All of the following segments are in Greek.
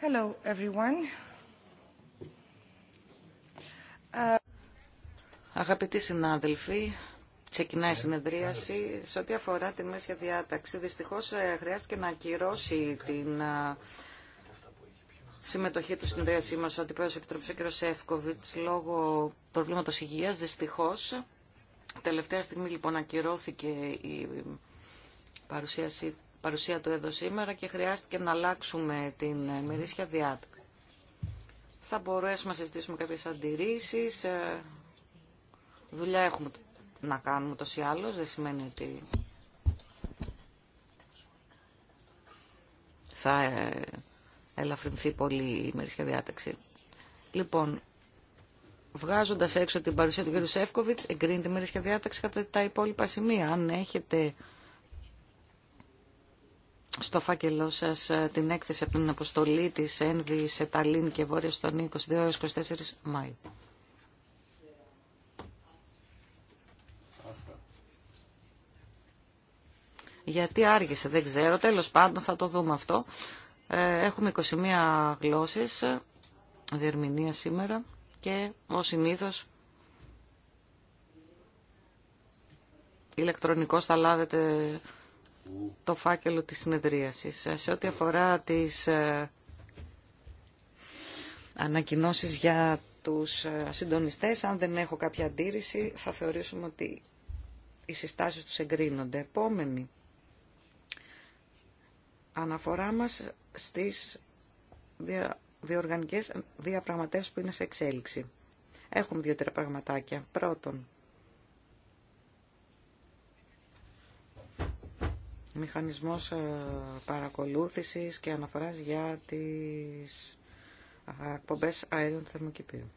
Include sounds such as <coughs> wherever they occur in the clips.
Hello, everyone. Uh, Αγαπητοί συνάδελφοι, ξεκινάει η συνεδρίαση. Σε ό,τι αφορά την Μέσια Διάταξη, δυστυχώς ε, χρειάστηκε να ακυρώσει την ε, συμμετοχή του συνεδρίασή μας ο Αντιπρόεδρος Επιτροπής, ο κ. λόγω προβλήματος υγείας, δυστυχώς. Τελευταία στιγμή, λοιπόν, ακυρώθηκε η παρουσίαση παρουσία του εδώ σήμερα και χρειάστηκε να αλλάξουμε την μερίσια διάταξη. Θα μπορέσουμε να συζητήσουμε κάποιες αντιρρήσεις. Ε, δουλειά έχουμε να κάνουμε τόσο ή άλλως, δεν σημαίνει ότι θα ε, ελαφρυνθεί πολύ η μερίσια διάταξη. Λοιπόν, βγάζοντας έξω την παρουσία του κ. Σεύκοβιτς, εγκρίνεται η μερίσια διάταξη κατά τα υπόλοιπα σημεία. Αν έχετε στο φάκελό σας ε, την έκθεση από την αποστολή τη ΕΝΒΗ σε Ταλίν και Βόρεια στον 22-24 Μάιο. Γιατί άργησε, δεν ξέρω. Τέλο πάντων θα το δούμε αυτό. Ε, έχουμε 21 γλώσσες διερμηνία σήμερα και ως συνήθω. Ηλεκτρονικό θα λάβετε το φάκελο της συνεδρίασης. Ε, σε ό,τι αφορά τις ε, ανακοινώσεις για τους ε, συντονιστές, αν δεν έχω κάποια αντίρρηση, θα θεωρήσουμε ότι οι συστάσεις τους εγκρίνονται. Επόμενη αναφορά μας στις διοργανικές διαπραγματεύσεις που είναι σε εξέλιξη. Έχουμε δύο-τρία πραγματάκια. Πρώτον, μηχανισμός ε, παρακολούθησης και αναφοράς για τις εκπομπές αέριων θερμοκηπίου.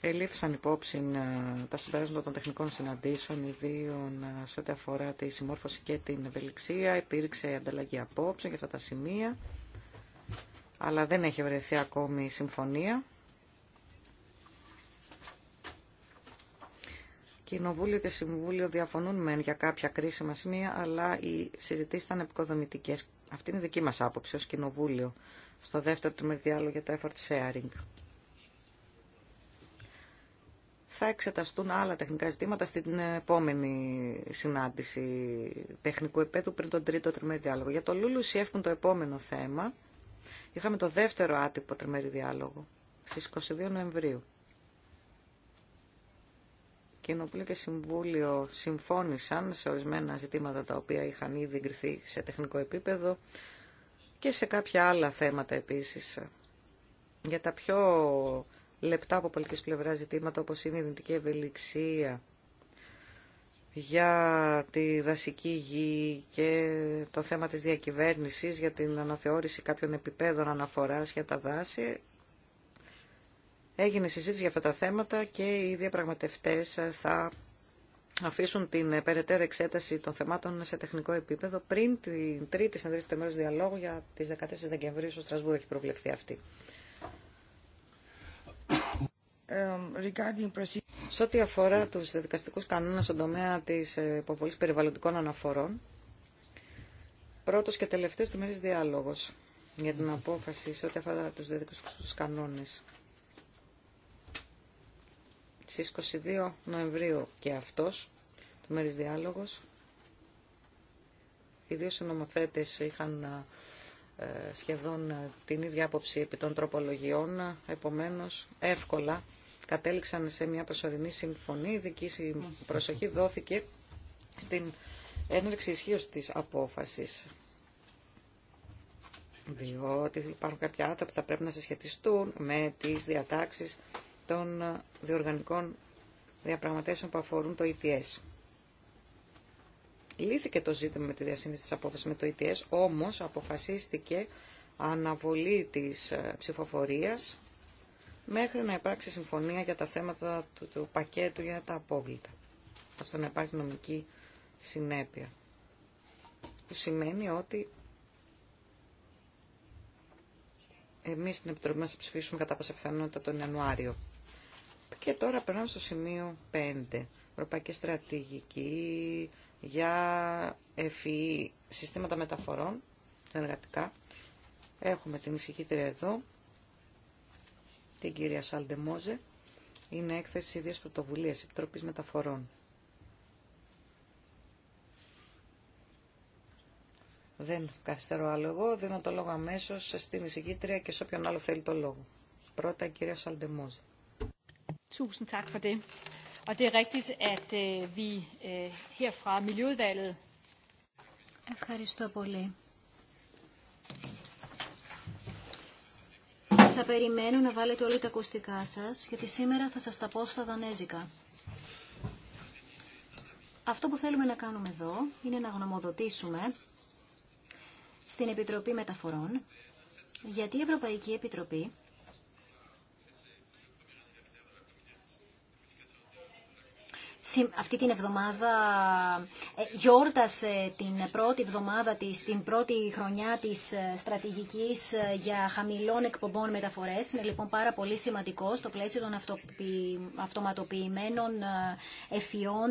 Ελήφθησαν υπόψη ε, τα συμπέρασματα των τεχνικών συναντήσεων, ιδίων ε, σε ό,τι αφορά τη συμμόρφωση και την ευελιξία. Υπήρξε ανταλλαγή απόψεων για αυτά τα σημεία, αλλά δεν έχει βρεθεί ακόμη συμφωνία Κοινοβούλιο και Συμβούλιο διαφωνούν μεν για κάποια κρίσιμα σημεία, αλλά οι συζητήσει ήταν επικοδομητικέ. Αυτή είναι η δική μα άποψη ω Κοινοβούλιο στο δεύτερο του διάλογο για το effort sharing. Θα εξεταστούν άλλα τεχνικά ζητήματα στην επόμενη συνάντηση τεχνικού επέδου πριν τον τρίτο τριμερή διάλογο. Για το Λούλου Σιεύκουν το επόμενο θέμα. Είχαμε το δεύτερο άτυπο τριμερή διάλογο στις 22 Νοεμβρίου. Κοινοβούλιο και Συμβούλιο συμφώνησαν σε ορισμένα ζητήματα τα οποία είχαν ήδη εγκριθεί σε τεχνικό επίπεδο και σε κάποια άλλα θέματα επίσης. Για τα πιο λεπτά από πολιτικής πλευρά ζητήματα όπως είναι η δυνητική ευελιξία για τη δασική γη και το θέμα της διακυβέρνησης για την αναθεώρηση κάποιων επιπέδων αναφοράς για τα δάση Έγινε συζήτηση για αυτά τα θέματα και οι διαπραγματευτές θα αφήσουν την περαιτέρω εξέταση των θεμάτων σε τεχνικό επίπεδο πριν την τρίτη συνεδρίαση του μέρους διαλόγου για τις 14 Δεκεμβρίου στο Στρασβούργο έχει προβλεφθεί αυτή. Um, σε ό,τι αφορά τους διαδικαστικούς κανόνες στον τομέα της ε, υποβολής περιβαλλοντικών αναφορών, πρώτος και τελευταίος του Μέρου διάλογος για την απόφαση σε ό,τι αφορά τους διαδικαστικούς κανόνες στις 22 Νοεμβρίου και αυτός, το μέρης διάλογος, οι δύο συνομοθέτες είχαν ε, σχεδόν την ίδια άποψη επί των τροπολογιών, επομένως εύκολα κατέληξαν σε μια προσωρινή συμφωνία. Η δική προσοχή δόθηκε στην έναρξη ισχύω της απόφασης. Διότι υπάρχουν κάποια άτομα που θα πρέπει να συσχετιστούν με τις διατάξεις των διοργανικών διαπραγματεύσεων που αφορούν το ETS. Λύθηκε το ζήτημα με τη διασύνδεση της απόφασης με το ETS, όμως αποφασίστηκε αναβολή της ε, ψηφοφορίας μέχρι να υπάρξει συμφωνία για τα θέματα του, πακέτου για τα απόβλητα, ώστε να υπάρχει νομική συνέπεια. Που σημαίνει ότι εμείς στην Επιτροπή μας θα ψηφίσουμε κατά πάσα πιθανότητα τον Ιανουάριο. Και τώρα περνάμε στο σημείο 5. Ευρωπαϊκή στρατηγική για ΕΦΗ συστήματα μεταφορών, συνεργατικά. Έχουμε την εισηγήτρια εδώ, την κυρία Σάλντε Μόζε. Είναι έκθεση ιδίας πρωτοβουλίας Επιτροπής Μεταφορών. Δεν καθυστερώ άλλο εγώ. Δίνω το λόγο αμέσω στην εισηγήτρια και σε όποιον άλλο θέλει το λόγο. Πρώτα η κυρία Σαλτεμόζε. Ευχαριστώ πολύ. Θα περιμένω να βάλετε όλοι τα ακουστικά σας, γιατί σήμερα θα σας τα πω στα δανέζικα. Αυτό που θέλουμε να κάνουμε εδώ είναι να γνωμοδοτήσουμε στην Επιτροπή Μεταφορών, γιατί η Ευρωπαϊκή Επιτροπή αυτή την εβδομάδα ε, γιόρτασε την πρώτη εβδομάδα της, την πρώτη χρονιά της ε, στρατηγικής ε, για χαμηλών εκπομπών μεταφορές. Είναι λοιπόν πάρα πολύ σημαντικό στο πλαίσιο των αυτοματοποιημένων εφιών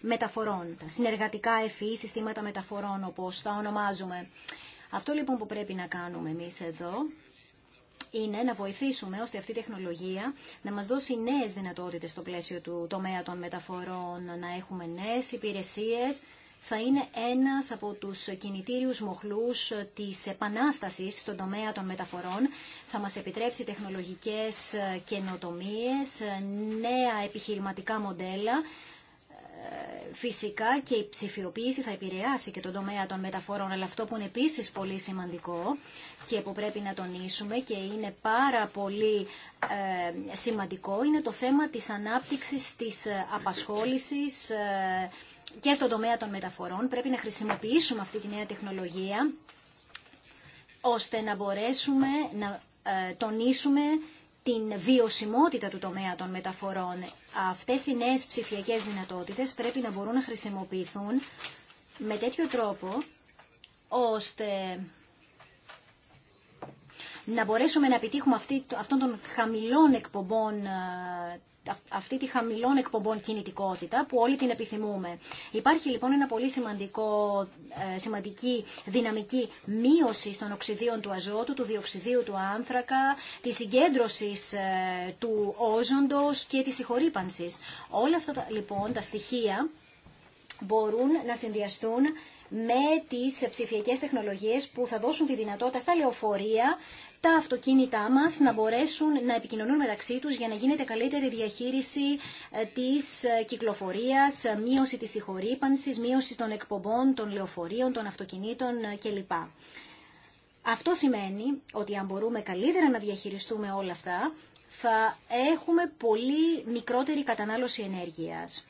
μεταφορών. Τα συνεργατικά εφή συστήματα μεταφορών όπως τα ονομάζουμε. Αυτό λοιπόν που πρέπει να κάνουμε εμείς εδώ είναι να βοηθήσουμε ώστε αυτή η τεχνολογία να μας δώσει νέες δυνατότητες στο πλαίσιο του τομέα των μεταφορών, να έχουμε νέες υπηρεσίες. Θα είναι ένας από τους κινητήριους μοχλούς της επανάστασης στον τομέα των μεταφορών. Θα μας επιτρέψει τεχνολογικές καινοτομίες, νέα επιχειρηματικά μοντέλα, Φυσικά και η ψηφιοποίηση θα επηρεάσει και τον τομέα των μεταφορών, αλλά αυτό που είναι επίσης πολύ σημαντικό και που πρέπει να τονίσουμε και είναι πάρα πολύ ε, σημαντικό είναι το θέμα της ανάπτυξης της ε, απασχόλησης ε, και στον τομέα των μεταφορών. Πρέπει να χρησιμοποιήσουμε αυτή τη νέα τεχνολογία ώστε να μπορέσουμε να τονίσουμε την βιωσιμότητα του τομέα των μεταφορών. Αυτές οι νέες ψηφιακές δυνατότητες πρέπει να μπορούν να χρησιμοποιηθούν με τέτοιο τρόπο ώστε να μπορέσουμε να επιτύχουμε αυτή, αυτόν τον χαμηλών εκπομπών ε, αυτή τη χαμηλών εκπομπών κινητικότητα που όλοι την επιθυμούμε. Υπάρχει λοιπόν ένα πολύ σημαντικό, ε, σημαντική δυναμική μείωση των οξυδίων του αζότου, του διοξυδίου του άνθρακα, τη συγκέντρωση ε, του όζοντος και της συγχωρήπανσης. Όλα αυτά λοιπόν τα στοιχεία μπορούν να συνδυαστούν με τις ψηφιακές τεχνολογίες που θα δώσουν τη δυνατότητα στα λεωφορεία τα αυτοκίνητά μας να μπορέσουν να επικοινωνούν μεταξύ τους για να γίνεται καλύτερη διαχείριση ε, της ε, κυκλοφορίας, ε, μείωση της συγχωρήπανσης, μείωση των εκπομπών, των λεωφορείων, των αυτοκινήτων κλπ. Αυτό σημαίνει ότι αν μπορούμε καλύτερα να διαχειριστούμε όλα αυτά, θα έχουμε πολύ μικρότερη κατανάλωση ενέργειας.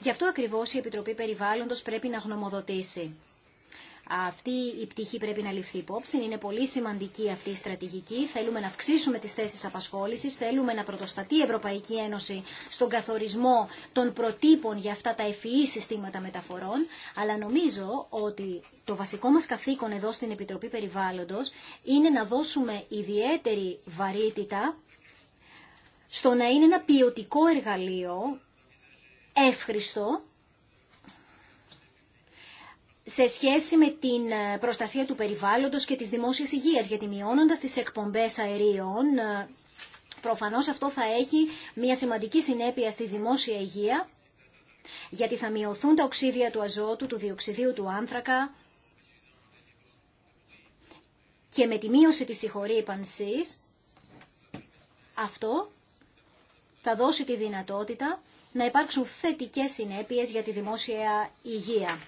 Γι' αυτό ακριβώς η Επιτροπή Περιβάλλοντος πρέπει να γνωμοδοτήσει. Αυτή η πτυχή πρέπει να ληφθεί υπόψη. Είναι πολύ σημαντική αυτή η στρατηγική. Θέλουμε να αυξήσουμε τι θέσει απασχόληση. Θέλουμε να πρωτοστατεί η Ευρωπαϊκή Ένωση στον καθορισμό των προτύπων για αυτά τα ευφυή e συστήματα μεταφορών. Αλλά νομίζω ότι το βασικό μας καθήκον εδώ στην Επιτροπή Περιβάλλοντος είναι να δώσουμε ιδιαίτερη βαρύτητα στο να είναι ένα ποιοτικό εργαλείο, εύχριστο, σε σχέση με την ε, προστασία του περιβάλλοντος και της δημόσιας υγείας, γιατί μειώνοντας τις εκπομπές αερίων, ε, προφανώς αυτό θα έχει μια σημαντική συνέπεια στη δημόσια υγεία, γιατί θα μειωθούν τα οξύδια του αζότου, του διοξιδίου του άνθρακα και με τη μείωση της συγχωρήπανσης, αυτό θα δώσει τη δυνατότητα να υπάρξουν θετικές συνέπειες για τη δημόσια υγεία.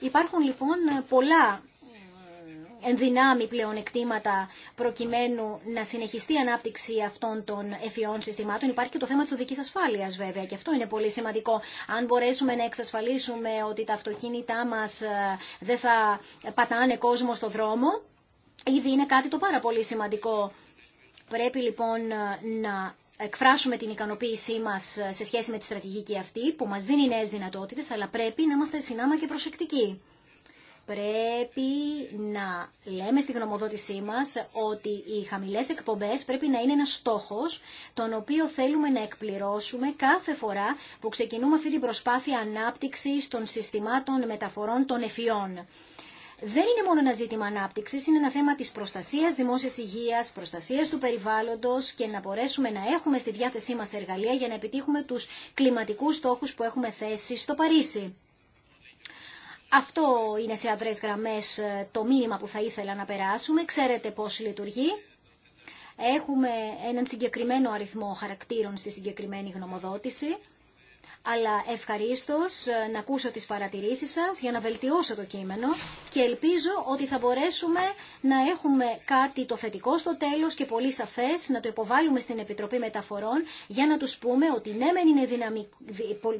Υπάρχουν λοιπόν πολλά ενδυνάμει πλεονεκτήματα προκειμένου να συνεχιστεί η ανάπτυξη αυτών των εφιών συστημάτων. Υπάρχει και το θέμα της οδικής ασφάλειας βέβαια και αυτό είναι πολύ σημαντικό. Αν μπορέσουμε να εξασφαλίσουμε ότι τα αυτοκίνητά μας ε, δεν θα πατάνε κόσμο στο δρόμο, ήδη είναι κάτι το πάρα πολύ σημαντικό. Πρέπει λοιπόν να εκφράσουμε την ικανοποίησή μας ε, σε σχέση με τη στρατηγική αυτή που μας δίνει νέες δυνατότητες, αλλά πρέπει να είμαστε συνάμα και προσεκτικοί. Πρέπει να λέμε στη γνωμοδότησή μα ότι οι χαμηλέ εκπομπέ πρέπει να είναι ένα στόχος τον οποίο θέλουμε να εκπληρώσουμε κάθε φορά που ξεκινούμε αυτή την προσπάθεια ανάπτυξη των συστημάτων μεταφορών των εφιών δεν είναι μόνο ένα ζήτημα ανάπτυξη, είναι ένα θέμα της προστασίας δημόσιας υγείας, προστασίας του περιβάλλοντος και να μπορέσουμε να έχουμε στη διάθεσή μας εργαλεία για να επιτύχουμε τους κλιματικούς στόχου που έχουμε θέσει στο Παρίσι. Αυτό είναι σε αδρές γραμμές ε, το μήνυμα που θα ήθελα να περάσουμε. Ξέρετε πώ λειτουργεί. Έχουμε έναν συγκεκριμένο αριθμό χαρακτήρων στη συγκεκριμένη γνωμοδότηση αλλά ευχαρίστως ε, να ακούσω τις παρατηρήσεις σας για να βελτιώσω το κείμενο και ελπίζω ότι θα μπορέσουμε να έχουμε κάτι το θετικό στο τέλος και πολύ σαφές να το υποβάλουμε στην Επιτροπή Μεταφορών για να τους πούμε ότι ναι μεν είναι δυναμικ...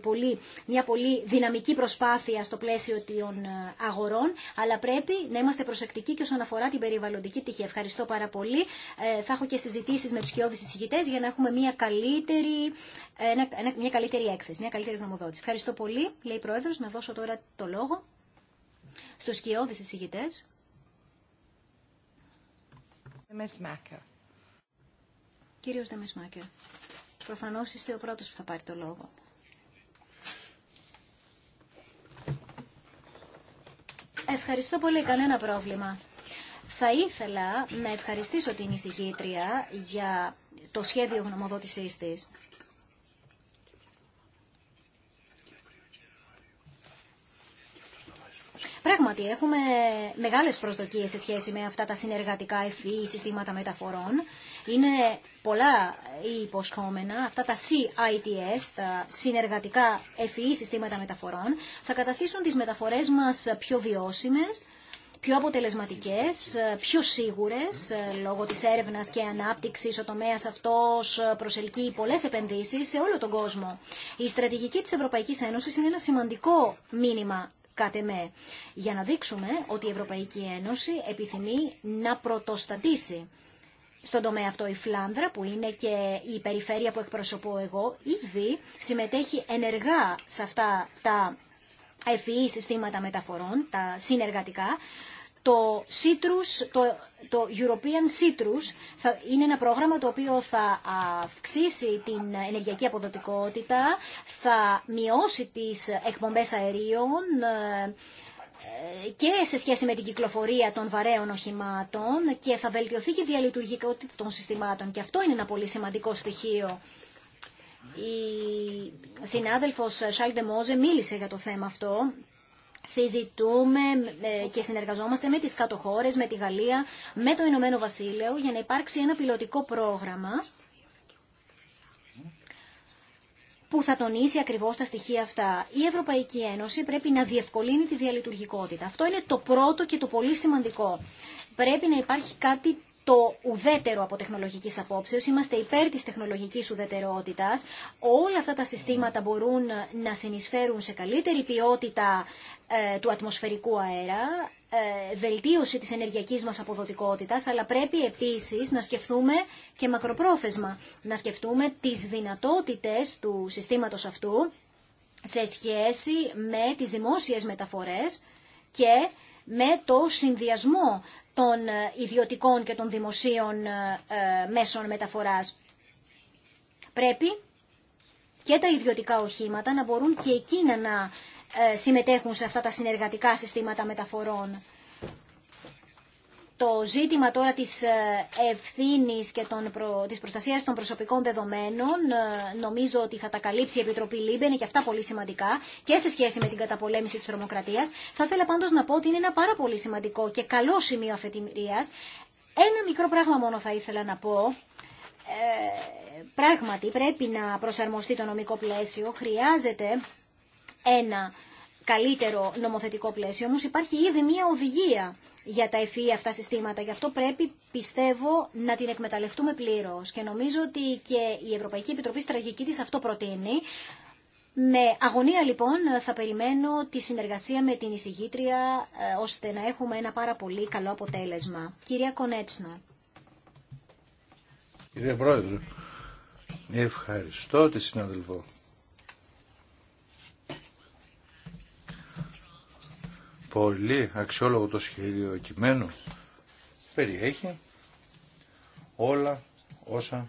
πολύ... μια πολύ δυναμική προσπάθεια στο πλαίσιο των ε, αγορών αλλά πρέπει να είμαστε προσεκτικοί και όσον αφορά την περιβαλλοντική τύχη. Ευχαριστώ πάρα πολύ. Ε, θα έχω και συζητήσεις με τους κοιόδης εισηγητές για να έχουμε μια καλύτερη, μια καλύτερη έκθεση καλύτερη γνωμοδότηση. Ευχαριστώ πολύ, λέει η Πρόεδρο, να δώσω τώρα το λόγο στου σκιώδει εισηγητέ. Κύριο Δεμεσμάκερ, Προφανώ είστε ο πρώτο που θα πάρει το λόγο. Ευχαριστώ πολύ, κανένα πρόβλημα. Θα ήθελα να ευχαριστήσω την εισηγήτρια για το σχέδιο γνωμοδότησής της. Πράγματι, έχουμε μεγάλες προσδοκίες σε σχέση με αυτά τα συνεργατικά FEE συστήματα μεταφορών. Είναι πολλά υποσχόμενα. Αυτά τα CITS, τα συνεργατικά ευφυή συστήματα μεταφορών, θα καταστήσουν τις μεταφορές μας πιο βιώσιμες, πιο αποτελεσματικές, πιο σίγουρες ε, λόγω της έρευνας και ανάπτυξης. Ο τομέας αυτός ε, προσελκύει πολλές επενδύσεις σε όλο τον κόσμο. Η στρατηγική της Ευρωπαϊκής Ένωσης είναι ένα σημαντικό μήνυμα για να δείξουμε ότι η Ευρωπαϊκή Ένωση επιθυμεί να πρωτοστατήσει. Στον τομέα αυτό η Φλάνδρα, που είναι και η περιφέρεια που εκπροσωπώ εγώ, ήδη συμμετέχει ενεργά σε αυτά τα ευφυή e e συστήματα μεταφορών, τα συνεργατικά, το Citrus, το, το European Citrus θα, είναι ένα πρόγραμμα το οποίο θα αυξήσει την ενεργειακή αποδοτικότητα, θα μειώσει τις εκπομπές αερίων ε, και σε σχέση με την κυκλοφορία των βαρέων οχημάτων και θα βελτιωθεί και η διαλειτουργικότητα των συστημάτων. Και αυτό είναι ένα πολύ σημαντικό στοιχείο. Η συνάδελφος Σάλντε Μόζε μίλησε για το θέμα αυτό συζητούμε ε, και συνεργαζόμαστε με τις κάτω με τη Γαλλία, με το Ηνωμένο Βασίλειο για να υπάρξει ένα πιλωτικό πρόγραμμα που θα τονίσει ακριβώς τα στοιχεία αυτά. Η Ευρωπαϊκή Ένωση πρέπει να διευκολύνει τη διαλειτουργικότητα. Αυτό είναι το πρώτο και το πολύ σημαντικό. Πρέπει να υπάρχει κάτι το ουδέτερο από τεχνολογικής απόψεως. Είμαστε υπέρ της τεχνολογικής ουδετερότητα. Όλα αυτά τα συστήματα μπορούν να συνεισφέρουν σε καλύτερη ποιότητα ε, του ατμοσφαιρικού αέρα, ε, βελτίωση της ενεργειακής μα αποδοτικότητας, αλλά πρέπει επίσης να σκεφτούμε και μακροπρόθεσμα, να σκεφτούμε τις δυνατότητες του συστήματος αυτού σε σχέση με τι δημόσιε μεταφορέ και με το συνδυασμό των ε, ιδιωτικών και των δημοσίων ε, ε, μέσων μεταφοράς. Πρέπει και τα ιδιωτικά οχήματα να μπορούν και εκείνα να συμμετέχουν σε αυτά τα συνεργατικά συστήματα μεταφορών. Το ζήτημα τώρα της ε, ευθύνης και των προ... της προστασίας των προσωπικών δεδομένων ε, νομίζω ότι θα τα καλύψει η Επιτροπή Λίμπε, είναι και αυτά πολύ σημαντικά και σε σχέση με την καταπολέμηση της τρομοκρατίας. Θα ήθελα πάντως να πω ότι είναι ένα πάρα πολύ σημαντικό και καλό σημείο αφετηρίας. Ένα μικρό πράγμα μόνο θα ήθελα να πω. Ε, πράγματι πρέπει να προσαρμοστεί το νομικό πλαίσιο, χρειάζεται ένα καλύτερο νομοθετικό πλαίσιο. Όμως υπάρχει ήδη μία οδηγία για τα ΕΦΗ e e αυτά συστήματα. Γι' αυτό πρέπει, πιστεύω, να την εκμεταλλευτούμε πλήρως. Και νομίζω ότι και η Ευρωπαϊκή Επιτροπή Στρατηγική της αυτό προτείνει. Με αγωνία λοιπόν θα περιμένω τη συνεργασία με την εισηγήτρια ε, ώστε να έχουμε ένα πάρα πολύ καλό αποτέλεσμα. Κυρία Κονέτσνα. Κύριε Πρόεδρε, ευχαριστώ τη συναδελφό πολύ αξιόλογο το σχέδιο κειμένου. Περιέχει όλα όσα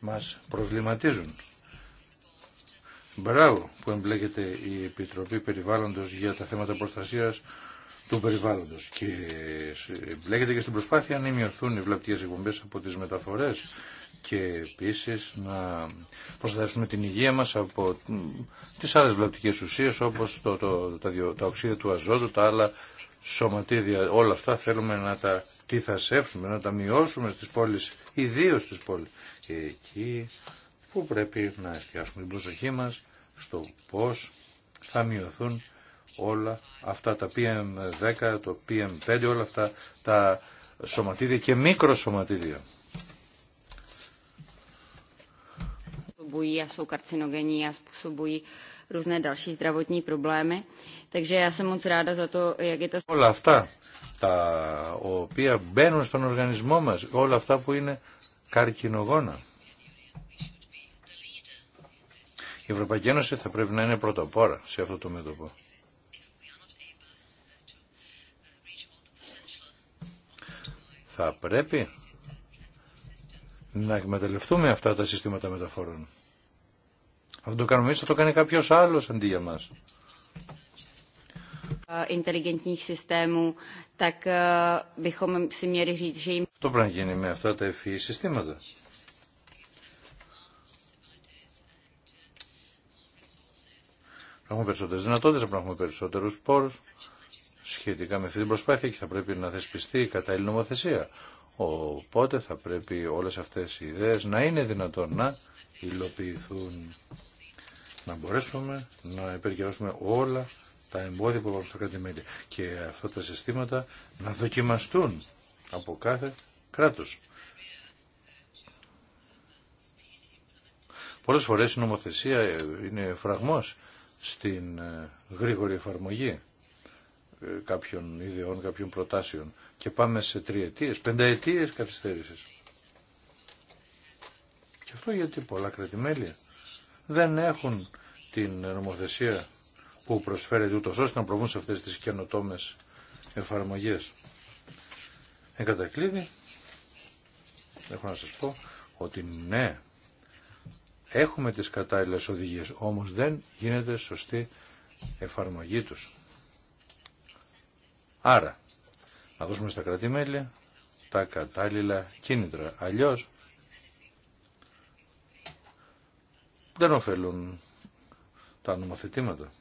μας προβληματίζουν. Μπράβο που εμπλέκεται η Επιτροπή Περιβάλλοντος για τα θέματα προστασίας του περιβάλλοντος και εμπλέκεται και στην προσπάθεια να μειωθούν οι βλαπτικές εκπομπές από τις μεταφορές και επίσης να προστατεύσουμε την υγεία μας από τις άλλες βλαπτικές ουσίες όπως το, το, τα, τα οξύδια του αζότου, τα άλλα σωματίδια, όλα αυτά θέλουμε να τα τυθασεύσουμε, να τα μειώσουμε στις πόλεις, ιδίω στις πόλεις. Και εκεί που πρέπει να εστιάσουμε την προσοχή μας στο πώς θα μειωθούν όλα αυτά τα PM10, το PM5, όλα αυτά τα σωματίδια και μικροσωματίδια. způsobují a jsou karcinogenní a způsobují různé další zdravotní problémy. Takže já jsem moc ráda za to, jak je to... Όλα αυτά τα οποία μπαίνουν στον οργανισμό μας, όλα αυτά που είναι καρκινογόνα. Η Ευρωπαϊκή Ένωση θα πρέπει να είναι πρωτοπόρα σε αυτό το μέτωπο. Θα πρέπει να εκμεταλλευτούμε αυτά τα συστήματα μεταφορών. Αυτό το κάνουμε εμείς, θα το κάνει κάποιος άλλος αντί για μας. Ε, ε, Αυτό πρέπει να γίνει με αυτά τα ευφυή e συστήματα. Έχουμε περισσότερες δυνατότητες, να έχουμε περισσότερους πόρους σχετικά με αυτή την προσπάθεια και θα πρέπει να θεσπιστεί η κατάλληλη νομοθεσία. Οπότε θα πρέπει όλες αυτές οι ιδέες να είναι δυνατόν να υλοποιηθούν να μπορέσουμε να επικαιρώσουμε όλα τα εμπόδια που υπάρχουν στο κράτη-μέλη και αυτά τα συστήματα να δοκιμαστούν από κάθε κράτος. Πολλές φορές η νομοθεσία ε, είναι φραγμός στην ε, γρήγορη εφαρμογή ε, κάποιων ιδεών, κάποιων προτάσεων και πάμε σε τριετίες, πενταετίες καθυστέρησης. Και αυτό γιατί πολλά κρατημέλια δεν έχουν την νομοθεσία που προσφέρεται ούτως ώστε να προβούν σε αυτές τις καινοτόμες εφαρμογές. Εν κατακλείδη, έχω να σας πω ότι ναι, έχουμε τις κατάλληλες οδηγίες, όμως δεν γίνεται σωστή εφαρμογή τους. Άρα, να δώσουμε στα κρατημέλια τα κατάλληλα κίνητρα. Αλλιώς δεν ωφελούν τα νομοθετήματα.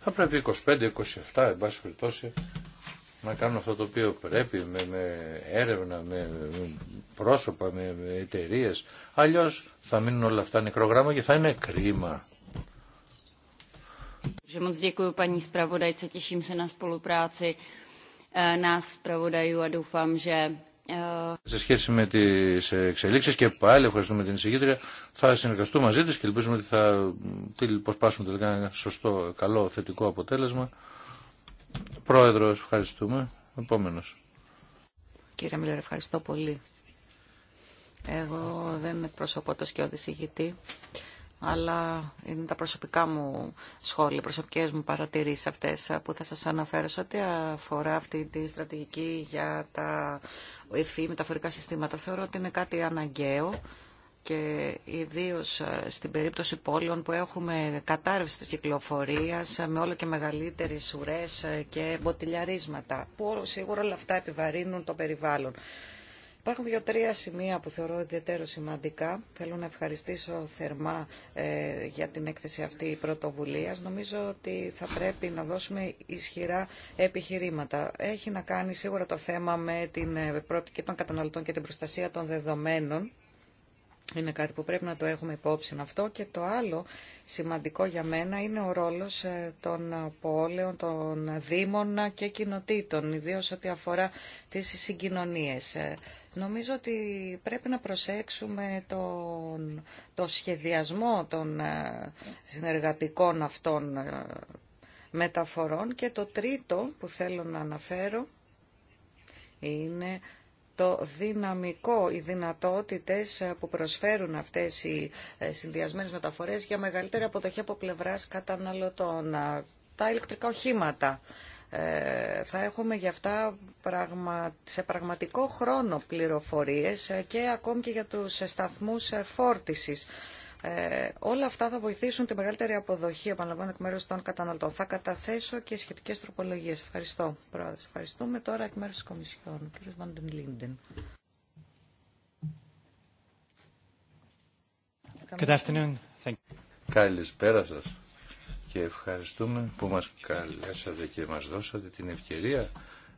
Θα πρέπει 25, 27, εν περιπτώσει, να κάνουν αυτό το οποίο πρέπει, με, έρευνα, με, πρόσωπα, με, με εταιρείε. Αλλιώ θα μείνουν όλα αυτά νεκρογράμμα και θα είναι κρίμα. Že moc děkuji paní zpravodajce, για se συνεργασία spolupráci ε, e, σε σχέση με τις εξελίξεις και πάλι ευχαριστούμε την εισηγήτρια θα συνεργαστούμε μαζί της και ελπίζουμε ότι θα προσπάσουμε τελικά ένα σωστό, καλό, θετικό αποτέλεσμα Πρόεδρο ευχαριστούμε Επόμενος Κύριε Μιλέρα ευχαριστώ πολύ Εγώ δεν εκπροσωπώ το σκιώδη εισηγητή αλλά είναι τα προσωπικά μου σχόλια, προσωπικές μου παρατηρήσεις αυτές που θα σας αναφέρω σε ό,τι αφορά αυτή τη στρατηγική για τα ευφύ μεταφορικά συστήματα. Θεωρώ ότι είναι κάτι αναγκαίο και ιδίως ε, στην περίπτωση πόλεων που έχουμε κατάρρευση της κυκλοφορίας ε, με όλο και μεγαλύτερες ουρές ε, και μποτιλιαρίσματα που σίγουρα όλα αυτά επιβαρύνουν το περιβάλλον. Υπάρχουν δύο-τρία σημεία που θεωρώ ιδιαίτερο σημαντικά. Θέλω να ευχαριστήσω θερμά ε, για την έκθεση αυτή πρωτοβουλία. Νομίζω ότι θα πρέπει να δώσουμε ισχυρά επιχειρήματα. Έχει να κάνει σίγουρα το θέμα με την ε, πρότυπη των καταναλωτών και την προστασία των δεδομένων. Είναι κάτι που πρέπει να το έχουμε υπόψη αυτό. Και το άλλο σημαντικό για μένα είναι ο ρόλος ε, των πόλεων, των δήμων και κοινοτήτων, ιδίως ό,τι αφορά τις συγκοινωνίες. Νομίζω ότι πρέπει να προσέξουμε τον, το σχεδιασμό των ε, συνεργατικών αυτών ε, μεταφορών και το τρίτο που θέλω να αναφέρω είναι το δυναμικό, οι δυνατότητες ε, που προσφέρουν αυτές οι συνδυασμένες μεταφορές για μεγαλύτερη αποδοχή από πλευράς καταναλωτών. Τα ηλεκτρικά οχήματα ε, θα έχουμε γι' αυτά σε πραγματικό χρόνο πληροφορίες ε, και ακόμη και για τους σταθμούς ε, φόρτισης. Ε, όλα αυτά θα βοηθήσουν τη μεγαλύτερη αποδοχή, επαναλαμβάνω, εκ μέρους των καταναλωτών. Θα καταθέσω και σχετικές τροπολογίες. Ευχαριστώ, Πρόεδρε. Ευχαριστούμε τώρα εκ μέρου τη Κομισιόν, ο κ. Βάντεν Καλησπέρα σας και ευχαριστούμε που μας καλέσατε και μας δώσατε την ευκαιρία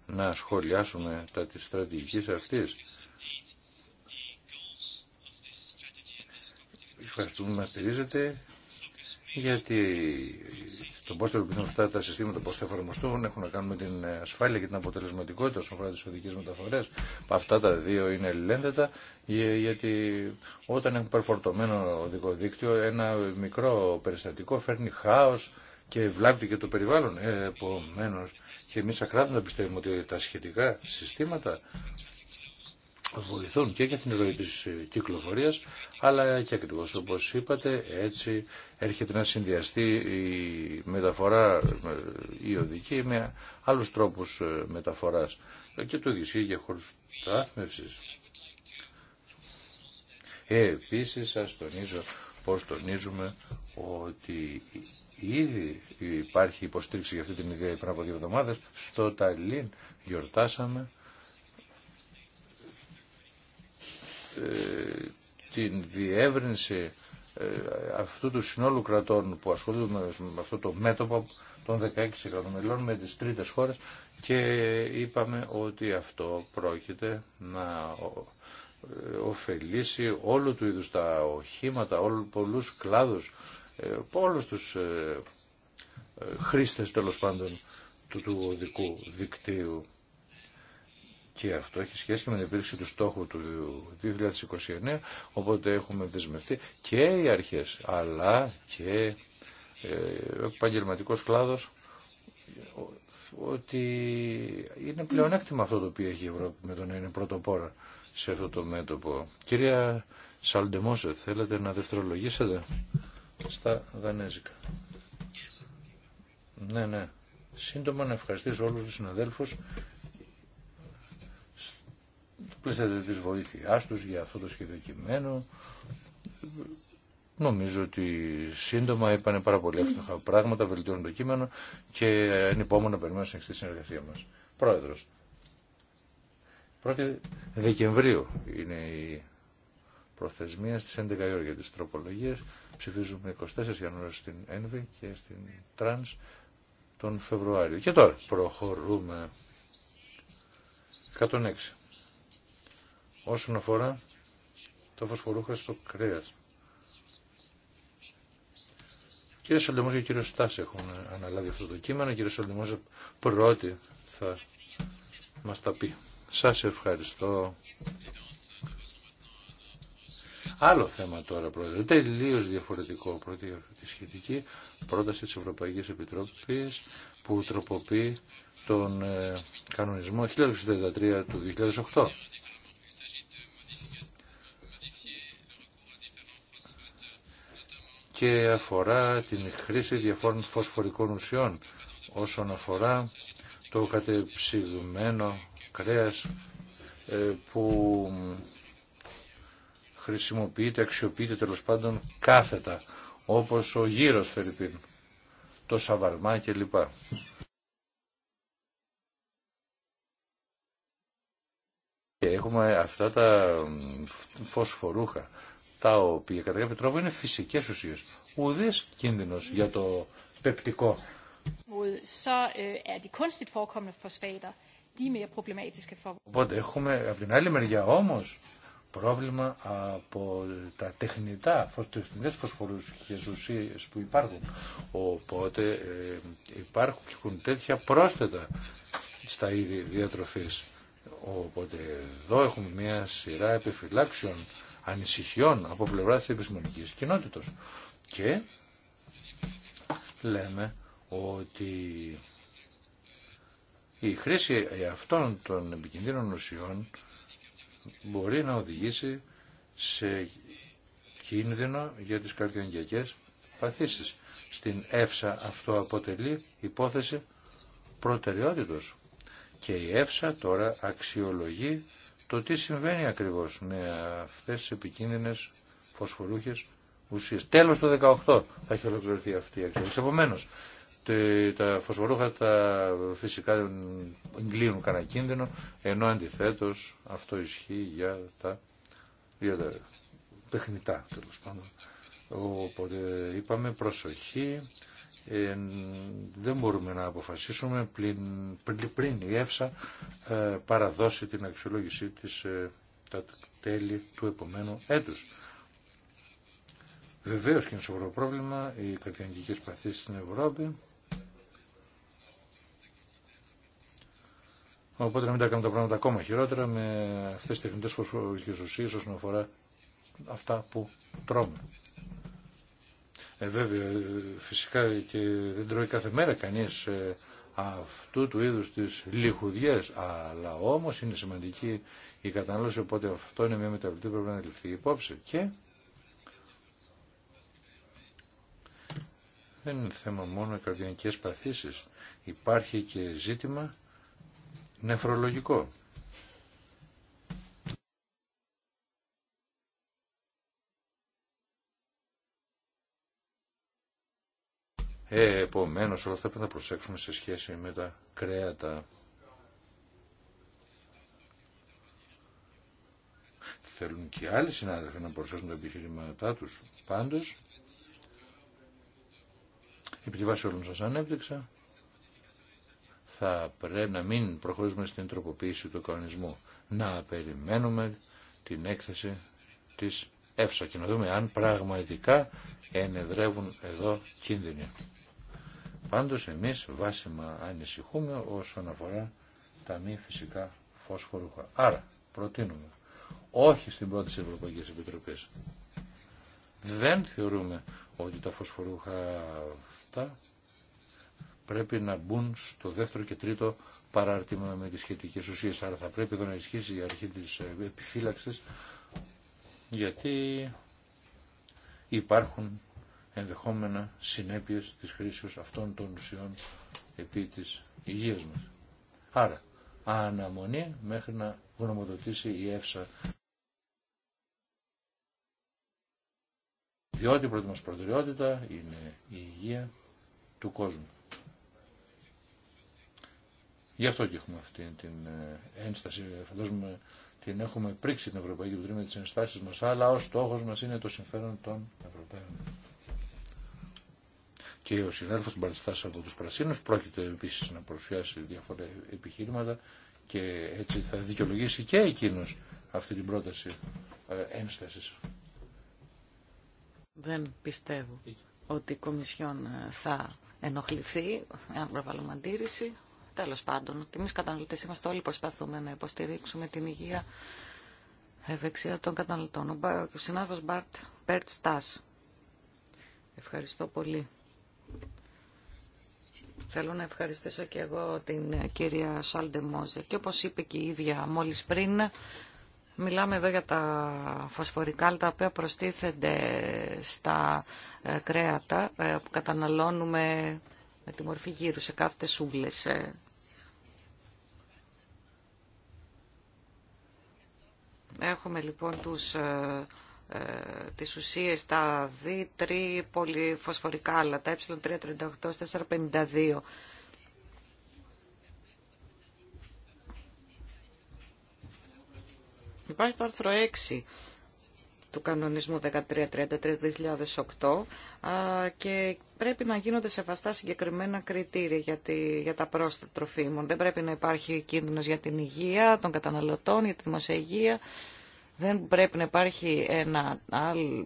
να σχολιάσουμε τα της στρατηγικής αυτής. Ευχαριστούμε που μας στηρίζετε γιατί το πώ θα αυτά τα συστήματα, πώ θα εφαρμοστούν, έχουν να κάνουν με την ασφάλεια και την αποτελεσματικότητα όσον αφορά τι οδικέ μεταφορέ. Αυτά τα δύο είναι ελληνέντετα, γιατί όταν έχουν περφορτωμένο οδικό δίκτυο, ένα μικρό περιστατικό φέρνει χάο και βλάπτει και το περιβάλλον. Ε, Επομένω, και εμεί ακράδαντα πιστεύουμε ότι τα σχετικά συστήματα βοηθούν και για την ροή τη ε, κυκλοφορία, αλλά και ακριβώς όπως είπατε, έτσι έρχεται να συνδυαστεί η μεταφορά ε, η οδική με άλλους τρόπους ε, μεταφοράς. Και το ισχύει για χώρους Ε, επίσης σας τονίζω πως τονίζουμε ότι ήδη υπάρχει υποστήριξη για αυτή την ιδέα πριν από δύο εβδομάδες. Στο Ταλίν γιορτάσαμε Ε, την διεύρυνση ε, αυτού του συνόλου κρατών που ασχολούνται με αυτό το μέτωπο των 16 εκατομμυρίων με τις τρίτες χώρες και είπαμε ότι αυτό πρόκειται να ε, ωφελήσει όλου του είδους τα οχήματα, όλου, πολλούς κλάδους, όλους τους χρήστες τέλο πάντων του, του οδικού δικτύου. Και αυτό έχει σχέση και με την επίδειξη του στόχου του 2029, οπότε έχουμε δεσμευτεί και οι αρχές, αλλά και ε, ο επαγγελματικό κλάδος ότι είναι πλεονέκτημα αυτό το οποίο έχει η Ευρώπη με το να είναι πρωτοπόρα σε αυτό το μέτωπο. Κυρία Σαλντεμόσε, θέλετε να δευτερολογήσετε στα δανέζικα. Ναι, ναι. Σύντομα να ευχαριστήσω όλους τους συναδέλφους Πλησέτε τη βοήθειά του για αυτό το σχέδιο κειμένο. Νομίζω ότι σύντομα είπανε πάρα πολύ εύστοχα πράγματα, βελτιώνουν το κείμενο και είναι υπόμονο περιμένω συνεχιστή συνεργασία μας. Πρόεδρος. 1η Δεκεμβρίου είναι η προθεσμία στις 11 η ώρα για τις τροπολογίες. Ψηφίζουμε 24 Ιανουαρίου στην ΕΝΒΗ και στην ΤΡΑΝΣ τον Φεβρουάριο. Και τώρα προχωρούμε 106 όσον αφορά το φωσφορούχα στο κρέας. Κύριε Σολτεμός και κύριο Στάση έχουν αναλάβει αυτό το κείμενο. Κύριε Σολτεμός πρώτη θα μας τα πει. Σας ευχαριστώ. Άλλο θέμα τώρα, Πρόεδρε. Τελείω διαφορετικό. Πρώτη τη σχετική πρόταση τη Ευρωπαϊκή Επιτροπή που τροποποιεί τον ε, κανονισμό 1063 του 2008 και αφορά την χρήση διαφόρων φωσφορικών ουσιών όσον αφορά το κατεψυγμένο κρέας ε, που χρησιμοποιείται, αξιοποιείται τέλο πάντων κάθετα όπως ο γύρος Φερρυπίν, το σαβαρμά κλπ. Έχουμε αυτά τα φωσφορούχα τα οποία κατά κάποιο τρόπο είναι φυσικέ ουσίες. Ουδές κίνδυνο για το πεπτικό. Øh, er er Οπότε έχουμε από την άλλη μεριά όμω πρόβλημα από τα τεχνητά, τεχνητές ουσίε ουσίες που υπάρχουν. Οπότε ε, υπάρχουν τέτοια πρόσθετα στα είδη διατροφής. Οπότε εδώ έχουμε μια σειρά επιφυλάξεων ανησυχιών από πλευρά της επιστημονικής κοινότητας. Και λέμε ότι η χρήση αυτών των επικίνδυνων ουσιών μπορεί να οδηγήσει σε κίνδυνο για τις καρδιογγειακές παθήσεις. Στην ΕΦΣΑ αυτό αποτελεί υπόθεση προτεραιότητος. Και η ΕΦΣΑ τώρα αξιολογεί το τι συμβαίνει ακριβώς με αυτές τις επικίνδυνες φωσφορούχες ουσίες. Τέλος του 18 θα έχει ολοκληρωθεί αυτή η εξέλιξη. Επομένως, τα φωσφορούχα τα φυσικά εγκλίνουν κανένα κίνδυνο, ενώ αντιθέτως αυτό ισχύει για τα, για τα τέλος πάντων. Οπότε είπαμε προσοχή ε, δεν μπορούμε να αποφασίσουμε πλην, πριν η ΕΦΣΑ ε, παραδώσει την αξιολόγησή της ε, τα τέλη του επομένου έτους. Βεβαίως και είναι σοβαρό πρόβλημα οι καρδιαγγικές παθήσεις στην Ευρώπη. Οπότε να μην τα κάνουμε τα πράγματα ακόμα χειρότερα με αυτές τις τεχνητές φωσφορικές ουσίες όσον αφορά αυτά που τρώμε. Ε, βέβαια, ε, φυσικά και δεν τρώει κάθε μέρα κανείς ε, αυτού του είδους της λιχουδιές, αλλά όμως είναι σημαντική η κατανάλωση, οπότε αυτό είναι μια μεταβλητή που πρέπει να ληφθεί υπόψη. Και δεν είναι θέμα μόνο καρδιακές παθήσεις, υπάρχει και ζήτημα νεφρολογικό. Ε, επομένως όλα αυτά πρέπει να προσέξουμε σε σχέση με τα κρέατα. Θέλουν και άλλοι συνάδελφοι να προσθέσουν τα επιχειρηματά τους. Πάντως, επί τη βάση όλων σας ανέπτυξα, θα πρέπει να μην προχωρήσουμε στην τροποποίηση του κανονισμού. Να περιμένουμε την έκθεση της ΕΦΣΑ και να δούμε αν πραγματικά ενεδρεύουν εδώ κίνδυνοι. Πάντως εμείς βάσιμα ανησυχούμε όσον αφορά τα μη φυσικά φωσφορούχα. Άρα προτείνουμε όχι στην πρώτη της Ευρωπαϊκής Επιτροπής. Δεν θεωρούμε ότι τα φωσφορούχα αυτά πρέπει να μπουν στο δεύτερο και τρίτο παράρτημα με τις σχετικές ουσίες. Άρα θα πρέπει εδώ να ισχύσει η αρχή της ε, επιφύλαξης γιατί υπάρχουν ενδεχόμενα συνέπειες της χρήσης αυτών των ουσιών επί της υγείας μας. Άρα, αναμονή μέχρι να γνωμοδοτήσει η ΕΦΣΑ. Διότι η πρώτη μας προτεραιότητα είναι η υγεία του κόσμου. Γι' αυτό και έχουμε αυτή την ε, ένσταση. Φαντάζομαι την έχουμε πρίξει την Ευρωπαϊκή Επιτροπή με τις ενστάσεις μας, αλλά ο στόχος μας είναι το συμφέρον των Ευρωπαίων και ο συνάδελφος Μπανιστάς από τους Πρασίνους πρόκειται επίσης να παρουσιάσει διάφορα επιχείρηματα και έτσι θα δικαιολογήσει και εκείνος αυτή την πρόταση ε, ένστασης. Δεν πιστεύω ότι η Κομισιόν ε, θα ενοχληθεί αν προβάλλουμε αντίρρηση. Τέλος πάντων, και εμείς καταναλωτές είμαστε όλοι προσπαθούμε να υποστηρίξουμε την υγεία ε, ευεξία των καταναλωτών. Ο συνάδελφος Μπάρτ Πέρτ Στάς. Ευχαριστώ πολύ. Θέλω να ευχαριστήσω και εγώ την κυρία Σάλντε Μόζε. Και όπως είπε και η ίδια μόλις πριν, μιλάμε εδώ για τα φωσφορικά τα οποία προστίθενται στα ε, κρέατα ε, που καταναλώνουμε με τη μορφή γύρου σε κάθε σούγκλες. Ε. Έχουμε λοιπόν τους ε, τις ουσίες τα D3 πολυφωσφορικά άλλα, τα ε338, 452. Υπάρχει το άρθρο 6 του κανονισμού 1333-2008 και πρέπει να γίνονται σεβαστά συγκεκριμένα κριτήρια για, για τα πρόσθετα τροφίμων. Δεν πρέπει να υπάρχει κίνδυνος για την υγεία των καταναλωτών, για τη υγεία δεν πρέπει να υπάρχει ένα,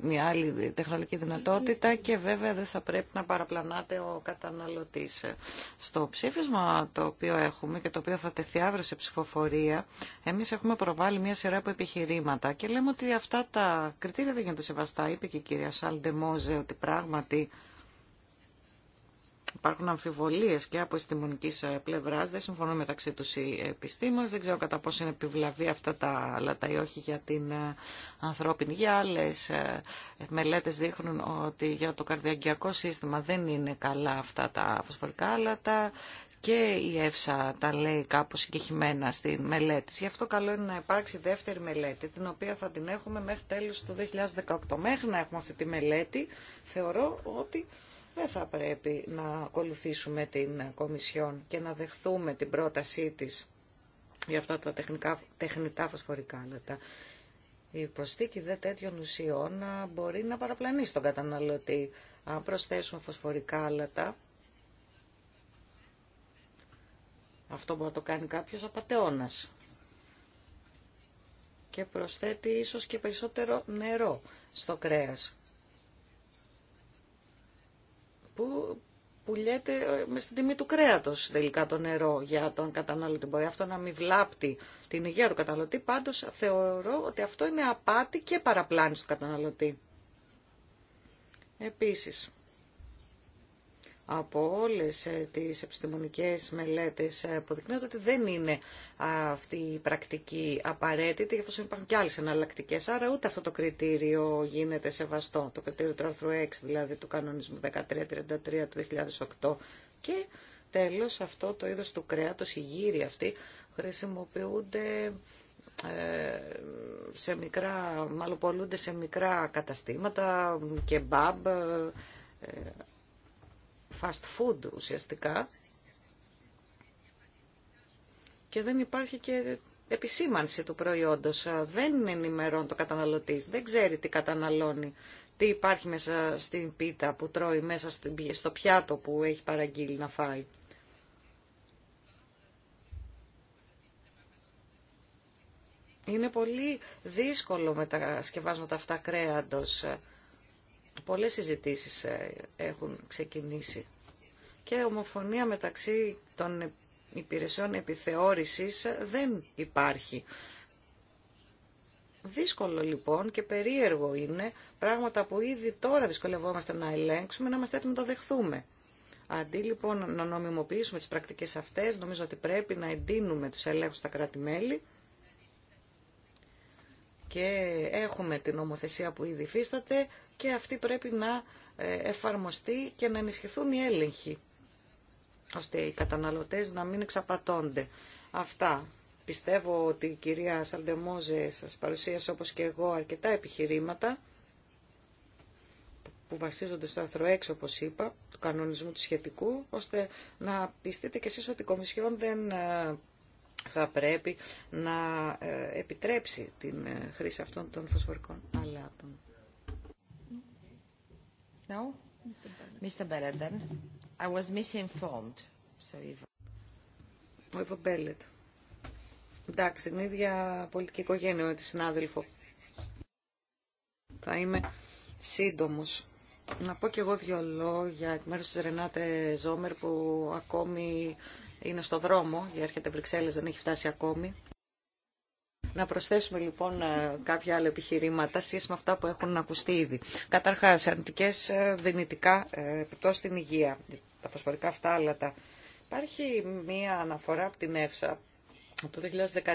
μια άλλη τεχνολογική δυνατότητα και βέβαια δεν θα πρέπει να παραπλανάται ο καταναλωτής. Στο ψήφισμα το οποίο έχουμε και το οποίο θα τεθεί αύριο σε ψηφοφορία, εμείς έχουμε προβάλει μια σειρά από επιχειρήματα και λέμε ότι αυτά τα κριτήρια δεν γίνονται σεβαστά. Είπε και η κυρία Σάλντε Μόζε ότι πράγματι Υπάρχουν αμφιβολίες και από επιστημονικής ε, πλευράς, δεν συμφωνούν μεταξύ τους οι επιστήμονες, δεν ξέρω κατά πόσο είναι επιβλαβή αυτά τα λατά ή όχι για την ε, ανθρώπινη. Για άλλε ε, μελέτες δείχνουν ότι για το καρδιακιακό σύστημα δεν είναι καλά αυτά τα φωσφορικά λατά και η ΕΦΣΑ τα λέει κάπως συγκεχημένα στη μελέτη. Γι' αυτό καλό είναι να υπάρξει δεύτερη μελέτη, την οποία θα την έχουμε μέχρι τέλος του 2018. Μέχρι να έχουμε αυτή τη μελέτη, θεωρώ ότι δεν θα πρέπει να ακολουθήσουμε την Κομισιόν και να δεχθούμε την πρότασή της για αυτά τα τεχνικά, τεχνητά φωσφορικά Η προσθήκη δε τέτοιων ουσιών μπορεί να παραπλανήσει τον καταναλωτή. Αν προσθέσουμε φωσφορικά άλατα, αυτό μπορεί να το κάνει κάποιος απατεώνας. Και προσθέτει ίσως και περισσότερο νερό στο κρέας που πουλιέται ε, με στην τιμή του κρέατος τελικά το νερό για τον καταναλωτή. Μπορεί αυτό να μην βλάπτει την υγεία του καταναλωτή, πάντως θεωρώ ότι αυτό είναι απάτη και παραπλάνηση του καταναλωτή. Επίσης, από όλες ε, τις επιστημονικές μελέτες ε, αποδεικνύεται ότι δεν είναι αυτή η πρακτική απαραίτητη, γι' υπάρχουν και άλλες εναλλακτικέ. άρα ούτε αυτό το κριτήριο γίνεται σεβαστό, το κριτήριο του άρθρου 6, δηλαδή του κανονισμού 1333 του 2008 και τέλος αυτό το είδος του κρέατος, οι γύροι αυτή, χρησιμοποιούνται ε, σε μικρά, μάλλον πολλούνται σε μικρά καταστήματα, κεμπάμπ, fast food ουσιαστικά και δεν υπάρχει και επισήμανση του προϊόντος. Δεν ενημερώνει το καταναλωτής, δεν ξέρει τι καταναλώνει, τι υπάρχει μέσα στην πίτα που τρώει, μέσα στο πιάτο που έχει παραγγείλει να φάει. Είναι πολύ δύσκολο με τα σκευάσματα αυτά κρέαντος Πολλές συζητήσεις ε, έχουν ξεκινήσει και ομοφωνία μεταξύ των υπηρεσιών επιθεώρησης δεν υπάρχει. Δύσκολο λοιπόν και περίεργο είναι πράγματα που ήδη τώρα δυσκολευόμαστε να ελέγξουμε, να είμαστε έτοιμοι να τα δεχθούμε. Αντί λοιπόν να νομιμοποιήσουμε τις πρακτικές αυτές, νομίζω ότι πρέπει να εντείνουμε τους ελέγχους στα κράτη-μέλη και έχουμε την νομοθεσία που ήδη υφίσταται και αυτή πρέπει να ε, εφαρμοστεί και να ενισχυθούν οι έλεγχοι ώστε οι καταναλωτές να μην εξαπατώνται. Αυτά. Πιστεύω ότι η κυρία Σαλτεμόζε σας παρουσίασε όπως και εγώ αρκετά επιχειρήματα που βασίζονται στο άρθρο 6, όπως είπα, του κανονισμού του σχετικού, ώστε να πιστείτε κι εσείς ότι η Κομισιόν δεν ε, θα πρέπει να ε, επιτρέψει την ε, χρήση αυτών των φωσφορικών αλάτων. Ο Ιβο Μπέλετ. Εντάξει, την ίδια πολιτική οικογένεια με τη συνάδελφο. Θα είμαι σύντομος. Να πω και εγώ δύο λόγια εκ μέρους της Ρενάτε Ζόμερ που ακόμη είναι στο δρόμο, γιατί έρχεται Βρυξέλλες, δεν έχει φτάσει ακόμη. Να προσθέσουμε λοιπόν ε, κάποια άλλα επιχειρήματα σχέση με αυτά που έχουν ακουστεί ήδη. κατάρχα αρνητικέ ε, δυνητικά ε, επιπτώσει στην υγεία, τα φωσφορικά αυτά άλατα. Υπάρχει μία αναφορά από την ΕΦΣΑ από το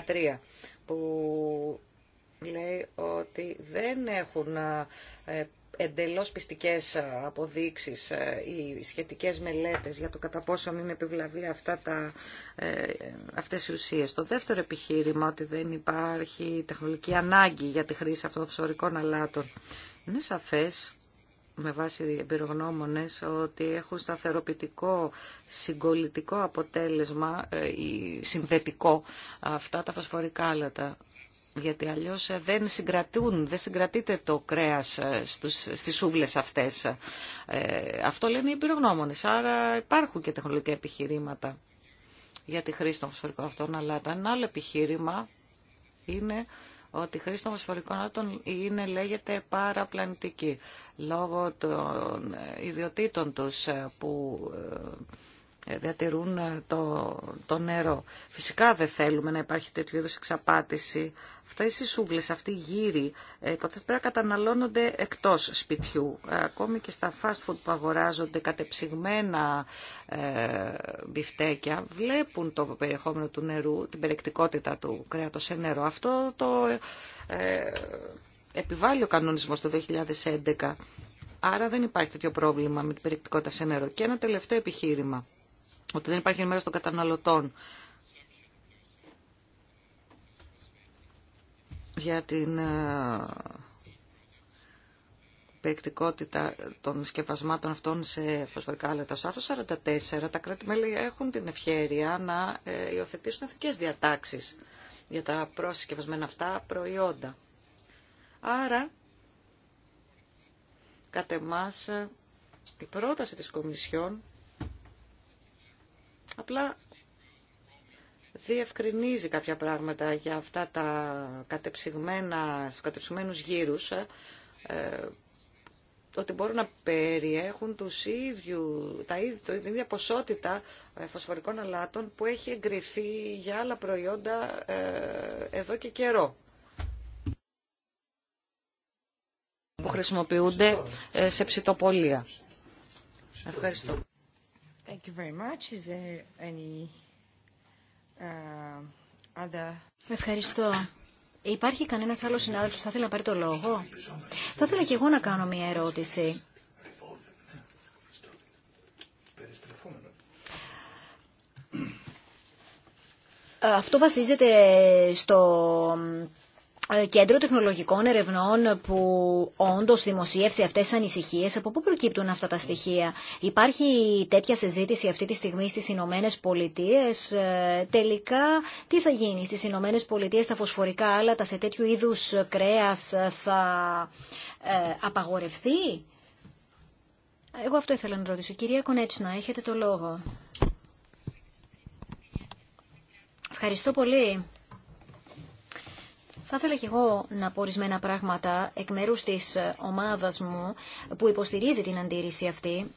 2013 που λέει ότι δεν έχουν εντελώς πιστικές ε, αποδείξεις ε, οι σχετικές μελέτες για το κατά πόσο είναι επιβλαβή αυτά τα, ε, αυτές οι ουσίες. Το δεύτερο επιχείρημα ότι δεν υπάρχει τεχνολογική ανάγκη για τη χρήση αυτών των φυσορικών αλάτων. Είναι σαφές με βάση εμπειρογνώμονες ότι έχουν σταθεροποιητικό, συγκολητικό αποτέλεσμα ή συνδετικό αυτά τα φωσφορικά άλατα γιατί αλλιώς ε, δεν συγκρατούν, δεν συγκρατείται το κρέας ε, στους, στις σούβλες αυτές. Ε, αυτό λένε οι εμπειρογνώμονες, άρα υπάρχουν και τεχνολογικά επιχειρήματα για τη χρήση των φωσφορικών αυτών Αλλά Ένα άλλο επιχείρημα είναι ότι η χρήση των φωσφορικών αυτών είναι, λέγεται, παραπλανητική, λόγω των ιδιωτήτων τους που διατηρούν ε, το, το νερό. Φυσικά δεν θέλουμε να υπάρχει τέτοιου είδους εξαπάτηση. Αυτές οι σούβλες, αυτοί οι γύροι, ε, ποτέ πρέπει να καταναλώνονται εκτός σπιτιού. Ε, ακόμη και στα fast food που αγοράζονται κατεψυγμένα ε, μπιφτέκια, βλέπουν το περιεχόμενο του νερού, την περιεκτικότητα του κρέατος σε νερό. Αυτό το ε, επιβάλλει ο κανονισμός το 2011. Άρα δεν υπάρχει τέτοιο πρόβλημα με την περιεκτικότητα σε νερό. Και ένα τελευταίο επιχείρημα ότι δεν υπάρχει ενημέρωση των καταναλωτών για την ε, περιεκτικότητα των σκευασμάτων αυτών σε φωσφορικά άλετα. Στο άρθρο 44 τα κράτη-μέλη έχουν την ευχαίρεια να ε, υιοθετήσουν εθνικές διατάξεις για τα προσκευασμένα αυτά προϊόντα. Άρα, κατ' εμάς, ε, η πρόταση της Κομισιόν Απλά διευκρινίζει κάποια πράγματα για αυτά τα κατεψυγμένα, στους κατεψυγμένους γύρους, ε, ότι μπορούν να περιέχουν τους ίδιου, τα ίδια, την ίδια ποσότητα ε, φωσφορικών αλάτων που έχει εγκριθεί για άλλα προϊόντα ε, εδώ και καιρό. που χρησιμοποιούνται σε ψητοπολία. Ευχαριστώ. Thank you very much. Is there any, uh, other... Ευχαριστώ. Υπάρχει κανένας άλλος συνάδελφος που θα θέλει να πάρει το λόγο. Θα ήθελα και εγώ να κάνω μια ερώτηση. Αυτό βασίζεται στο ε, κέντρο τεχνολογικών ερευνών που όντως δημοσίευσε αυτές τις ανησυχίες, από πού προκύπτουν αυτά τα στοιχεία. Υπάρχει τέτοια συζήτηση αυτή τη στιγμή στις Ηνωμένε Πολιτείε. Ε, τελικά τι θα γίνει στις Ηνωμένε Πολιτείε τα φωσφορικά άλατα σε τέτοιου είδους κρέας θα ε, απαγορευτεί. Εγώ αυτό ήθελα να ρωτήσω. Κυρία Κονέτσινα, έχετε το λόγο. Ευχαριστώ πολύ. Θα ήθελα και εγώ να πω ορισμένα πράγματα εκ μέρους της ομάδας μου που υποστηρίζει την αντίρρηση αυτή.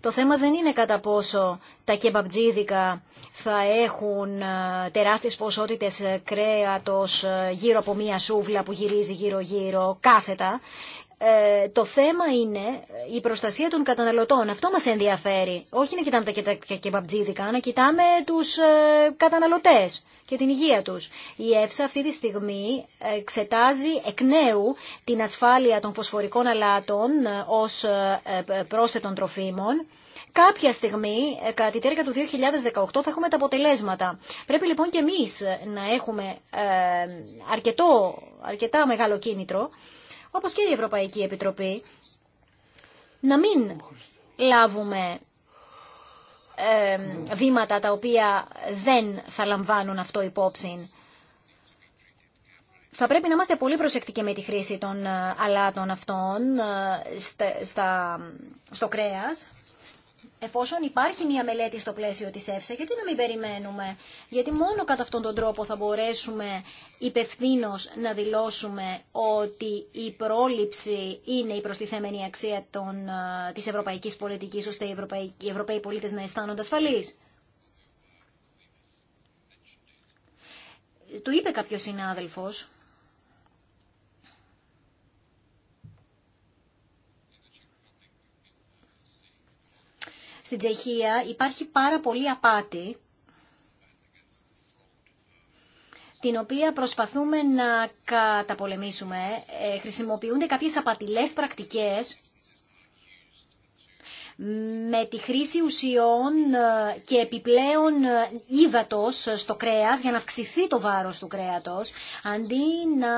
Το θέμα δεν είναι κατά πόσο τα κεμπαμπτζίδικα θα έχουν ε, τεράστιες ποσότητες ε, κρέατος ε, γύρω από μία σούβλα που γυρίζει γύρω-γύρω κάθετα. Ε, το θέμα είναι η προστασία των καταναλωτών. Αυτό μας ενδιαφέρει. Όχι να κοιτάμε τα κεμπαμπτζίδικα, να κοιτάμε τους ε, καταναλωτές και την υγεία τους. Η ΕΦΣΑ αυτή τη στιγμή εξετάζει εκ νέου την ασφάλεια των φωσφορικών αλάτων ε, ως ε, πρόσθετων τροφίμων. Κάποια στιγμή, κατά τη τέρια του 2018, θα έχουμε τα αποτελέσματα. Πρέπει λοιπόν και εμείς να έχουμε αρκετό, αρκετά μεγάλο κίνητρο όπως και η Ευρωπαϊκή Επιτροπή, να μην λάβουμε ε, βήματα τα οποία δεν θα λαμβάνουν αυτό υπόψη. Θα πρέπει να είμαστε πολύ προσεκτικοί με τη χρήση των ε, αλάτων αυτών ε, στα, στο κρέας εφόσον υπάρχει μια μελέτη στο πλαίσιο της ΕΦΣΑ, γιατί να μην περιμένουμε. Γιατί μόνο κατά αυτόν τον τρόπο θα μπορέσουμε υπευθύνω να δηλώσουμε ότι η πρόληψη είναι η προστιθέμενη αξία των, της ευρωπαϊκής πολιτικής, ώστε οι ευρωπαϊκοί οι ευρωπαίοι πολίτες να αισθάνονται ασφαλείς. Του είπε κάποιος συνάδελφος στην Τσεχία υπάρχει πάρα πολύ απάτη την οποία προσπαθούμε να καταπολεμήσουμε. Ε, χρησιμοποιούνται κάποιες απατηλές πρακτικές με τη χρήση ουσιών ε, και επιπλέον ε, ύδατος στο κρέας για να αυξηθεί το βάρος του κρέατος αντί να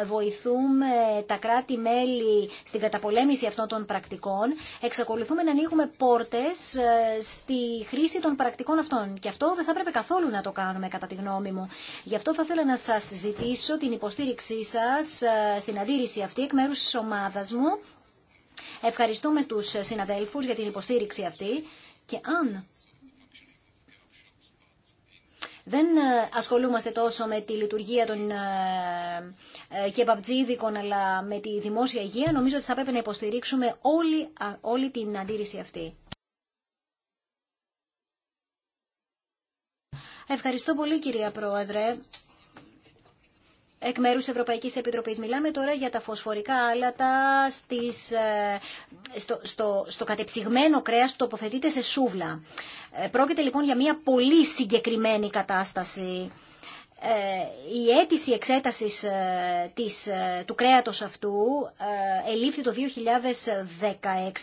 ε, βοηθούμε τα κράτη-μέλη στην καταπολέμηση αυτών των πρακτικών εξακολουθούμε να ανοίγουμε πόρτες στη χρήση των πρακτικών αυτών και αυτό δεν θα πρέπει καθόλου να το κάνουμε κατά τη γνώμη μου. Γι' αυτό θα ήθελα να σας ζητήσω την υποστήριξή σας στην αντίρρηση αυτή εκ μέρους της ομάδας μου Ευχαριστούμε τους συναδέλφους για την υποστήριξη αυτή και αν δεν ασχολούμαστε τόσο με τη λειτουργία των ε, ε, κεπαπτζίδικων αλλά με τη δημόσια υγεία, νομίζω ότι θα πρέπει να υποστηρίξουμε όλη, όλη την αντίρρηση αυτή. Ευχαριστώ πολύ κυρία Πρόεδρε εκ μέρους Ευρωπαϊκής Επιτροπής. Μιλάμε τώρα για τα φωσφορικά άλατα στις, ε, στο, στο, στο κατεψυγμένο κρέας που τοποθετείται σε σούβλα. Ε, πρόκειται λοιπόν για μια πολύ συγκεκριμένη κατάσταση. Ε, η αίτηση εξέτασης της, του κρέατος αυτού ελήφθη το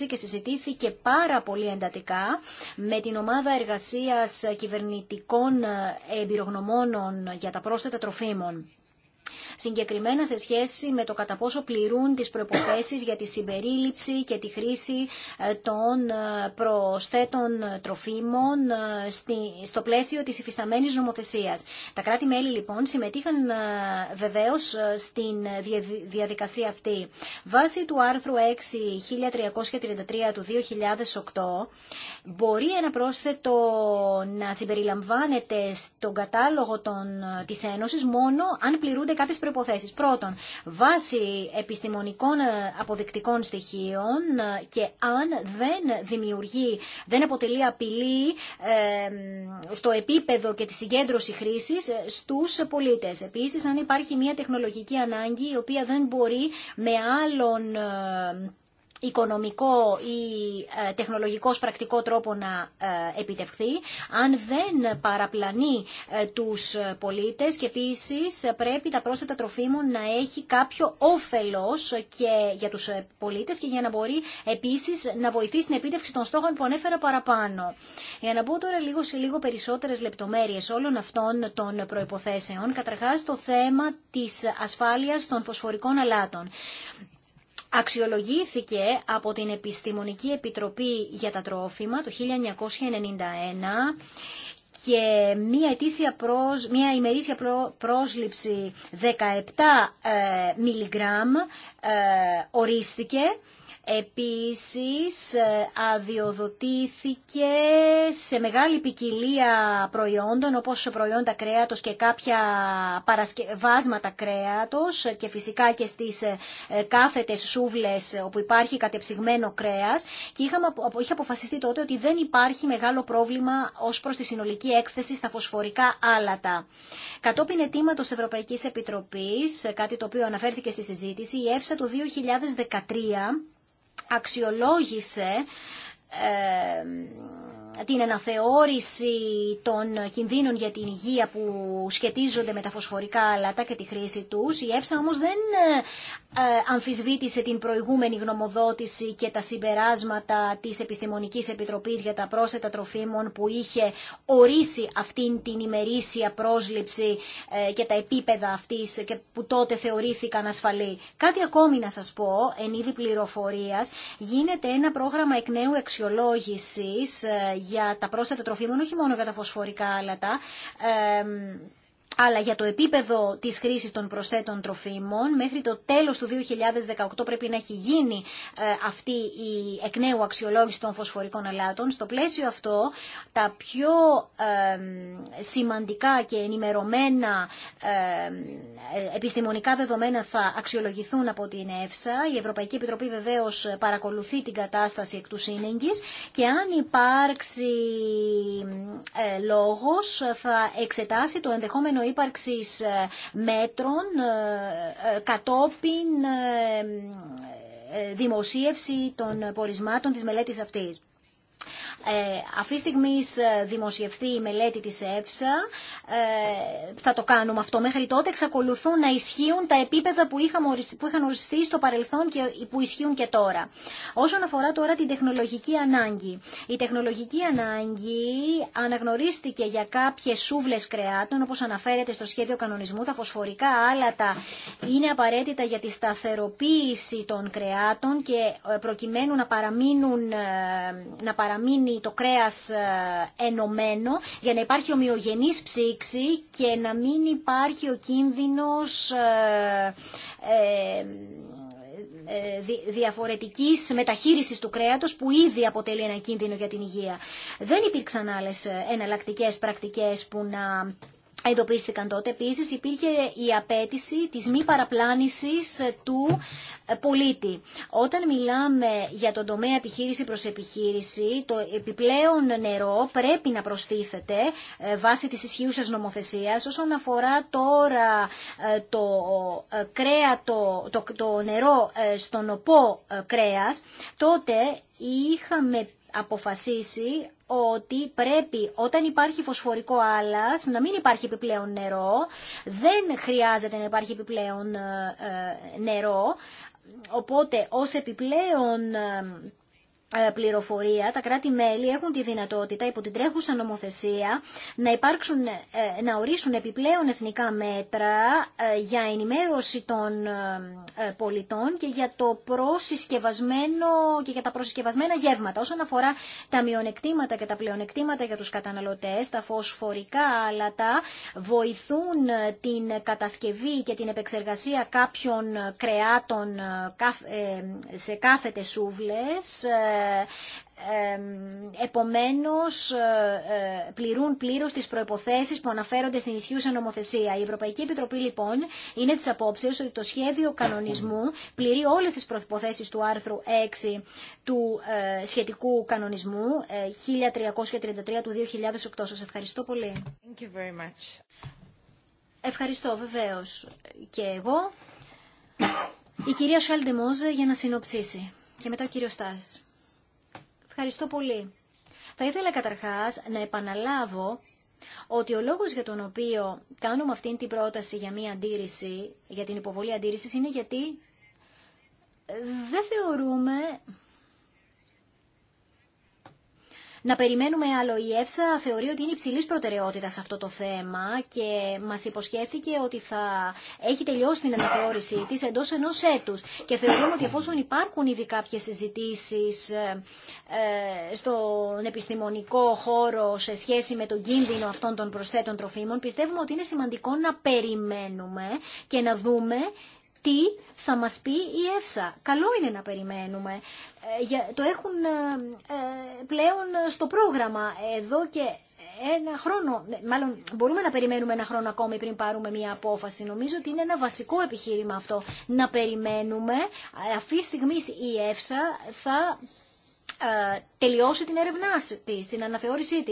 2016 και συζητήθηκε πάρα πολύ εντατικά με την ομάδα εργασίας κυβερνητικών εμπειρογνωμόνων για τα πρόσθετα τροφίμων συγκεκριμένα σε σχέση με το κατά πόσο πληρούν τις προϋποθέσεις για τη συμπερίληψη και τη χρήση ε, των ε, προσθέτων τροφίμων ε, στο πλαίσιο της υφισταμένης νομοθεσίας. Τα κράτη-μέλη λοιπόν συμμετείχαν βεβαίως στην διαδικασία αυτή. Βάσει του άρθρου 6.333 του 2008 μπορεί ένα πρόσθετο να συμπεριλαμβάνεται στον κατάλογο των, της Ένωσης μόνο αν πληρούνται κάποιες Πρώτον, βάσει επιστημονικών ε, αποδεικτικών στοιχείων ε, και αν δεν δημιουργεί, δεν αποτελεί απειλή στο επίπεδο και τη συγκέντρωση χρήσης ε, στους πολίτες. Επίσης, αν υπάρχει μια τεχνολογική ανάγκη η οποία δεν μπορεί με άλλον οικονομικό ή ε, τεχνολογικός πρακτικό τρόπο να ε, επιτευχθεί, αν δεν παραπλανεί ε, τους πολίτες και επίσης πρέπει τα πρόσθετα τροφίμων να έχει κάποιο όφελος και για τους πολίτες και για να μπορεί επίσης να βοηθήσει ...στην επίτευξη των στόχων που ανέφερα παραπάνω. Για να μπω τώρα λίγο σε λίγο περισσότερες λεπτομέρειες όλων αυτών των προϋποθέσεων, καταρχάς το θέμα της ασφάλειας των φωσφορικών αλάτων αξιολογήθηκε από την Επιστημονική Επιτροπή για τα Τρόφιμα το 1991 και μία, ετήσια προς, μία ημερήσια πρό, πρόσληψη 17 ε, μιλιγκράμμ ε, ορίστηκε Επίσης ε, αδειοδοτήθηκε σε μεγάλη ποικιλία προϊόντων όπως προϊόντα κρέατος και κάποια παρασκευάσματα κρέατος ε, και φυσικά και στις ε, κάθετες σούβλες όπου υπάρχει κατεψυγμένο κρέας και είχαμε, είχε αποφασιστεί τότε ότι δεν υπάρχει μεγάλο πρόβλημα ως προς τη συνολική έκθεση στα φωσφορικά άλατα. Κατόπιν αιτήματος Ευρωπαϊκής Επιτροπής, κάτι το οποίο αναφέρθηκε στη συζήτηση, η ΕΦΣΑ το 2013 αξιολόγησε ε, την αναθεώρηση των κινδύνων για την υγεία που σχετίζονται με τα φωσφορικά αλάτα και τη χρήση τους. Η ΕΦΣΑ όμως δεν ε, ε, αμφισβήτησε την προηγούμενη γνωμοδότηση και τα συμπεράσματα της Επιστημονικής Επιτροπής για τα πρόσθετα τροφίμων που είχε ορίσει αυτήν την ημερήσια πρόσληψη ε, και τα επίπεδα αυτής και που τότε θεωρήθηκαν ασφαλή. Κάτι ακόμη να σας πω, εν είδη πληροφορίας, γίνεται ένα πρόγραμμα εκ νέου αξιολόγησης για τα πρόσθετα τροφίμων, όχι μόνο για τα φωσφορικά άλατα. Αλλά για το επίπεδο της χρήσης των προσθέτων τροφίμων, μέχρι το τέλος του 2018 πρέπει να έχει γίνει ε, αυτή η εκ νέου αξιολόγηση των φωσφορικών αλάτων. Στο πλαίσιο αυτό, τα πιο σημαντικά και ενημερωμένα επιστημονικά δεδομένα θα αξιολογηθούν από την ΕΦΣΑ. Η Ευρωπαϊκή Επιτροπή βεβαίως παρακολουθεί την κατάσταση εκ του και αν υπάρξει ε, λόγος θα εξετάσει το ενδεχόμενο ύπαρξης ε, μέτρων ε, ε, κατόπιν δημοσίευση των πορισμάτων της μελέτης αυτής. Ε, αυτή τη στιγμή ε, δημοσιευθεί η μελέτη της ΕΕΠΣΑ, ε, θα το κάνουμε αυτό. Μέχρι τότε εξακολουθούν να ισχύουν τα επίπεδα που, είχαν οριστεί, που είχαν οριστεί στο παρελθόν και που ισχύουν και τώρα. Όσον αφορά τώρα την τεχνολογική ανάγκη. Η τεχνολογική ανάγκη αναγνωρίστηκε για κάποιες σούβλες κρεάτων, όπως αναφέρεται στο σχέδιο κανονισμού, τα φωσφορικά άλατα είναι απαραίτητα για τη σταθεροποίηση των κρεάτων και ε, προκειμένου να παραμείνουν να παραμείνει το κρέας ε, ενωμένο, για να υπάρχει ομοιογενής ψήξη και να μην υπάρχει ο κίνδυνος ε, ε, διαφορετικής μεταχείρισης του κρέατος που ήδη αποτελεί ένα κίνδυνο για την υγεία. Δεν υπήρξαν άλλες εναλλακτικές πρακτικές που να εντοπίστηκαν τότε. Επίσης υπήρχε η απέτηση της μη παραπλάνησης του ε, πολίτη. Όταν μιλάμε για τον τομέα επιχείρηση προς επιχείρηση, το επιπλέον νερό πρέπει να προστίθεται ε, βάσει της ισχύουσας νομοθεσίας. Όσον αφορά τώρα ε, το, κρέα, το, το νερό στον οπό κρέας, τότε είχαμε αποφασίσει ότι πρέπει όταν υπάρχει φωσφορικό άλας να μην υπάρχει επιπλέον νερό, δεν χρειάζεται να υπάρχει επιπλέον ε, ε, νερό, οπότε ως επιπλέον ε, ε, πληροφορία, τα κράτη-μέλη έχουν τη δυνατότητα υπό την τρέχουσα νομοθεσία να, υπάρξουν, ε, να ορίσουν επιπλέον εθνικά μέτρα ε, για ενημέρωση των πολιτών και για, το προσυσκευασμένο, και για τα προσυσκευασμένα γεύματα. Όσον αφορά τα μειονεκτήματα και τα πλεονεκτήματα για τους καταναλωτές, τα φωσφορικά άλατα βοηθούν την κατασκευή και την επεξεργασία κάποιων κρεάτων σε κάθετες σούβλες, ε, ε, επομένως ε, πληρούν πλήρως τις προϋποθέσεις που αναφέρονται στην ισχύουσα νομοθεσία. Η Ευρωπαϊκή Επιτροπή λοιπόν είναι της απόψεως ότι το σχέδιο κανονισμού πληρεί όλες τις προϋποθέσεις του άρθρου 6 του σχετικού κανονισμού 1333 του 2008. Σας ευχαριστώ πολύ. Ευχαριστώ βεβαίως και εγώ. Η κυρία Σάλντε για να συνοψίσει. Και μετά ο κύριος Στάσης. Ευχαριστώ πολύ. Θα ήθελα καταρχάς να επαναλάβω ότι ο λόγος για τον οποίο κάνουμε αυτή την πρόταση για μια αντίρρηση, για την υποβολή αντίρρησης, είναι γιατί δεν θεωρούμε να περιμένουμε άλλο. Η ΕΦΣΑ θεωρεί ότι είναι υψηλή προτεραιότητα σε αυτό το θέμα και μα υποσχέθηκε ότι θα έχει τελειώσει την αναθεώρησή τη εντό ενό έτου. Και θεωρούμε ότι εφόσον υπάρχουν ήδη κάποιε συζητήσει ε, ε, στον επιστημονικό χώρο σε σχέση με τον κίνδυνο αυτών των προσθέτων τροφίμων, πιστεύουμε ότι είναι σημαντικό να περιμένουμε και να δούμε τι θα μας πει η ΕΦΣΑ. Καλό είναι να περιμένουμε. Ε, το έχουν ε, ε, πλέον στο πρόγραμμα εδώ και ένα χρόνο, μάλλον μπορούμε να περιμένουμε ένα χρόνο ακόμη πριν πάρουμε μια απόφαση. Νομίζω ότι είναι ένα βασικό επιχείρημα αυτό. Να περιμένουμε, αυτή τη στιγμή η ΕΦΣΑ θα ε, τελειώσει την έρευνά τη, την αναθεώρησή τη.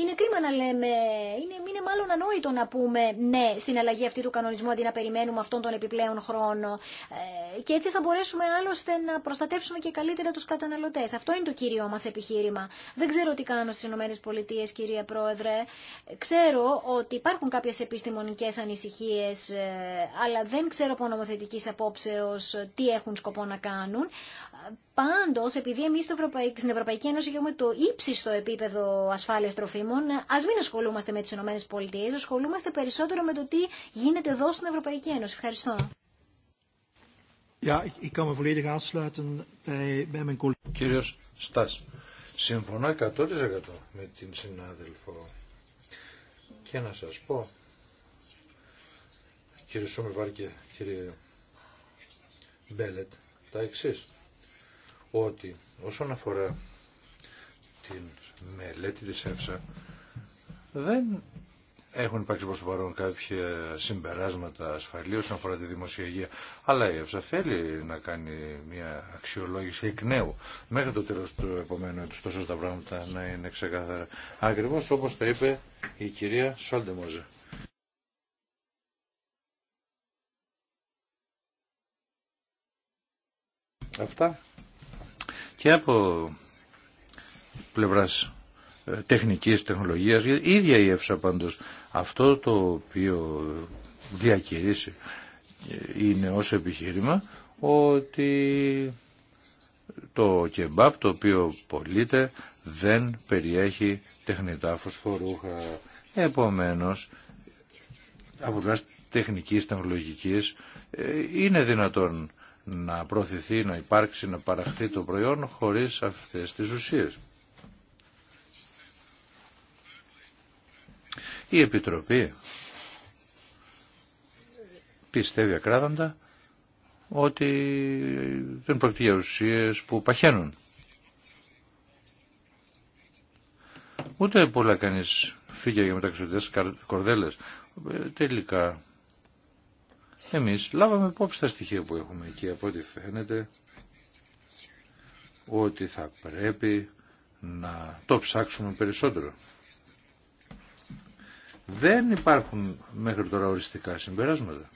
Είναι κρίμα να λέμε, είναι, είναι μάλλον ανόητο να πούμε ναι στην αλλαγή αυτή του κανονισμού αντί να περιμένουμε αυτόν τον επιπλέον χρόνο. Ε, και έτσι θα μπορέσουμε άλλωστε να προστατεύσουμε και καλύτερα του καταναλωτέ. Αυτό είναι το κύριο μα επιχείρημα. Δεν ξέρω τι κάνω στι ΗΠΑ, κυρία Πρόεδρε. Ξέρω ότι υπάρχουν κάποιες επιστημονικές ανησυχίες, ε, αλλά δεν ξέρω από νομοθετική απόψεω τι έχουν σκοπό να κάνουν. Πάντω, επειδή εμεί στην Ευρωπαϊκή Ένωση έχουμε το ύψιστο επίπεδο ασφάλεια τροφίμων, ε, α μην ασχολούμαστε με τι ΗΠΑ, ασχολούμαστε περισσότερο με το τι γίνεται εδώ στην Ευρωπαϊκή Ένωση. Ευχαριστώ. Κύριο Στά, συμφωνώ 100% με την συνάδελφο. Και να σα πω, κύριε Σούμερ Βάρκε, κύριε Μπέλετ, τα εξή ότι όσον αφορά την μελέτη της ΕΦΣΑ δεν έχουν υπάρξει προς το παρόν κάποια συμπεράσματα ασφαλή όσον αφορά τη υγεία Αλλά η ΕΦΣΑ θέλει να κάνει μια αξιολόγηση εκ νέου μέχρι το τέλος του επόμενου έτους τόσο τα πράγματα να είναι ξεκάθαρα. Ακριβώς όπως τα είπε η κυρία Σόλτεμόζε. Αυτά και από πλευράς ε, τεχνικής τεχνολογίας, η ίδια η ΕΦΣΑ πάντως, αυτό το οποίο διακηρύσει ε, είναι ως επιχείρημα ότι το κεμπάπ το οποίο πωλείται δεν περιέχει τεχνητά φωσφορούχα. Επομένως, από πλευράς τεχνικής, τεχνολογικής, ε, είναι δυνατόν να προωθηθεί, να υπάρξει, να παραχθεί το προϊόν χωρίς αυτές τις ουσίες. Η Επιτροπή πιστεύει ακράδαντα ότι δεν πρόκειται για ουσίες που παχαίνουν. Ούτε πολλά κανείς φύγει για μεταξύ κορδέλες. Ε, τελικά εμείς λάβαμε υπόψη τα στοιχεία που έχουμε εκεί, από ό,τι φαίνεται ότι θα πρέπει να το ψάξουμε περισσότερο. Δεν υπάρχουν μέχρι τώρα οριστικά συμπεράσματα.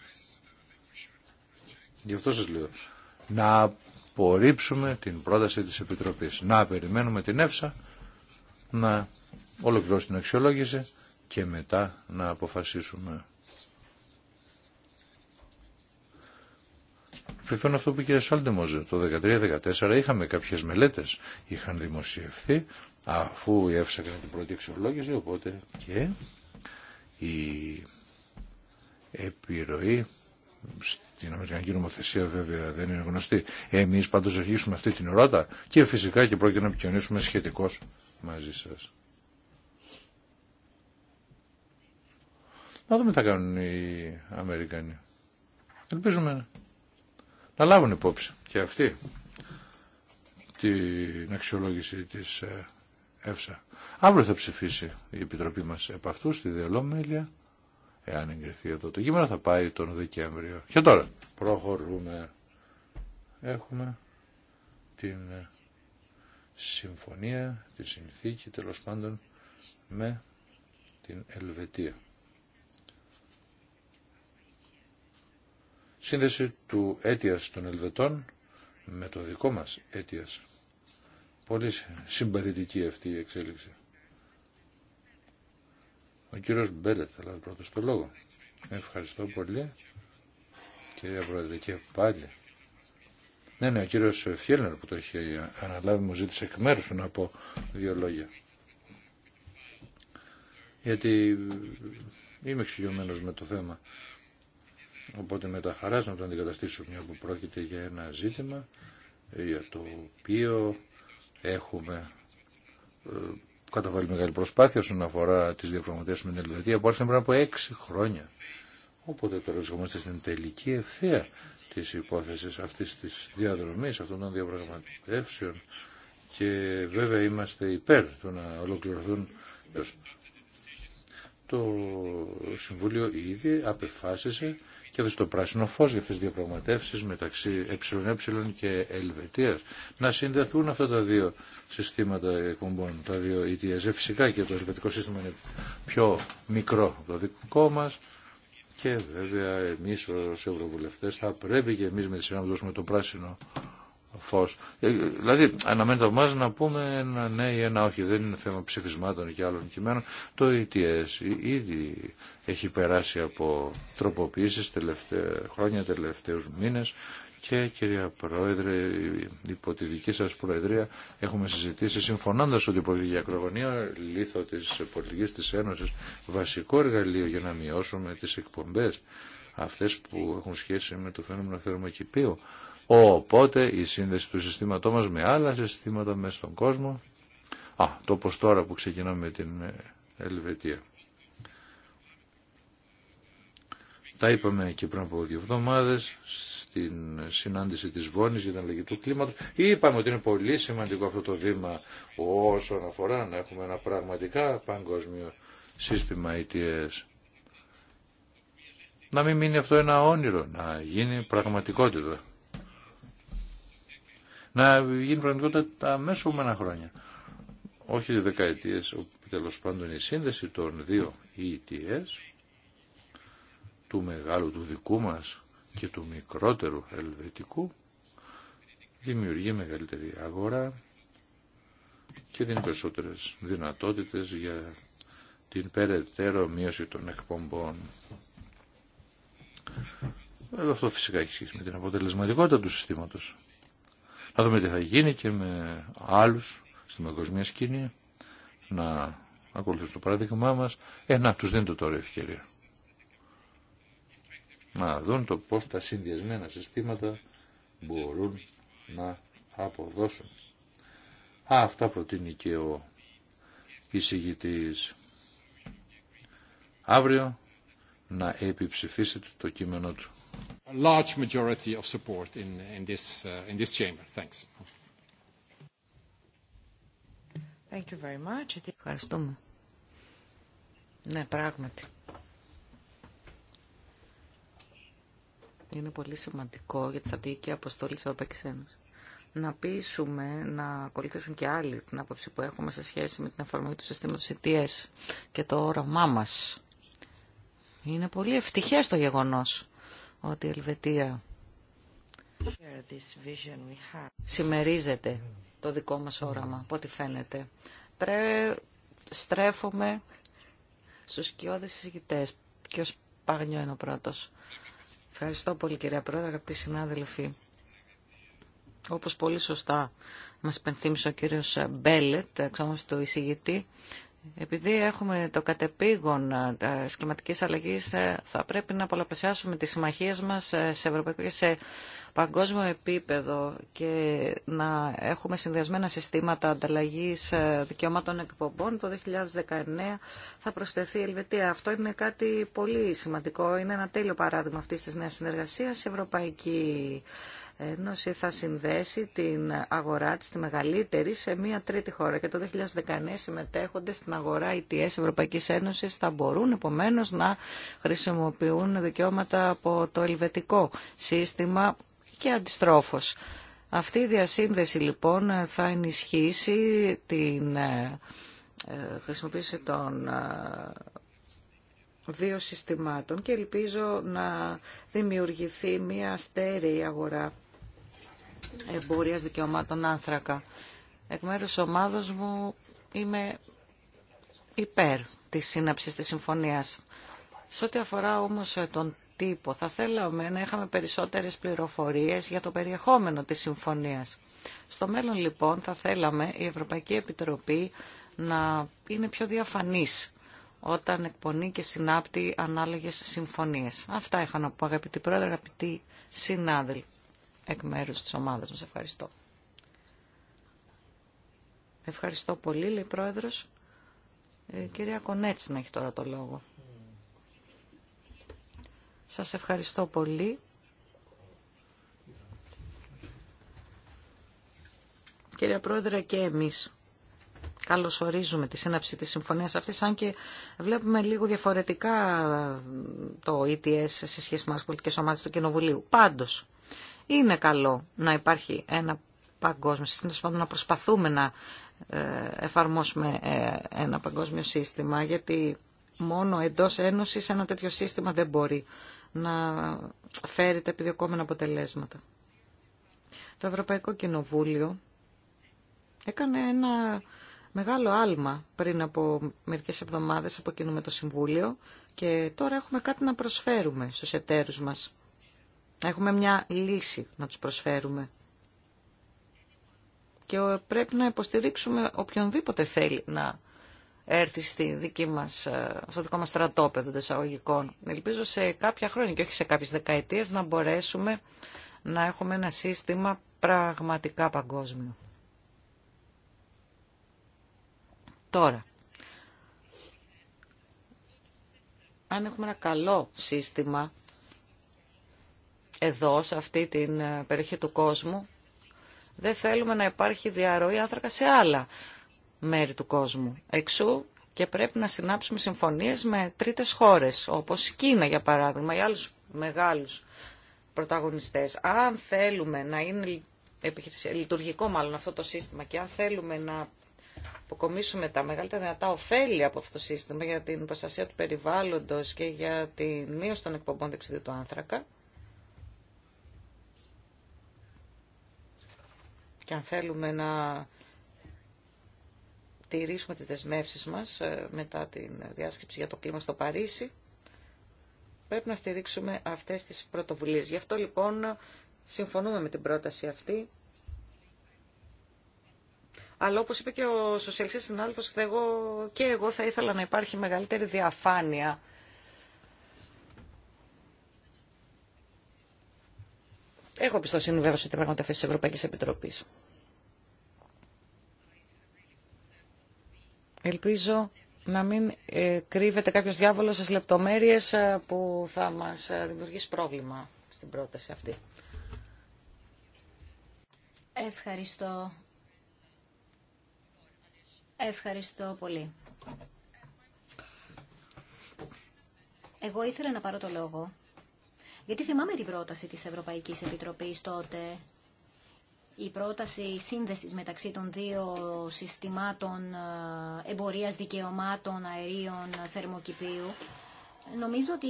Γι' αυτό σας λέω. Να απορρίψουμε την πρόταση της Επιτροπής. Να περιμένουμε την ΕΦΣΑ να ολοκληρώσει την αξιολόγηση και μετά να αποφασίσουμε. επιφέρουν αυτό που είπε η Το 2013-2014 είχαμε κάποιες μελέτες, είχαν δημοσιευθεί αφού η ΕΦΣΑ έκανε την πρώτη αξιολόγηση, οπότε και η επιρροή στην Αμερικανική νομοθεσία βέβαια δεν είναι γνωστή. Εμείς πάντως αρχίσουμε αυτή την ώρα και φυσικά και πρόκειται να επικοινωνήσουμε σχετικώ μαζί σας. Να δούμε τι θα κάνουν οι Αμερικανοί. Ελπίζουμε να λάβουν υπόψη και αυτή την αξιολόγηση της ε, ΕΦΣΑ. Αύριο θα ψηφίσει η Επιτροπή μας επ' αυτού στη Διαλόμελια. Εάν εγκριθεί εδώ το κείμενο θα πάει τον Δεκέμβριο. Και τώρα προχωρούμε. Έχουμε την ε, συμφωνία, τη συνθήκη τέλο πάντων με την Ελβετία. σύνδεση του αίτιας των Ελβετών με το δικό μας αίτιας. Πολύ συμπαθητική αυτή η εξέλιξη. Ο κύριος Μπέλετ θα λάβει πρώτος το λόγο. Ευχαριστώ πολύ. Κυρία Πρόεδρε και πάλι. Ναι, ναι, ο κύριος Φιέλνερ που το έχει αναλάβει μου ζήτησε εκ μέρους του να πω δύο λόγια. Γιατί είμαι εξοικειωμένος με το θέμα Οπότε με τα χαράς να το αντικαταστήσουμε μια που πρόκειται για ένα ζήτημα ε, για το οποίο έχουμε ε, καταβάλει μεγάλη προσπάθεια όσον αφορά τις διαπραγματεύσεις με την Ελβετία που άρχισαν πριν από έξι χρόνια. Οπότε τώρα βρισκόμαστε στην τελική ευθεία της υπόθεσης αυτής της διαδρομής, αυτών των διαπραγματεύσεων και βέβαια είμαστε υπέρ του να ολοκληρωθούν το Συμβούλιο ήδη απεφάσισε και έδωσε το πράσινο φω για αυτέ τι διαπραγματεύσει μεταξύ ΕΕ και Ελβετία, να συνδεθούν αυτά τα δύο συστήματα εκπομπών, τα δύο ETS. Ε, φυσικά και το ελβετικό σύστημα είναι πιο μικρό από το δικό μας και βέβαια εμεί ως ευρωβουλευτέ θα πρέπει και εμεί με τη σειρά να δώσουμε το πράσινο φω. Ε, δηλαδή αναμένεται από εμά να πούμε ένα ναι ή ένα όχι. Δεν είναι θέμα ψηφισμάτων και άλλων κειμένων. Το ETS ήδη έχει περάσει από τροποποιήσεις τελευταία, χρόνια, τελευταίους μήνες και κυρία Πρόεδρε, υπό τη δική σας Προεδρία έχουμε συζητήσει συμφωνώντας ότι η πολιτική ακρογωνία λίθο της πολιτικής της Ένωσης βασικό εργαλείο για να μειώσουμε τις εκπομπές αυτές που έχουν σχέση με το φαινόμενο θερμοκηπίου. Οπότε η σύνδεση του συστήματός μας με άλλα συστήματα μέσα στον κόσμο. Α, το τώρα που ξεκινάμε με την ε, Ελβετία. Τα είπαμε και πριν από δύο εβδομάδες στην συνάντηση της Βόνης για την αλλαγή του κλίματος. Είπαμε ότι είναι πολύ σημαντικό αυτό το βήμα όσον αφορά να έχουμε ένα πραγματικά παγκόσμιο σύστημα ETS. Ε να μην μείνει αυτό ένα όνειρο, να γίνει πραγματικότητα. Να γίνει πραγματικότητα τα μέσα ομενά χρόνια. Όχι δεκαετίες, τέλος πάντων η σύνδεση των δύο ETS ε του μεγάλου του δικού μας και του μικρότερου ελβετικού δημιουργεί μεγαλύτερη αγορά και δίνει περισσότερες δυνατότητες για την περαιτέρω μείωση των εκπομπών. αυτό φυσικά έχει σχέση με την αποτελεσματικότητα του συστήματος. Να δούμε τι θα γίνει και με άλλους στην παγκοσμία σκηνή να ακολουθήσουν το παράδειγμά μας. Ε, να, τους δίνετε τώρα ευκαιρία να δουν το πώς τα συνδυασμένα συστήματα μπορούν να αποδώσουν. Α, αυτά προτείνει και ο εισηγητής. Αύριο να επιψηφίσετε το κείμενό του. A large majority of support in, in, this, uh, in this chamber. Thanks. Thank you very much. Ευχαριστούμε. Ναι, πράγματι. είναι πολύ σημαντικό για τη στρατηγική αποστολή τη Ευρωπαϊκή. Ένωση. να πείσουμε να ακολουθήσουν και άλλοι την άποψη που έχουμε σε σχέση με την εφαρμογή του συστήματο ETS και το όραμά μα. Είναι πολύ ευτυχέ το γεγονό ότι η Ελβετία συμμερίζεται το δικό μας όραμα, από ό,τι φαίνεται. Πρέ... Στρέφουμε στους σκιώδες συζητητές. Ποιος παγνιό είναι ο πρώτος. Ευχαριστώ πολύ κυρία Πρόεδρε, αγαπητοί συνάδελφοι. Όπως πολύ σωστά μας πενθύμισε ο κύριος Μπέλετ, εξόμως του εισηγητή, επειδή έχουμε το κατεπήγον κλιματικής ε, αλλαγής, ε, θα πρέπει να πολλαπλασιάσουμε τις συμμαχίες μας ε, σε ευρωπαϊκό και σε παγκόσμιο επίπεδο και να έχουμε συνδυασμένα συστήματα ανταλλαγής δικαιωμάτων εκπομπών. Το 2019 θα προσθεθεί η Ελβετία. Αυτό είναι κάτι πολύ σημαντικό. Είναι ένα τέλειο παράδειγμα αυτής της νέας συνεργασίας. Η Ευρωπαϊκή Ένωση θα συνδέσει την αγορά της, τη μεγαλύτερη, σε μία τρίτη χώρα. Και το 2019 συμμετέχονται στην αγορά ETS Ευρωπαϊκής Ένωσης θα μπορούν επομένως να χρησιμοποιούν δικαιώματα από το ελβετικό σύστημα και αντιστρόφως. Αυτή η διασύνδεση λοιπόν θα ενισχύσει την ε, ε, χρησιμοποίηση των ε, δύο συστημάτων και ελπίζω να δημιουργηθεί μια στέρεη αγορά Εμπόρια δικαιωμάτων άνθρακα. Εκ μέρους ομάδος μου είμαι υπέρ της σύναψης της συμφωνίας. Σε ό,τι αφορά όμως τον τύπο, θα θέλαμε να είχαμε περισσότερες πληροφορίες για το περιεχόμενο της συμφωνίας. Στο μέλλον λοιπόν θα θέλαμε η Ευρωπαϊκή Επιτροπή να είναι πιο διαφανής όταν εκπονεί και συνάπτει ανάλογες συμφωνίες. Αυτά είχα να πω αγαπητοί πρόεδρε, αγαπητοί συνάδελφοι εκ μέρους της ομάδας μα Ευχαριστώ. Ευχαριστώ πολύ, λέει Πρόεδρος. Ε, κυρία να έχει τώρα το λόγο. Σας ευχαριστώ πολύ. Κυρία Πρόεδρε, και εμείς καλωσορίζουμε τη σύναψη της συμφωνίας αυτής, αν και βλέπουμε λίγο διαφορετικά το ETS σε σχέση με τις πολιτικές ομάδες του Κοινοβουλίου. Πάντως, είναι καλό να υπάρχει ένα παγκόσμιο σύστημα, να προσπαθούμε να ε, εφαρμόσουμε ε, ένα παγκόσμιο σύστημα, γιατί μόνο εντός Ένωση ένα τέτοιο σύστημα δεν μπορεί να φέρει τα επιδιωκόμενα αποτελέσματα. Το Ευρωπαϊκό Κοινοβούλιο έκανε ένα μεγάλο άλμα πριν από μερικές εβδομάδες από κοινού με το Συμβούλιο και τώρα έχουμε κάτι να προσφέρουμε στους εταίρους μας. Έχουμε μια λύση να τους προσφέρουμε. Και πρέπει να υποστηρίξουμε οποιονδήποτε θέλει να έρθει στη δική μας, ε, στο δικό μας στρατόπεδο των εισαγωγικών. Ελπίζω σε κάποια χρόνια και όχι σε κάποιες δεκαετίες να μπορέσουμε να έχουμε ένα σύστημα πραγματικά παγκόσμιο. Τώρα, αν έχουμε ένα καλό σύστημα εδώ, σε αυτή την ε, περιοχή του κόσμου. Δεν θέλουμε να υπάρχει διαρροή άνθρακα σε άλλα μέρη του κόσμου. Εξού και πρέπει να συνάψουμε συμφωνίες με τρίτες χώρες, όπως η Κίνα για παράδειγμα, ή άλλους μεγάλους πρωταγωνιστές. Αν θέλουμε να είναι λειτουργικό μάλλον αυτό το σύστημα και αν θέλουμε να αποκομίσουμε τα μεγαλύτερα δυνατά ωφέλη από αυτό το σύστημα για την προστασία του περιβάλλοντος και για την μείωση των εκπομπών δεξιδίου του άνθρακα, και αν θέλουμε να τηρήσουμε τις δεσμεύσεις μας ε, μετά την διάσκεψη για το κλίμα στο Παρίσι, πρέπει να στηρίξουμε αυτές τις πρωτοβουλίες. Γι' αυτό λοιπόν συμφωνούμε με την πρόταση αυτή. Αλλά όπως είπε και ο σοσιαλιστής συνάδελφος, εγώ και εγώ θα ήθελα να υπάρχει μεγαλύτερη διαφάνεια Έχω πιστοσύνη βέβαια σε την πραγματεύσει τη Ευρωπαϊκή Επιτροπή. Ελπίζω να μην ε, κρύβεται κάποιος διάβολος στις λεπτομέρειες ε, που θα μας ε, δημιουργήσει πρόβλημα στην πρόταση αυτή. Ευχαριστώ. Ευχαριστώ πολύ. Εγώ ήθελα να πάρω το λόγο γιατί θυμάμαι την πρόταση της Ευρωπαϊκής Επιτροπής τότε. Η πρόταση σύνδεσης μεταξύ των δύο συστημάτων ε, εμπορίας δικαιωμάτων αερίων θερμοκηπίου. Νομίζω ότι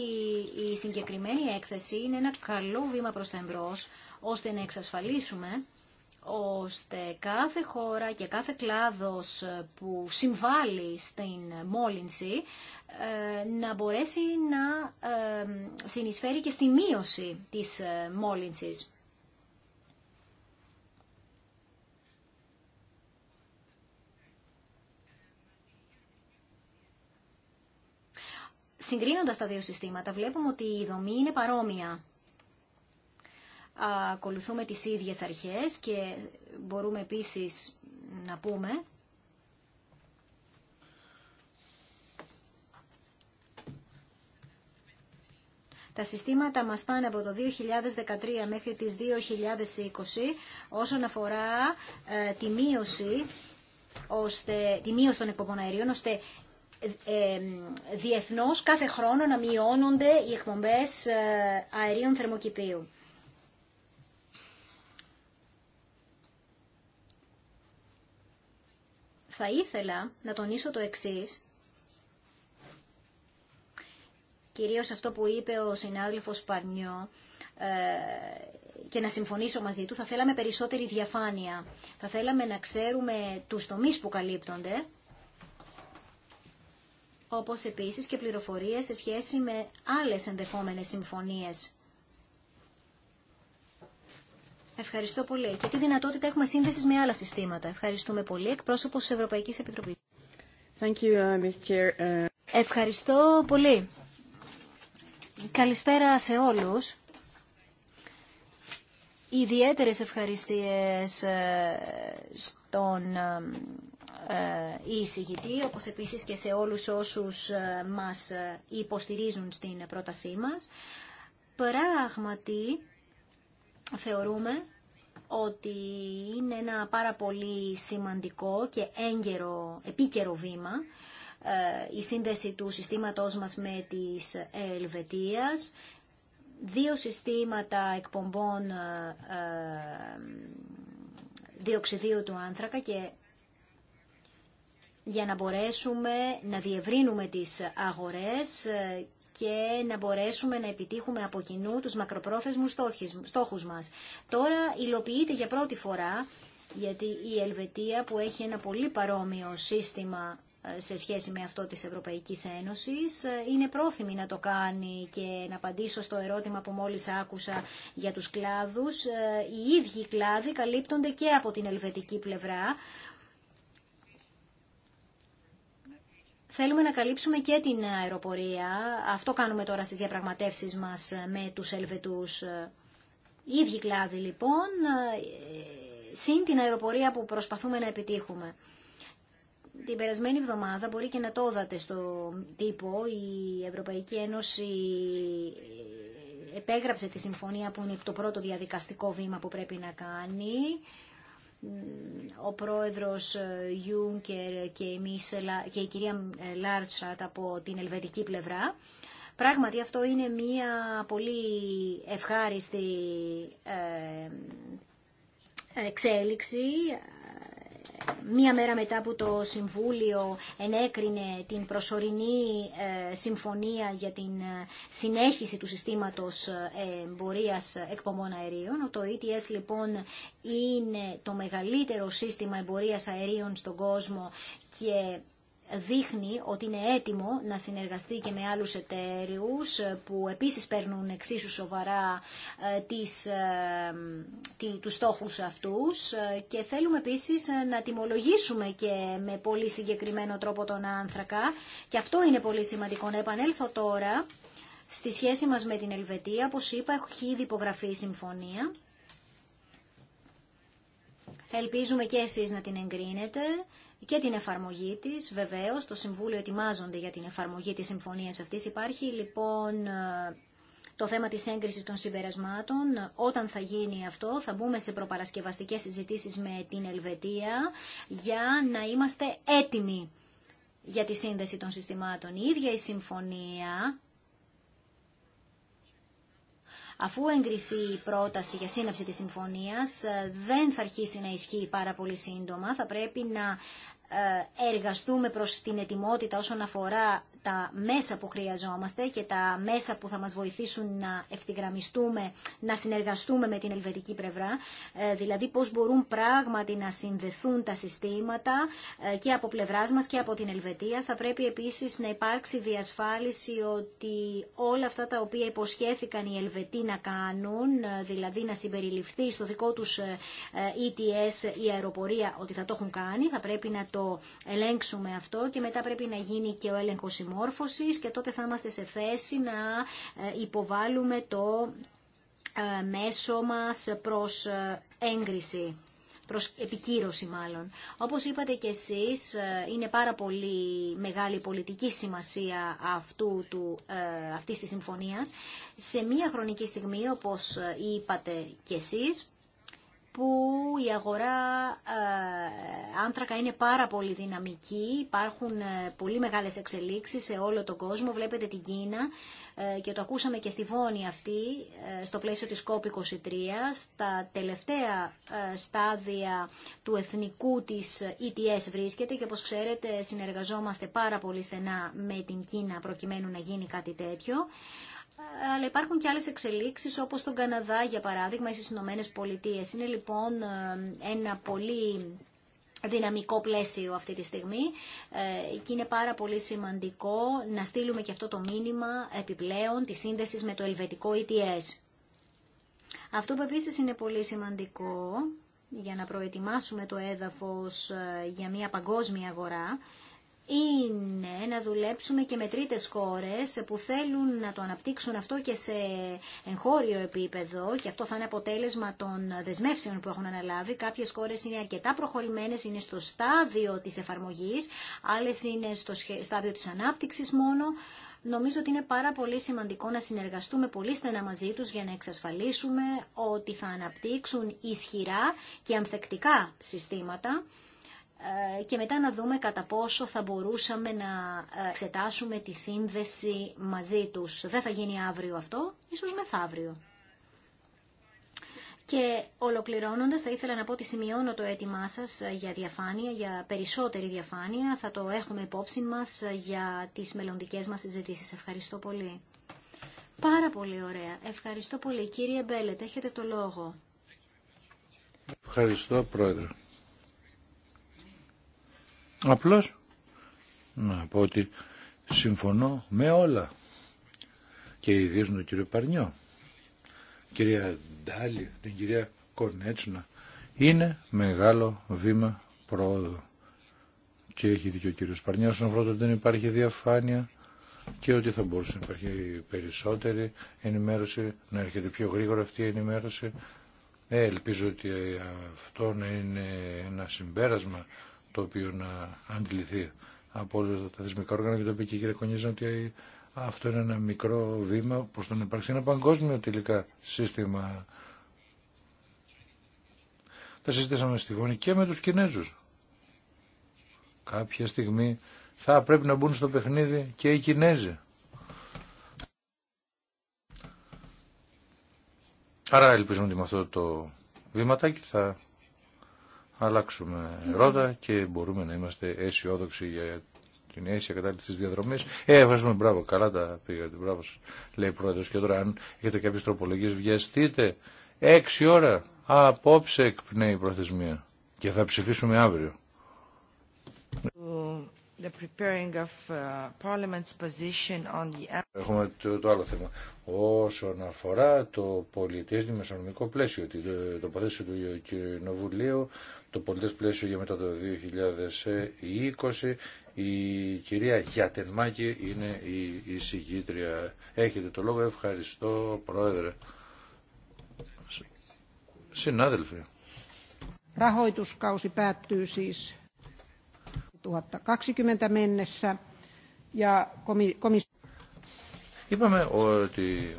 η συγκεκριμένη έκθεση είναι ένα καλό βήμα προς τα εμπρός, ώστε να εξασφαλίσουμε ώστε κάθε χώρα και κάθε κλάδος ε, που συμβάλλει στην μόλυνση ε, να μπορέσει να ε, συνεισφέρει και στη μείωση της ε, μόλυνσης. Συγκρίνοντας τα δύο συστήματα βλέπουμε ότι η δομή είναι παρόμοια. Ακολουθούμε τις ίδιες αρχές και μπορούμε επίσης να πούμε Τα συστήματα μας πάνε από το 2013 μέχρι τις 2020 όσον αφορά ε, τη μείωση ώστε, τη μείωση των εκπομπών αερίων, ώστε ε, ε διεθνώς κάθε χρόνο να μειώνονται οι εκπομπές ε, αερίων θερμοκηπίου. Θα ήθελα να τονίσω το εξής. κυρίως αυτό που είπε ο συνάδελφος Παρνιό ε, και να συμφωνήσω μαζί του, θα θέλαμε περισσότερη διαφάνεια. Θα θέλαμε να ξέρουμε τους τομείς που καλύπτονται, όπως επίσης και πληροφορίες σε σχέση με άλλες ενδεχόμενες συμφωνίες. Ευχαριστώ πολύ. Και τι δυνατότητα έχουμε σύνδεσης με άλλα συστήματα. Ευχαριστούμε πολύ. Εκπρόσωπος της Ευρωπαϊκής Επιτροπής. Uh, Ευχαριστώ πολύ. Καλησπέρα σε όλους. Ιδιαίτερες ευχαριστίες ε, στον ε, ε, εισηγητή, όπως επίσης και σε όλους όσους μας υποστηρίζουν στην πρότασή μας. Πράγματι, θεωρούμε ότι είναι ένα πάρα πολύ σημαντικό και έγκαιρο, επίκαιρο βήμα ε, η σύνδεση του συστήματός μας με της Ελβετίας, δύο συστήματα εκπομπών ε, ε, διοξιδίου του άνθρακα και για να μπορέσουμε να διευρύνουμε τις αγορές και να μπορέσουμε να επιτύχουμε από κοινού τους μακροπρόθεσμους στόχους μας. Τώρα υλοποιείται για πρώτη φορά, γιατί η Ελβετία που έχει ένα πολύ παρόμοιο σύστημα σε σχέση με αυτό της Ευρωπαϊκής Ένωσης. Είναι πρόθυμη να το κάνει και να απαντήσω στο ερώτημα που μόλις άκουσα για τους κλάδους. Ε, οι ίδιοι κλάδοι καλύπτονται και από την ελβετική πλευρά. Θέλουμε να καλύψουμε και την αεροπορία. Αυτό κάνουμε τώρα στις διαπραγματεύσεις μας με τους Ελβετούς. Οι ε, ίδιοι κλάδοι λοιπόν, ε, συν την αεροπορία που προσπαθούμε να επιτύχουμε την περασμένη εβδομάδα, μπορεί και να το είδατε στο τύπο, η Ευρωπαϊκή Ένωση ε, επέγραψε τη συμφωνία που είναι το πρώτο διαδικαστικό βήμα που πρέπει να κάνει. Ο πρόεδρος Γιούνκερ και, και η κυρία Λάρτσατ ε, από την ελβετική πλευρά. Πράγματι αυτό είναι μια πολύ ευχάριστη ε, εξέλιξη μία μέρα μετά που το Συμβούλιο ενέκρινε την προσωρινή ε, συμφωνία για την ε, συνέχιση του συστήματος ε, εμπορίας εκπομπών αερίων. Το ETS λοιπόν είναι το μεγαλύτερο σύστημα εμπορίας αερίων στον κόσμο και δείχνει ότι είναι έτοιμο να συνεργαστεί και με άλλους εταίρους ε, που επίσης παίρνουν εξίσου σοβαρά ε, τις, ε, τους στόχους αυτούς και θέλουμε επίσης να τιμολογήσουμε και με πολύ συγκεκριμένο τρόπο τον άνθρακα και αυτό είναι πολύ σημαντικό. Να επανέλθω τώρα στη σχέση μας με την Ελβετία, όπως είπα, έχει ήδη υπογραφεί η συμφωνία. Ελπίζουμε και εσείς να την εγκρίνετε και την εφαρμογή της. Βεβαίως, το Συμβούλιο ετοιμάζονται για την εφαρμογή της συμφωνίας αυτής. Υπάρχει λοιπόν ε, το θέμα της έγκρισης των συμπερασμάτων. Όταν θα γίνει αυτό θα μπούμε σε προπαρασκευαστικές συζητήσεις με την Ελβετία για να είμαστε έτοιμοι για τη σύνδεση των συστημάτων. Η ίδια η συμφωνία Αφού εγκριθεί η πρόταση για σύναψη της συμφωνίας, ε, δεν θα αρχίσει να ισχύει πάρα πολύ σύντομα. Θα πρέπει να ε, εργαστούμε προς την ετοιμότητα όσον αφορά τα μέσα που χρειαζόμαστε και τα μέσα που θα μας βοηθήσουν να ευθυγραμμιστούμε, να συνεργαστούμε με την ελβετική πλευρά, ε, δηλαδή πώς μπορούν πράγματι να συνδεθούν τα συστήματα ε, και από πλευράς μας και από την Ελβετία. Θα πρέπει επίσης να υπάρξει διασφάλιση ότι όλα αυτά τα οποία υποσχέθηκαν οι Ελβετοί να κάνουν, δηλαδή να συμπεριληφθεί στο δικό τους ETS η αεροπορία ότι θα το έχουν κάνει, θα πρέπει να το ελέγξουμε αυτό και μετά πρέπει να γίνει και ο έλεγχος συμμόρφωσης και τότε θα είμαστε σε θέση να ε, υποβάλουμε το ε, μέσο μας προς ε, έγκριση προς επικύρωση μάλλον. Όπως είπατε και εσείς, είναι πάρα πολύ μεγάλη πολιτική σημασία αυτού του, αυτής της συμφωνίας. Σε μία χρονική στιγμή, όπως είπατε και εσείς, που η αγορά ε, άνθρακα είναι πάρα πολύ δυναμική, υπάρχουν ε, πολύ μεγάλες εξελίξεις σε όλο τον κόσμο, βλέπετε την Κίνα ε, και το ακούσαμε και στη Βόνη αυτή στο πλαίσιο της COP23 στα τελευταία στάδια του εθνικού της ETS βρίσκεται και όπως ξέρετε συνεργαζόμαστε πάρα πολύ στενά με την Κίνα προκειμένου να γίνει κάτι τέτοιο αλλά υπάρχουν και άλλες εξελίξεις όπως στον Καναδά για παράδειγμα ή στις Ηνωμένε Πολιτείε. Είναι λοιπόν ε, ένα πολύ δυναμικό πλαίσιο αυτή τη στιγμή ε, και είναι πάρα πολύ σημαντικό να στείλουμε και αυτό το μήνυμα επιπλέον τη σύνδεση με το ελβετικό ETS. Ε αυτό που επίσης είναι πολύ σημαντικό για να προετοιμάσουμε το έδαφος για μια παγκόσμια αγορά είναι να δουλέψουμε και με τρίτες χώρες που θέλουν να το αναπτύξουν αυτό και σε εγχώριο επίπεδο και αυτό θα είναι αποτέλεσμα των δεσμεύσεων που έχουν αναλάβει. Κάποιες χώρες είναι αρκετά προχωρημένες, είναι στο στάδιο της εφαρμογής, άλλες είναι στο στάδιο της ανάπτυξης μόνο. Νομίζω ότι είναι πάρα πολύ σημαντικό να συνεργαστούμε πολύ στενά μαζί τους για να εξασφαλίσουμε ότι θα αναπτύξουν ισχυρά και ανθεκτικά συστήματα ε, και μετά να δούμε κατά πόσο θα μπορούσαμε να ε, εξετάσουμε τη σύνδεση μαζί τους. Δεν θα γίνει αύριο αυτό, ίσως μεθαύριο. Και ολοκληρώνοντας θα ήθελα να πω ότι σημειώνω το αίτημά σας για διαφάνεια, για περισσότερη διαφάνεια. Θα το έχουμε υπόψη μας για τις μελλοντικές μας συζητήσεις. Ευχαριστώ πολύ. Πάρα πολύ ωραία. Ευχαριστώ πολύ. Κύριε Μπέλετ, έχετε το λόγο. Ευχαριστώ, Πρόεδρε. Απλώς να πω ότι συμφωνώ με όλα και ιδίως τον κύριο Παρνιό, κυρία Ντάλη, την κυρία Κονέτσνα, Είναι μεγάλο βήμα πρόοδο Και έχει δίκιο ο κύριος Παρνιό να βρω ότι δεν υπάρχει διαφάνεια και ότι θα μπορούσε να υπάρχει περισσότερη ενημέρωση, να έρχεται πιο γρήγορα αυτή η ενημέρωση. Ε, ελπίζω ότι αυτό να είναι ένα συμπέρασμα το οποίο να αντιληθεί από όλα τα θεσμικά όργανα και το οποίο και η κυρία Κονίζα ότι αυτό είναι ένα μικρό βήμα προς τον υπάρξει ένα παγκόσμιο τελικά σύστημα. Τα συζητήσαμε στη γόνη και με τους Κινέζους. Κάποια στιγμή θα πρέπει να μπουν στο παιχνίδι και οι Κινέζοι. Άρα ελπίζουμε ότι με αυτό το βήματάκι θα αλλάξουμε ρότα και μπορούμε να είμαστε αισιόδοξοι για την αίσια κατάλληλη τη διαδρομή. Ε, ευχαριστούμε, μπράβο, καλά τα πήγατε, μπράβο, λέει ο πρόεδρο. Και τώρα, αν έχετε κάποιε τροπολογίε, βιαστείτε. Έξι ώρα. Απόψε εκπνέει η προθεσμία. Και θα ψηφίσουμε αύριο. Uh, Έχουμε το, το, άλλο θέμα. Όσον αφορά το πολιτές δημοσιονομικό πλαίσιο, την ε, το του Κοινοβουλίου, το πολιτές πλαίσιο για μετά το 2020, η κυρία Γιατενμάκη είναι η, εισηγήτρια. Έχετε το λόγο. Ευχαριστώ, Πρόεδρε. Συνάδελφοι. Rahoituskausi päättyy siis 2020 mennessä. Ja Είπαμε ότι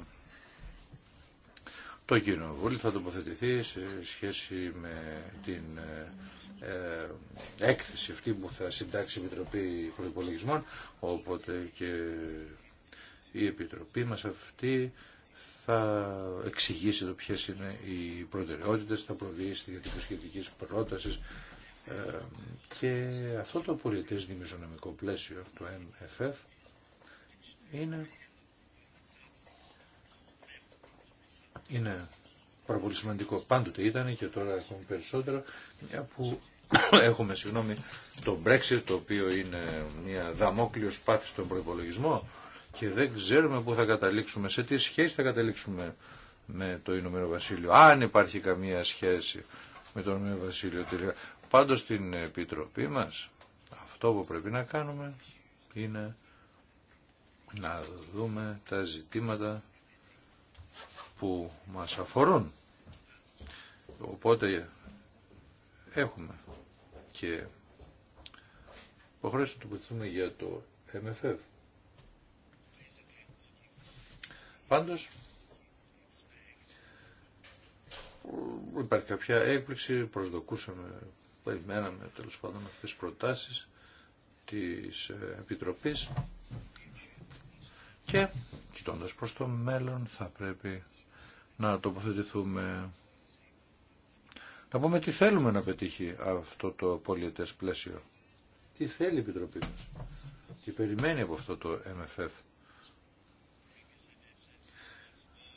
το Κοινοβούλιο θα τοποθετηθεί σε σχέση με την ε, ε, έκθεση αυτή που θα συντάξει η Επιτροπή Προπολογισμών, οπότε και η Επιτροπή μας αυτή θα εξηγήσει το ποιες είναι οι προτεραιότητες, θα προβεί στη προσχετική πρόταση ε, και αυτό το πολιτές δημιουργικό πλαίσιο, το MFF, είναι, είναι πάρα πολύ σημαντικό. Πάντοτε ήταν και τώρα έχουμε περισσότερο, μια που <coughs> έχουμε συγγνώμη το Brexit, το οποίο είναι μια δαμόκλειος σπάθη στον προπολογισμό και δεν ξέρουμε πού θα καταλήξουμε, σε τι σχέση θα καταλήξουμε με το Ηνωμένο Βασίλειο, αν υπάρχει καμία σχέση με το Ηνωμένο Βασίλειο Πάντως στην Επιτροπή μας αυτό που πρέπει να κάνουμε είναι να δούμε τα ζητήματα που μας αφορούν. Οπότε έχουμε και υποχρέωση να τοποθετούμε για το MFF. Πάντως υπάρχει κάποια έκπληξη, προσδοκούσαμε περιμέναμε τέλος πάντων αυτές τις προτάσεις της Επιτροπής και κοιτώντας προς το μέλλον θα πρέπει να τοποθετηθούμε να πούμε τι θέλουμε να πετύχει αυτό το πολιετές πλαίσιο. Τι θέλει η Επιτροπή μας. Τι περιμένει από αυτό το MFF.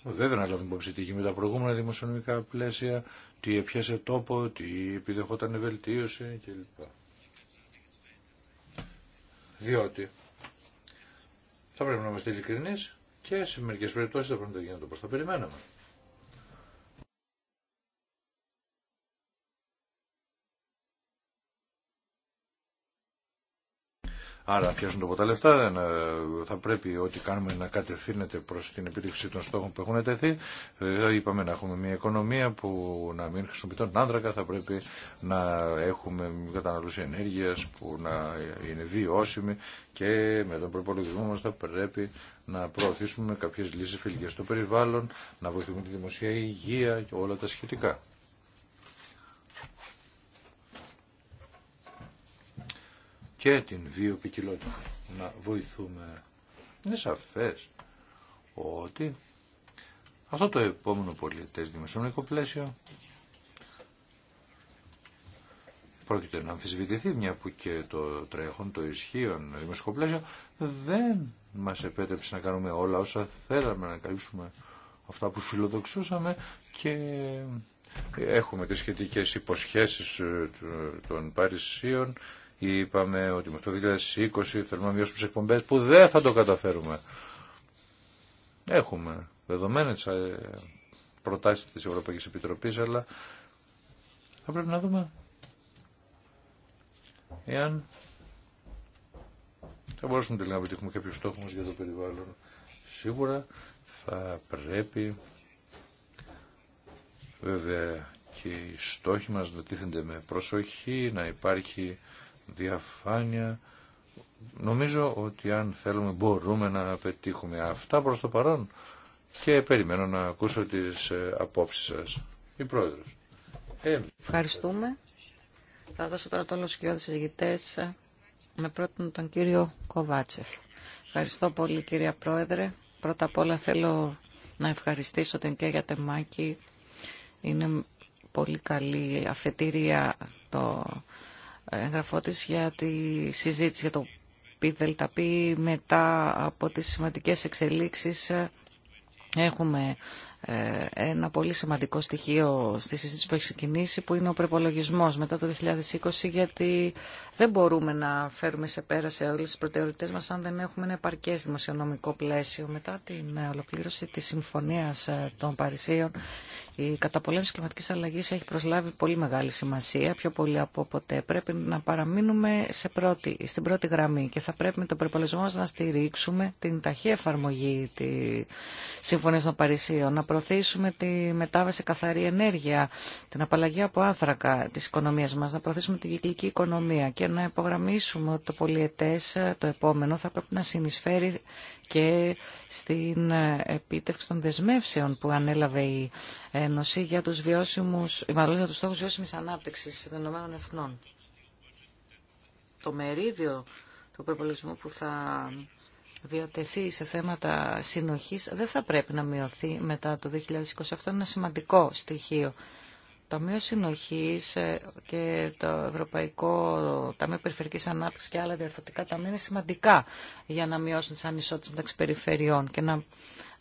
Δεν να λάβουμε υπόψη τι με τα προηγούμενα δημοσιονομικά πλαίσια, τι έπιασε τόπο, τι επιδεχόταν βελτίωση κλπ. Διότι θα πρέπει να είμαστε ειλικρινεί και σε μερικέ περιπτώσει θα πρέπει να γίνεται όπω θα περιμέναμε. Άρα, πιάσουν από τα λεφτά, θα πρέπει ό,τι κάνουμε να κατευθύνεται προ την επίτευξη των στόχων που έχουν τεθεί. Ε, είπαμε να έχουμε μια οικονομία που να μην χρησιμοποιεί τον άνθρακα, θα πρέπει να έχουμε καταναλώση ενέργεια που να είναι βιώσιμη και με τον προπολογισμό μα θα πρέπει να προωθήσουμε κάποιε λύσει φιλικέ στο περιβάλλον, να βοηθούμε τη δημοσία υγεία και όλα τα σχετικά. και την βιοπικιλότητα να βοηθούμε. Είναι σαφές ότι αυτό το επόμενο πολιτές δημοσιονομικό πλαίσιο πρόκειται να αμφισβητηθεί μια που και το τρέχον, το ισχύον δημοσιονομικό πλαίσιο δεν μας επέτρεψε να κάνουμε όλα όσα θέλαμε να καλύψουμε αυτά που φιλοδοξούσαμε και έχουμε τις σχετικές υποσχέσεις ε, των Παρισίων είπαμε ότι με το 2020 θέλουμε να μειώσουμε τι εκπομπέ που δεν θα το καταφέρουμε. Έχουμε δεδομένε προτάσει τη Ευρωπαϊκή Επιτροπή, αλλά θα πρέπει να δούμε εάν θα μπορούσαμε τελικά να πετύχουμε κάποιου στόχου για το περιβάλλον. Σίγουρα θα πρέπει βέβαια και οι στόχοι μας να τίθενται με προσοχή, να υπάρχει διαφάνεια. Νομίζω ότι αν θέλουμε μπορούμε να πετύχουμε αυτά προς το παρόν και περιμένω να ακούσω τις ε, απόψεις σας. Η Πρόεδρος. Ε. Ευχαριστούμε. Θα δώσω τώρα το λόγο στους ε, με πρώτον τον κύριο Κοβάτσεφ. Ευχαριστώ πολύ κυρία Πρόεδρε. Πρώτα απ' όλα θέλω να ευχαριστήσω την κυρία Τεμάκη. Είναι πολύ καλή αφετηρία το έγγραφό της για τη συζήτηση για το ΠΔΠ μετά από τις σημαντικές εξελίξεις έχουμε ε, ένα πολύ σημαντικό στοιχείο στη συζήτηση που έχει ξεκινήσει που είναι ο προπολογισμό μετά το 2020 γιατί δεν μπορούμε να φέρουμε σε πέρα σε όλες τις προτεραιότητες μας αν δεν έχουμε ένα επαρκές δημοσιονομικό πλαίσιο μετά την ε, ολοκλήρωση της Συμφωνίας ε, των Παρισίων η καταπολέμηση κλιματικής αλλαγής έχει προσλάβει πολύ μεγάλη σημασία, πιο πολύ από ποτέ. Πρέπει να παραμείνουμε σε πρώτη, στην πρώτη γραμμή και θα πρέπει με τον προπολογισμό μας να στηρίξουμε την ταχεία εφαρμογή τη Συμφωνία των Παρισίων, να προωθήσουμε τη μετάβαση καθαρή ενέργεια, την απαλλαγή από άνθρακα τη οικονομία μα, να προωθήσουμε την κυκλική οικονομία και να υπογραμμίσουμε ότι το πολιετέ το επόμενο θα πρέπει να συνεισφέρει και στην ε, επίτευξη των δεσμεύσεων που ανέλαβε η Ένωση για τους, βιώσιμους, ε, μάλλον για τους στόχους βιώσιμης ανάπτυξης των Ηνωμένων Εθνών. Το μερίδιο του προπολογισμού που θα διατεθεί σε θέματα συνοχής δεν θα πρέπει να μειωθεί μετά το 2020. Αυτό είναι ένα σημαντικό στοιχείο Ταμείο Συνοχής ε, και το Ευρωπαϊκό Ταμείο Περιφερειακή ανάπτυξη και άλλα διαρθωτικά ταμεία είναι σημαντικά για να μειώσουν τι ανισότητες μεταξύ περιφερειών και να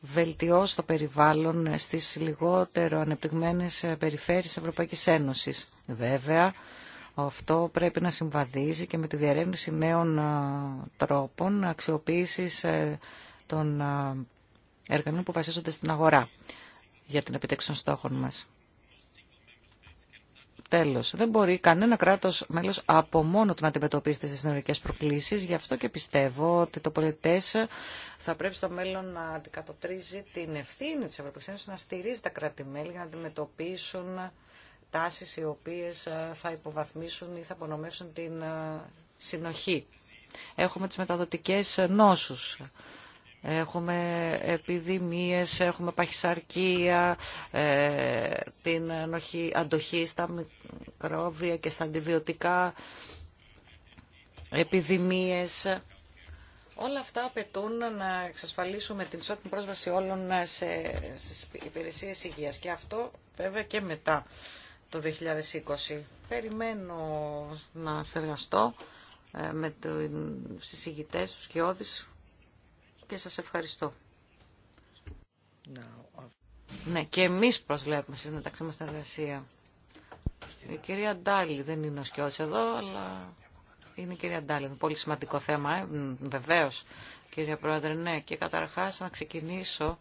βελτιώσει το περιβάλλον στις λιγότερο ανεπτυγμένες ε, περιφέρειες Ευρωπαϊκής Ένωση. Βέβαια, αυτό πρέπει να συμβαδίζει και με τη διερεύνηση νέων ε, τρόπων αξιοποίηση των εργαλείων που βασίζονται στην αγορά για την επιτέξη των στόχων μας τέλος. Δεν μπορεί κανένα κράτος μέλος από μόνο του να αντιμετωπίσει τις συνολικέ προκλήσεις. Γι' αυτό και πιστεύω ότι το πολιτέ θα πρέπει στο μέλλον να αντικατοπτρίζει την ευθύνη τη Ευρωπαϊκή Ένωση, να στηρίζει τα κράτη-μέλη για να αντιμετωπίσουν τάσεις οι οποίες ε, θα υποβαθμίσουν ή θα απονομεύσουν την ε, συνοχή. Έχουμε τι μεταδοτικέ ε, νόσου. Έχουμε επιδημίες, έχουμε παχυσαρκία, ε, την αντοχή στα μικρόβια και στα αντιβιωτικά, επιδημίες. Όλα αυτά απαιτούν να εξασφαλίσουμε την ισότιμη πρόσβαση όλων σε, σε υπηρεσίες υγείας και αυτό βέβαια και μετά το 2020. Περιμένω να συνεργαστώ ε, με τους συζητητές, τους και σας ευχαριστώ. Uh, ναι, και εμείς προσβλέπουμε στην μεταξύ μας εργασία. Η κυρία Ντάλη δεν είναι ο σκιός εδώ, αλλά είναι η κυρία Ντάλη. Είναι πολύ σημαντικό θέμα, ε? βεβαίως, κυρία Πρόεδρε. Ναι, και καταρχάς να ξεκινήσω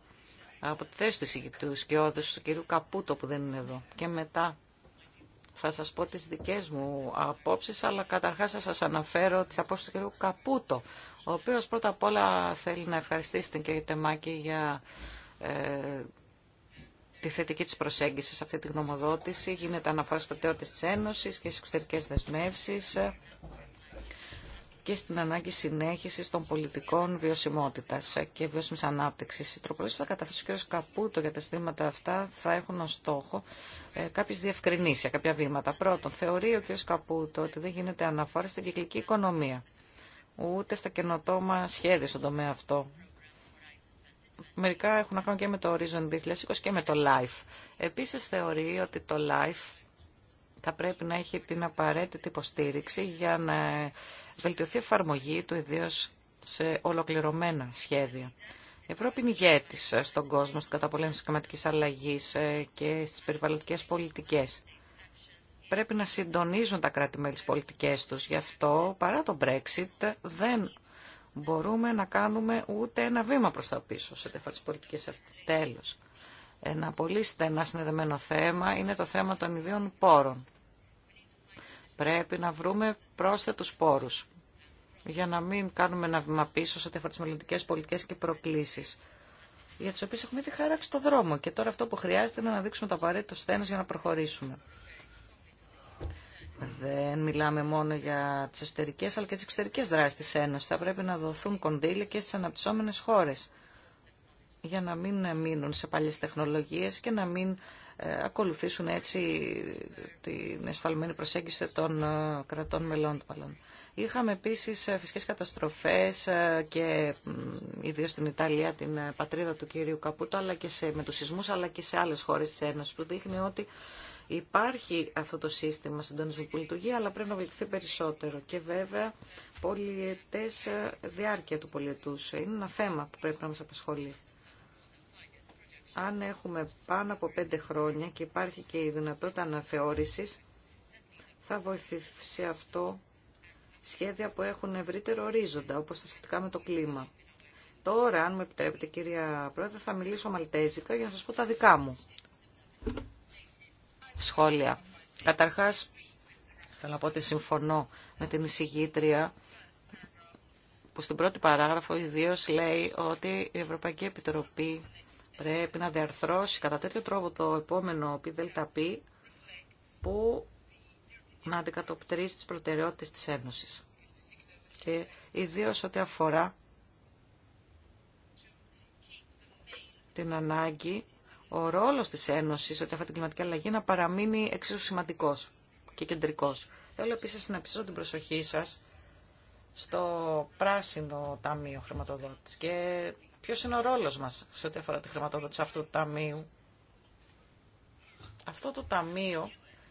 από τη θέση της, του σκιώδους του κυρίου Καπούτο που δεν είναι εδώ. Και μετά θα σας πω τις δικές μου απόψεις, αλλά καταρχάς θα σας αναφέρω τις απόψεις του κυρίου Καπούτο, ο οποίος πρώτα απ' όλα θέλει να ευχαριστήσει την κυρία Τεμάκη για ε, τη θετική της προσέγγιση σε αυτή τη γνωμοδότηση. Γίνεται αναφορά στις προτεραιότητες της Ένωσης και στις εξωτερικές δεσμεύσεις και στην ανάγκη συνέχισης των πολιτικών βιωσιμότητας και βιώσιμης ανάπτυξης. Οι τροπολογίες που θα καταθέσει ο κ. Καπούτο για τα στήματα αυτά θα έχουν ως στόχο ε, κάποιες διευκρινήσεις, κάποια βήματα. Πρώτον, θεωρεί ο κ. Καπούτο ότι δεν γίνεται αναφορά στην κυκλική οικονομία ούτε στα καινοτόμα σχέδια στον τομέα αυτό. Μερικά έχουν να κάνουν και με το Horizon 2020 και με το LIFE. Επίσης θεωρεί ότι το LIFE θα πρέπει να έχει την απαραίτητη υποστήριξη για να βελτιωθεί η εφαρμογή του ιδίω σε ολοκληρωμένα σχέδια. Η Ευρώπη είναι ηγέτης στον κόσμο στην καταπολέμηση της κλιματικής αλλαγής ε, και στις περιβαλλοντικές πολιτικές πρέπει να συντονίζουν τα κράτη-μέλη τις πολιτικές τους. Γι' αυτό, παρά το Brexit, δεν μπορούμε να κάνουμε ούτε ένα βήμα προς τα πίσω σε τεφά τις πολιτικές αυτή Τέλος. Ένα πολύ στενά συνδεδεμένο θέμα είναι το θέμα των ιδίων πόρων. Πρέπει να βρούμε πρόσθετους πόρους για να μην κάνουμε ένα βήμα πίσω σε τεφά τις μελλοντικές πολιτικές και προκλήσεις για τις οποίες έχουμε τη χαράξει το δρόμο και τώρα αυτό που χρειάζεται είναι να δείξουμε το απαραίτητο στένος για να προχωρήσουμε. Δεν μιλάμε μόνο για τι εσωτερικέ, αλλά και τι εξωτερικέ δράσει τη Ένωση. Θα πρέπει να δοθούν κονδύλια και στι αναπτυσσόμενε χώρε. για να μην μείνουν σε παλιές τεχνολογίες και να μην ε, ακολουθήσουν έτσι την εσφαλμένη προσέγγιση των ε, κρατών μελών. Είχαμε επίσης ε, φυσικές καταστροφές και ιδίως στην Ιταλία, την πατρίδα του κυρίου Καπούτο, αλλά και σε, με τους σεισμούς, αλλά και σε άλλες χώρες τη Ένωση, που δείχνει ότι Υπάρχει αυτό το σύστημα συντονισμού που λειτουργεί, αλλά πρέπει να βελτιθεί περισσότερο. Και βέβαια, πολιετές ε, διάρκεια του πολιτού. είναι ένα θέμα που πρέπει να μα απασχολεί. Αν έχουμε πάνω από πέντε χρόνια και υπάρχει και η δυνατότητα αναθεώρησης, θα βοηθήσει αυτό σχέδια που έχουν ευρύτερο ορίζοντα, όπως τα σχετικά με το κλίμα. Τώρα, αν μου επιτρέπετε κυρία Πρόεδρε, θα μιλήσω μαλτέζικα για να σας πω τα δικά μου σχόλια. Καταρχάς, θέλω να πω ότι συμφωνώ με την εισηγήτρια που στην πρώτη παράγραφο ιδίω λέει ότι η Ευρωπαϊκή Επιτροπή πρέπει να διαρθρώσει κατά τέτοιο τρόπο το επόμενο ΠΔΠ που να αντικατοπτρίζει τις προτεραιότητες της Ένωσης. Και ιδίως ό,τι αφορά την ανάγκη ο ρόλος της Ένωσης ότι αυτή την κλιματική αλλαγή να παραμείνει εξίσου σημαντικός και κεντρικός. Θέλω επίσης να ψήσω την προσοχή σας στο πράσινο ταμείο χρηματοδότης και ποιος είναι ο ρόλος μας σε ό,τι αφορά τη χρηματοδότηση αυτού του ταμείου. Αυτό το ταμείο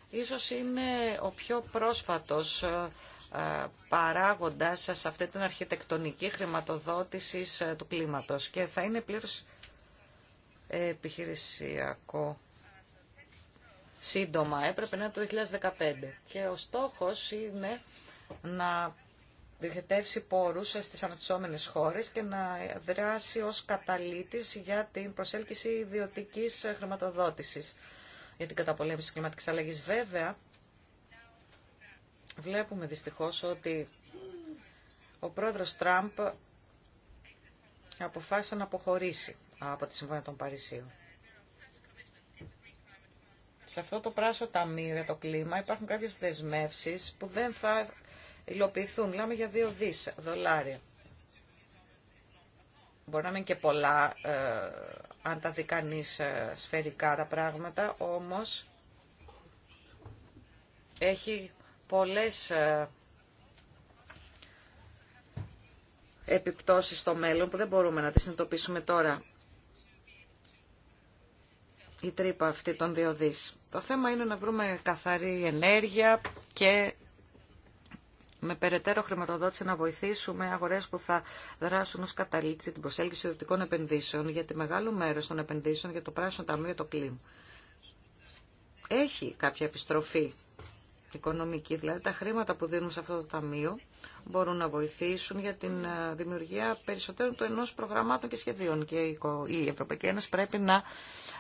ίσως είναι ο πιο πρόσφατος ε, ε, παράγοντας σε αυτή την αρχιτεκτονική χρηματοδότηση ε, του κλίματος και θα είναι πλήρως επιχειρησιακό σύντομα. Έπρεπε να είναι το 2015. Και ο στόχος είναι να διοχετεύσει πόρους στις αναπτυσσόμενες χώρες και να δράσει ως καταλήτης για την προσέλκυση ιδιωτική χρηματοδότησης για την καταπολέμηση της κλιματικής αλλαγής. Βέβαια, βλέπουμε δυστυχώς ότι ο πρόεδρος Τραμπ αποφάσισε να αποχωρήσει από τη Συμφωνία των Παρισίων. Σε αυτό το πράσο ταμείο για το κλίμα υπάρχουν κάποιες δεσμεύσεις που δεν θα υλοποιηθούν. Μιλάμε για δύο δις δολάρια. Μπορεί να είναι και πολλά ε, αν τα δει κανεί ε, σφαιρικά τα πράγματα, όμως έχει πολλές ε, επιπτώσεις στο μέλλον που δεν μπορούμε να τις συνειδητοποιήσουμε τώρα η τρύπα αυτή των δύο δις. Το θέμα είναι να βρούμε καθαρή ενέργεια και με περαιτέρω χρηματοδότηση να βοηθήσουμε αγορές που θα δράσουν ως καταλήτη την προσέλκυση ιδιωτικών επενδύσεων, για τη μεγάλο μέρος των επενδύσεων για το πράσινο ταμείο το κλίμα έχει κάποια επιστροφή οικονομική, δηλαδή τα χρήματα που δίνουν σε αυτό το ταμείο μπορούν να βοηθήσουν για την ε, δημιουργία περισσότερων του ενός προγραμμάτων και σχεδίων. Και η Ευρωπαϊκή Ένωση πρέπει να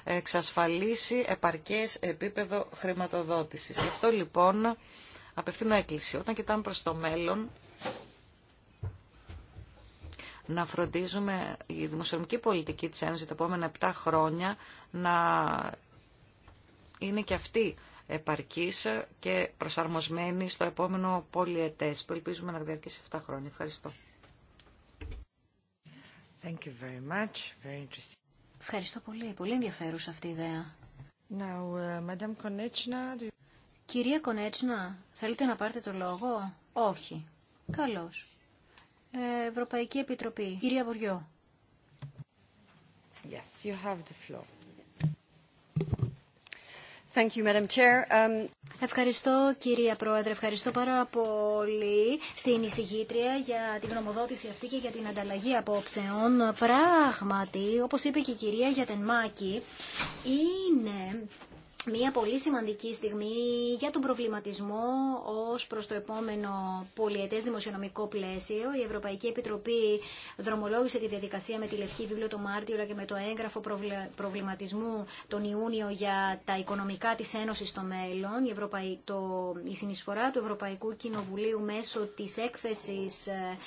εξασφαλίσει επαρκές επίπεδο χρηματοδότησης. Γι' αυτό λοιπόν απευθύνω έκκληση. Όταν κοιτάμε προς το μέλλον, να φροντίζουμε η δημοσιονομική πολιτική της Ένωσης τα επόμενα 7 χρόνια να είναι και αυτή επαρκής και προσαρμοσμένη στο επόμενο πολυετές που ελπίζουμε να διαρκέσει 7 χρόνια. Ευχαριστώ. Thank you very much. Very Ευχαριστώ πολύ. Πολύ ενδιαφέρουσα αυτή η ιδέα. Now, uh, Konechna, Κυρία Κονέτσινα, θέλετε να πάρετε το λόγο? Όχι. Καλώς. Ε, Ευρωπαϊκή Επιτροπή. Κυρία Βουριό. Yes, you have the floor. Um, ευχαριστώ κυρία Πρόεδρε, ευχαριστώ πάρα πολύ στην εισηγήτρια για την γνωμοδότηση αυτή και για την ανταλλαγή απόψεων. Πράγματι, όπως είπε και η κυρία Γιατενμάκη, είναι Μία πολύ σημαντική στιγμή για τον προβληματισμό ως προς το επόμενο πολιετές δημοσιονομικό πλαίσιο. Η Ευρωπαϊκή Επιτροπή δρομολόγησε τη διαδικασία με τη Λευκή Βίβλιο το Μάρτιο αλλά και με το έγγραφο προβληματισμού τον Ιούνιο για τα οικονομικά της Ένωσης στο μέλλον. Η, Ευρωπαϊ... η συνεισφορά του Ευρωπαϊκού Κοινοβουλίου μέσω της έκθεσης ε,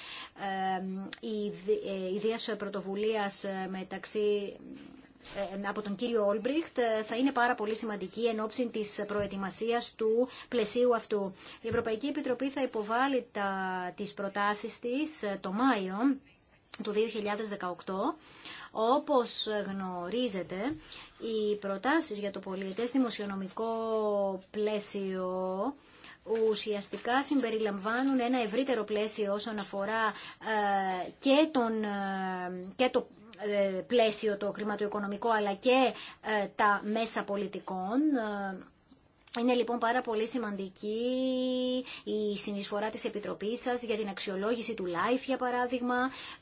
ε, ε, ε πρωτοβουλίας μεταξύ ε, ε, από τον κύριο Όλμπριχτ ε, θα είναι πάρα πολύ σημαντική εν ώψη της προετοιμασίας του πλαισίου αυτού. Η Ευρωπαϊκή Επιτροπή θα υποβάλει τα, τις προτάσεις της το Μάιο του 2018. Όπως γνωρίζετε, οι προτάσεις για το πολιτές δημοσιονομικό πλαίσιο ουσιαστικά συμπεριλαμβάνουν ένα ευρύτερο πλαίσιο όσον αφορά και, τον, και το ε, πλαίσιο το χρηματοοικονομικό αλλά και ε, τα μέσα πολιτικών ε, είναι λοιπόν πάρα πολύ σημαντική η συνεισφορά της Επιτροπής σας για την αξιολόγηση του LIFE για παράδειγμα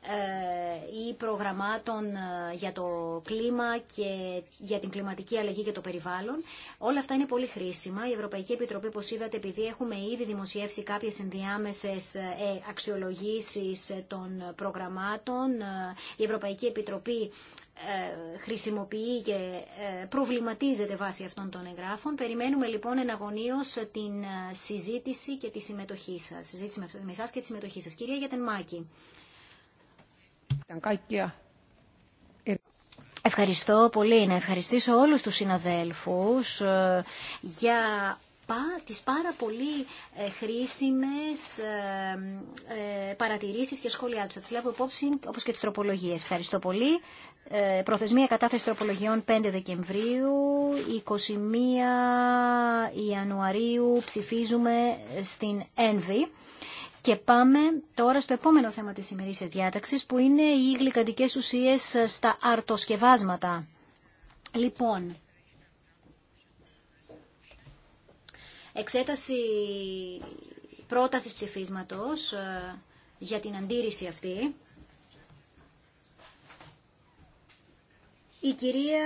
ε, ή προγραμμάτων ε, για το κλίμα και για την κλιματική αλλαγή και το περιβάλλον. Όλα αυτά είναι πολύ χρήσιμα. Η Ευρωπαϊκή Επιτροπή, όπως είδατε, επειδή έχουμε ήδη δημοσιεύσει κάποιες ενδιάμεσες ε, αξιολογήσεις των προγραμμάτων, η Ευρωπαϊκή Επιτροπή ε, χρησιμοποιεί και ε, προβληματίζεται βάσει αυτών των εγγράφων. Περιμένουμε λοιπόν εναγωνίω την ε, συζήτηση και τη συμμετοχή σας. Συζήτηση με εσά και τη συμμετοχή σας. Κυρία Γιατενμάκη. Ευχαριστώ πολύ. Να ευχαριστήσω όλους τους συναδέλφους για τις πάρα πολύ χρήσιμες παρατηρήσεις και σχόλιά τους. Θα τις λάβω υπόψη όπως και τις τροπολογίες. Ευχαριστώ πολύ. Ε, προθεσμία κατάθεση τροπολογιών 5 Δεκεμβρίου, 21 Ιανουαρίου ψηφίζουμε στην ΕΝΒΗ. Και πάμε τώρα στο επόμενο θέμα της ημερήσιας διάταξης που είναι οι γλυκαντικές ουσίες στα αρτοσκευάσματα. Λοιπόν, εξέταση πρότασης ψηφίσματος ε, για την αντίρρηση αυτή. Η κυρία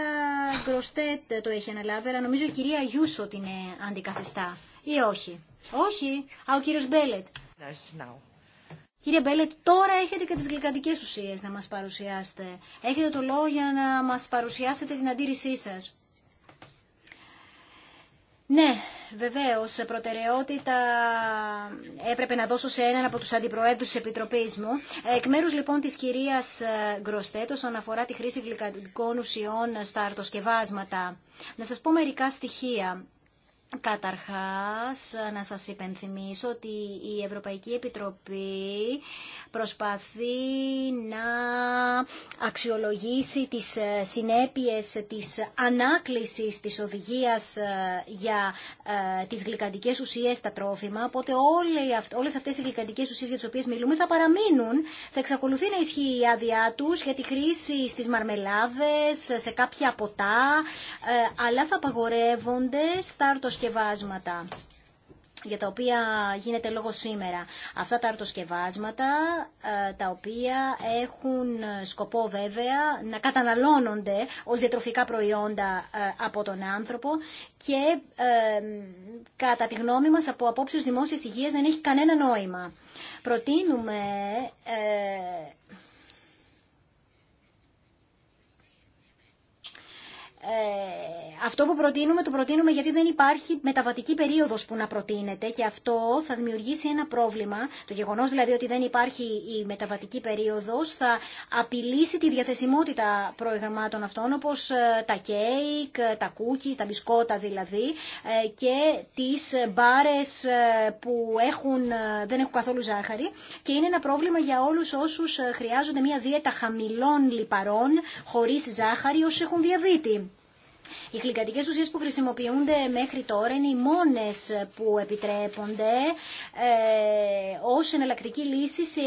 Γκροστέτ το έχει αναλάβει, αλλά νομίζω η κυρία Γιούσο την ε, αντικαθιστά. Ή όχι. Όχι. Α, ο κύριος Μπέλετ. Κύριε Μπέλετ, τώρα έχετε και τις γλυκαντικές ουσίες να μας παρουσιάσετε. Έχετε το λόγο για να μας παρουσιάσετε την αντίρρησή σας. Ναι, βεβαίω. προτεραιότητα έπρεπε να δώσω σε έναν από τους αντιπροέδρους τη Επιτροπής μου. Εκ μέρου λοιπόν της κυρίας ε, Γκροστέτο, όσον αφορά τη χρήση γλυκαντικών ουσιών στα αρτοσκευάσματα. Να σα πω μερικά στοιχεία. Καταρχάς, να σας υπενθυμίσω ότι η Ευρωπαϊκή Επιτροπή προσπαθεί να αξιολογήσει τις ε, συνέπειες της ανάκλησης της οδηγίας ε, για ε, τις γλυκαντικές ουσίες στα τρόφιμα, οπότε όλες αυτές οι γλυκαντικές ουσίες για τις οποίες μιλούμε θα παραμείνουν, θα εξακολουθεί να ισχύει η άδειά τους για τη χρήση στις μαρμελάδες, σε κάποια ποτά, αλλά θα απαγορεύονται στάρτος αρτοσκευάσματα για τα οποία γίνεται λόγο σήμερα. Αυτά τα αρτοσκευάσματα, ε, τα οποία έχουν σκοπό βέβαια να καταναλώνονται ως διατροφικά προϊόντα ε, από τον άνθρωπο και ε, κατά τη γνώμη μας από απόψεις δημόσιας υγείας δεν έχει κανένα νόημα. Προτείνουμε Ε, αυτό που προτείνουμε το προτείνουμε γιατί δεν υπάρχει μεταβατική περίοδος που να προτείνεται και αυτό θα δημιουργήσει ένα πρόβλημα. Το γεγονός δηλαδή ότι δεν υπάρχει η μεταβατική περίοδος θα απειλήσει τη διαθεσιμότητα προγραμμάτων αυτών όπως ε, τα κέικ, τα κούκκι, τα μπισκότα δηλαδή ε, και τις μπάρες που έχουν, δεν έχουν καθόλου ζάχαρη και είναι ένα πρόβλημα για όλους όσους χρειάζονται μια δίαιτα χαμηλών λιπαρών χωρίς ζάχαρη όσους έχουν διαβήτη. Οι γλυκαντικές ουσίες που χρησιμοποιούνται μέχρι τώρα είναι οι μόνες που επιτρέπονται ε, ως εναλλακτική λύση σε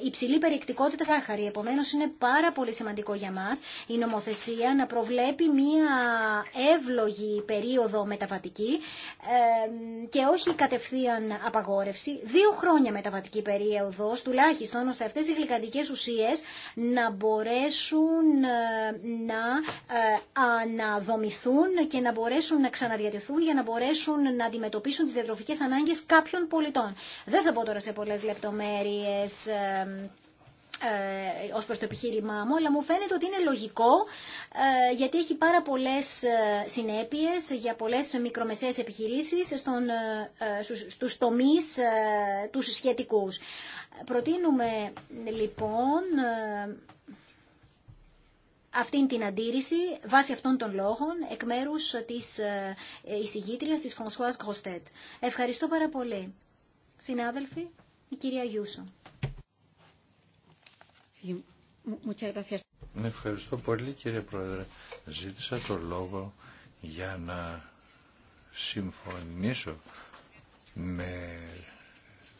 ε, υψηλή περιεκτικότητα ζάχαρη. Επομένω, είναι πάρα πολύ σημαντικό για μας η νομοθεσία να προβλέπει μία εύλογη περίοδο μεταβατική ε, και όχι κατευθείαν απαγόρευση. Δύο χρόνια μεταβατική περίοδο, τουλάχιστον ώστε αυτέ οι γλυκαντικέ ουσίε να μπορέσουν ε, να αν ε, να δομηθούν και να μπορέσουν να ξαναδιατηθούν για να μπορέσουν να αντιμετωπίσουν τις διατροφικές ανάγκες κάποιων πολιτών. Δεν θα πω τώρα σε πολλές λεπτομέρειες ε, ε, ως προς το επιχείρημά μου, αλλά μου φαίνεται ότι είναι λογικό ε, γιατί έχει πάρα πολλές συνέπειες για πολλές μικρομεσαίες επιχειρήσεις στον, στους, στους τομείς τους σχετικούς. Προτείνουμε λοιπόν αυτή την αντίρρηση βάσει αυτών των λόγων εκ μέρου της ε, εισηγήτρια της Φρονσουάς Γκροστέτ. Ευχαριστώ πάρα πολύ. Συνάδελφοι, η κυρία Γιούσο. Ευχαριστώ πολύ κύριε Πρόεδρε. Ζήτησα το λόγο για να συμφωνήσω με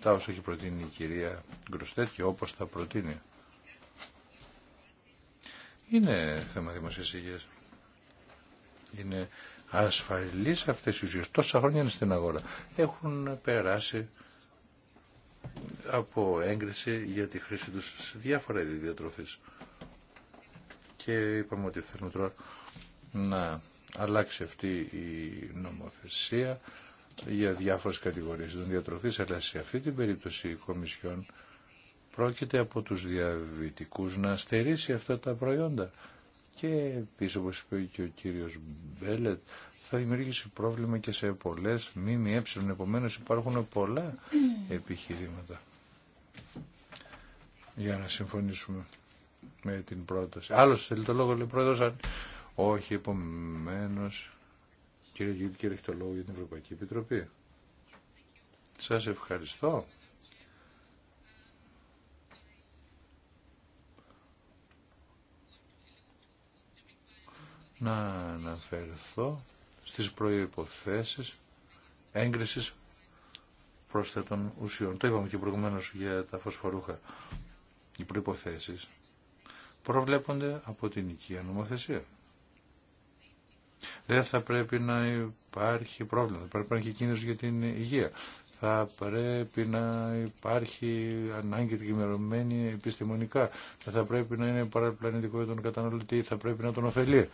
τα όσα έχει προτείνει η κυρία Γκροστέτ και όπως τα προτείνει είναι θέμα δημοσίας υγείας. Είναι ασφαλείς αυτές οι ουσίες. Τόσα χρόνια είναι στην αγορά. Έχουν περάσει από έγκριση για τη χρήση τους σε διάφορα είδη διατροφής. Και είπαμε ότι θέλουμε τώρα να αλλάξει αυτή η νομοθεσία για διάφορες κατηγορίες των διατροφής, αλλά σε αυτή την περίπτωση η Κομισιόν πρόκειται από τους διαβητικούς να στερήσει αυτά τα προϊόντα. Και επίσης, όπως είπε και ο κύριος Μπέλετ, θα δημιουργήσει πρόβλημα και σε πολλές έψιλων. Ε. επομένως υπάρχουν πολλά επιχειρήματα για να συμφωνήσουμε με την πρόταση. Άλλος θέλει το λόγο, λέει πρόεδρος, όχι, επομένως, κύριε Γιούλη, κύριε, έχει για την Ευρωπαϊκή Επιτροπή. Σας ευχαριστώ. να αναφερθώ στις προϋποθέσεις έγκρισης πρόσθετων ουσιών. Το είπαμε και προηγουμένως για τα φωσφορούχα. Οι προϋποθέσεις προβλέπονται από την οικία νομοθεσία. Δεν θα πρέπει να υπάρχει πρόβλημα, θα πρέπει να υπάρχει κίνδυνος για την υγεία. Θα πρέπει να υπάρχει ανάγκη δημιουργημένη επιστημονικά. Θα πρέπει να είναι παραπλανητικό για τον καταναλωτή, θα πρέπει να τον ωφελεί.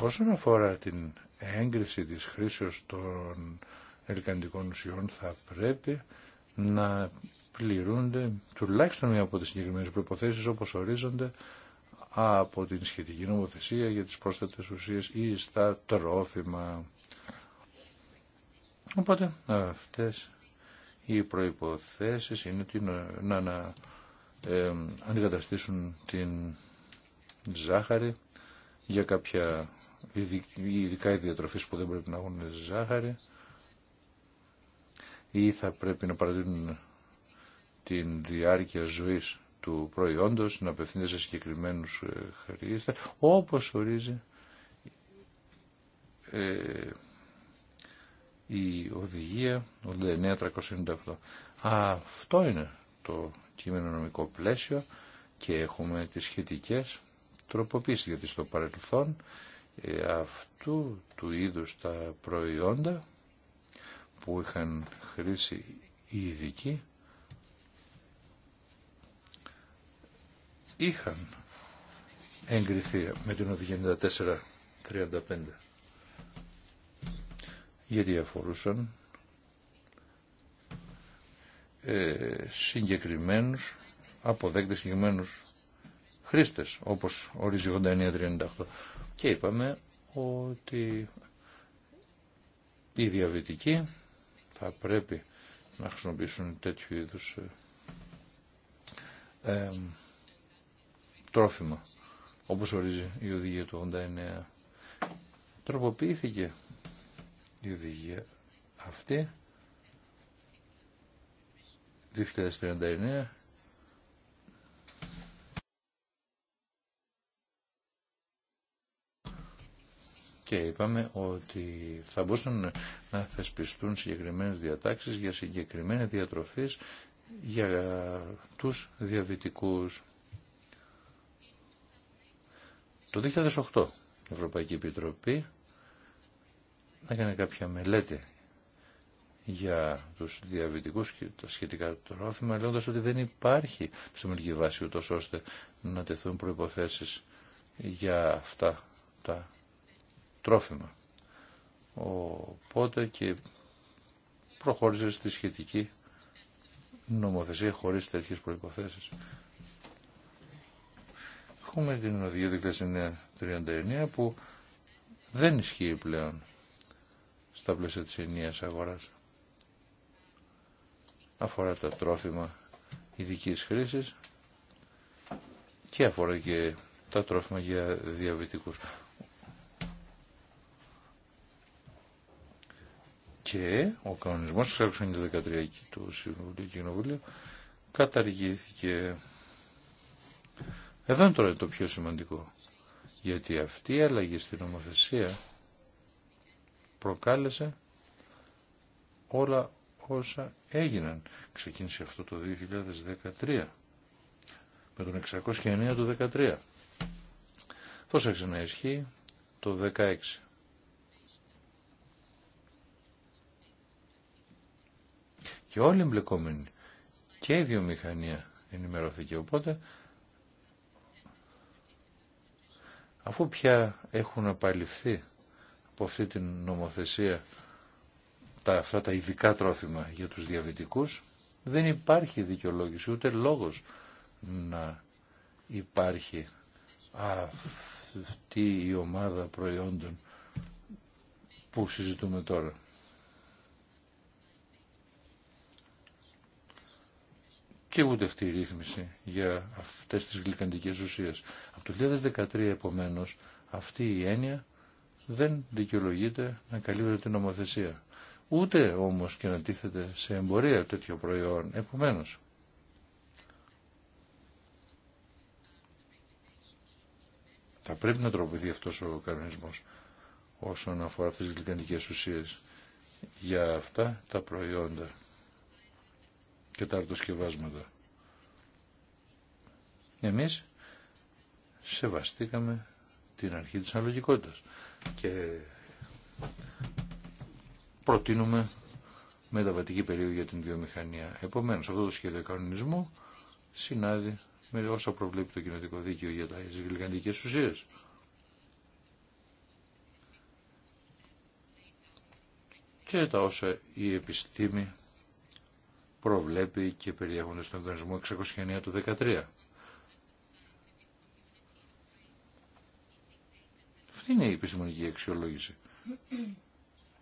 Όσον αφορά την έγκριση της χρήσεως των ελκαντικών ουσιών θα πρέπει να πληρούνται τουλάχιστον μία από τις συγκεκριμένες προϋποθέσεις όπως ορίζονται από την σχετική νομοθεσία για τις πρόσθετες ουσίες ή στα τρόφιμα. Οπότε αυτές οι προϋποθέσεις είναι την, να, να αντικαταστήσουν την ζάχαρη για κάποια ειδικά οι διατροφείς που δεν πρέπει να έχουν ζάχαρη ή θα πρέπει να παρατηρούν την διάρκεια ζωής του προϊόντος, να απευθύνεται σε συγκεκριμένους ε, χαριστες όπως ορίζει ε, η οδηγία Αυτό είναι το κείμενο νομικό πλαίσιο και έχουμε τις σχετικές τροποποίησεις γιατί στο παρελθόν ε, αυτού του είδους τα προϊόντα που είχαν χρήσει οι ειδικοί είχαν εγκριθεί με την οδηγία 94-35 γιατί αφορούσαν ε, συγκεκριμένους αποδέκτες συγκεκριμένους χρήστες όπως ορίζει 89-38 και είπαμε ότι οι διαβητικοί θα πρέπει να χρησιμοποιήσουν τέτοιου είδους ε, ε τρόφιμα όπως ορίζει η οδηγία του 89 τροποποιήθηκε η οδηγία αυτή και είπαμε ότι θα μπορούσαν να θεσπιστούν συγκεκριμένες διατάξεις για συγκεκριμένες διατροφές για τους διαβητικούς. Το 2008 η Ευρωπαϊκή Επιτροπή έκανε κάποια μελέτη για τους διαβητικούς και τα σχετικά τρόφιμα λέγοντας ότι δεν υπάρχει ψημιλική βάση ούτως ώστε να τεθούν προϋποθέσεις για αυτά τα τρόφιμα. Οπότε και προχώρησε στη σχετική νομοθεσία χωρίς τέτοιες προϋποθέσεις. Έχουμε την οδηγία 1939 που δεν ισχύει πλέον στα πλαίσια της ενίας αγοράς. Αφορά τα τρόφιμα ειδική χρήσης και αφορά και τα τρόφιμα για διαβητικούς. και ο κανονισμός 13 του Συμβουλίου Κοινοβουλίου καταργήθηκε. Εδώ είναι τώρα το πιο σημαντικό. Γιατί αυτή η αλλαγή στην νομοθεσία προκάλεσε όλα όσα έγιναν. Ξεκίνησε αυτό το 2013 με τον 609 του 13. Τόσα ισχύει το 2016. και όλοι οι εμπλεκόμενοι και η βιομηχανία ενημερώθηκε. Οπότε, αφού πια έχουν απαλληφθεί από αυτή την νομοθεσία τα, αυτά τα ειδικά τρόφιμα για τους διαβητικούς, δεν υπάρχει δικαιολόγηση ούτε λόγος να υπάρχει αυτή η ομάδα προϊόντων που συζητούμε τώρα. και ούτε αυτή η ρύθμιση για αυτές τις γλυκαντικές ουσίες. Από το 2013 επομένως αυτή η έννοια δεν δικαιολογείται να καλύπτεται την νομοθεσία. Ούτε όμως και να τίθεται σε εμπορία τέτοιο προϊόν. Επομένως, θα πρέπει να τροποποιηθεί αυτός ο κανονισμός όσον αφορά αυτές τις γλυκαντικές ουσίες για αυτά τα προϊόντα και τα αρτοσκευάσματα. Εμείς σεβαστήκαμε την αρχή της αναλογικότητας και προτείνουμε μεταβατική περίοδο για την βιομηχανία. Επομένως, αυτό το σχέδιο κανονισμού συνάδει με όσα προβλέπει το κοινοτικό δίκαιο για τα γλυκαντικές ουσίες. Και τα όσα η επιστήμη προβλέπει και περιέχονται στον Οργανισμό 609 του 13. Αυτή είναι η επιστημονική αξιολόγηση.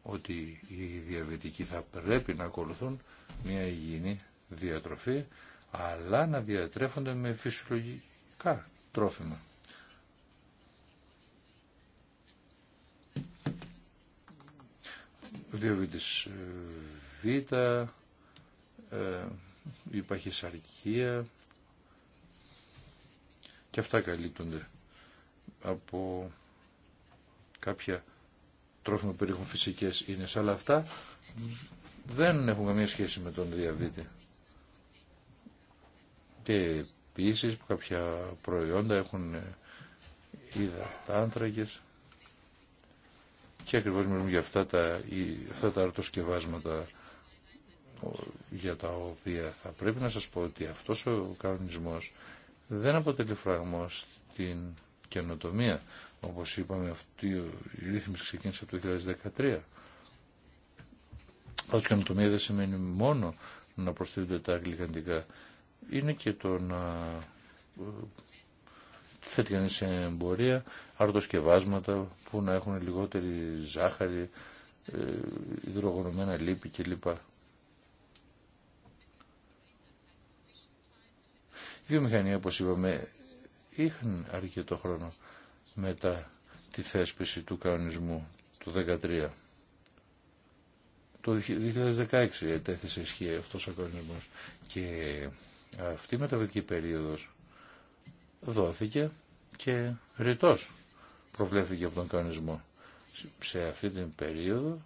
Ότι οι διαβητικοί θα πρέπει να ακολουθούν μια υγιεινή διατροφή, αλλά να διατρέφονται με φυσιολογικά τρόφιμα. διαβήτης ε, Β, ε, υπάρχει σαρκία και αυτά καλύπτονται από κάποια τρόφιμα που έχουν φυσικές ίνες, αλλά αυτά δεν έχουν καμία σχέση με τον διαβήτη. Και επίση κάποια προϊόντα έχουν ε, υδατάνθρακες και ακριβώς μιλούμε για αυτά τα, αυτά τα αρτοσκευάσματα για τα οποία θα πρέπει να σας πω ότι αυτός ο κανονισμός δεν αποτελεί φραγμό στην καινοτομία. Όπως είπαμε, αυτή η ρύθμιση ξεκίνησε το 2013. η καινοτομία δεν σημαίνει μόνο να προσθέτονται τα αγγλικαντικά. Είναι και το να ε, θέτει κανείς σε εμπορία αρτοσκευάσματα που να έχουν λιγότερη ζάχαρη, ε, υδρογονωμένα λίπη κλπ. βιομηχανία, όπως είπαμε, είχαν αρκετό χρόνο μετά τη θέσπιση του κανονισμού του 2013. Το 2016 ετέθησε ισχύ αυτός ο κανονισμός και αυτή η μεταβλητική περίοδος δόθηκε και ρητός προβλέφθηκε από τον κανονισμό. Σε αυτή την περίοδο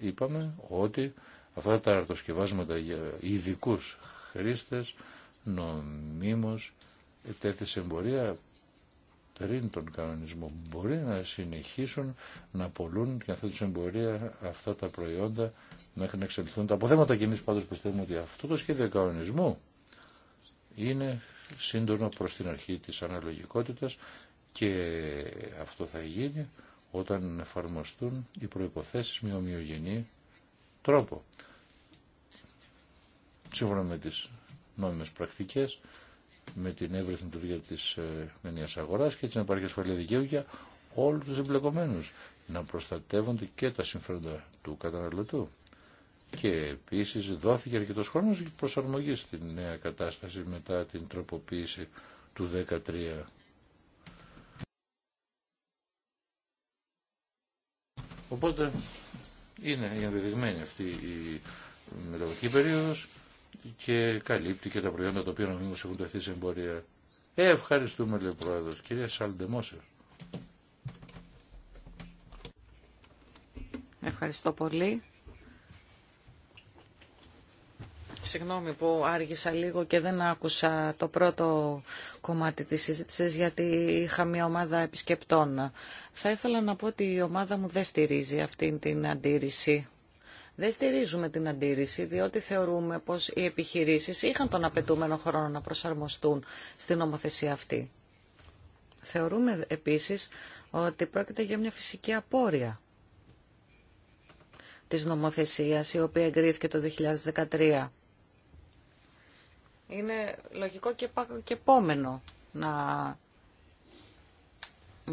είπαμε ότι αυτά τα αρτοσκευάσματα για ειδικού χρήστες νομίμως τέθη εμπορία πριν τον κανονισμό. Μπορεί να συνεχίσουν να πολλούν και να θέτουν εμπορία αυτά τα προϊόντα μέχρι να εξελιχθούν τα αποθέματα και εμείς πάντως πιστεύουμε ότι αυτό το σχέδιο κανονισμού είναι σύντονο προς την αρχή της αναλογικότητας και αυτό θα γίνει όταν εφαρμοστούν οι προϋποθέσεις με ομοιογενή τρόπο. Σύμφωνα με τις νόμιμες πρακτικές με την του λειτουργία της μενίας ε, αγοράς και έτσι να υπάρχει ασφαλή δικαίου για όλους τους εμπλεκομένους να προστατεύονται και τα συμφέροντα του καταναλωτού. Και επίσης δόθηκε αρκετός χρόνος για προσαρμογή στη νέα κατάσταση μετά την τροποποίηση του 13. Οπότε είναι ενδεδειγμένη αυτή η μεταβατική περίοδος και καλύπτει και τα προϊόντα τα οποία νομίζω, έχουν τεθεί σε εμπορία. Ε, ευχαριστούμε, λέει ο Πρόεδρος. Κυρία Σαλντεμόσε. Ευχαριστώ πολύ. Συγγνώμη που άργησα λίγο και δεν άκουσα το πρώτο κομμάτι της συζήτησης γιατί είχα μια ομάδα επισκεπτών. Θα ήθελα να πω ότι η ομάδα μου δεν στηρίζει αυτή την αντίρρηση δεν στηρίζουμε την αντίρρηση, διότι θεωρούμε πως οι επιχειρήσεις είχαν τον απαιτούμενο χρόνο να προσαρμοστούν στην νομοθεσία αυτή. Θεωρούμε επίσης ότι πρόκειται για μια φυσική απόρρεια της νομοθεσίας, η οποία εγκρίθηκε το 2013. Είναι λογικό και επόμενο να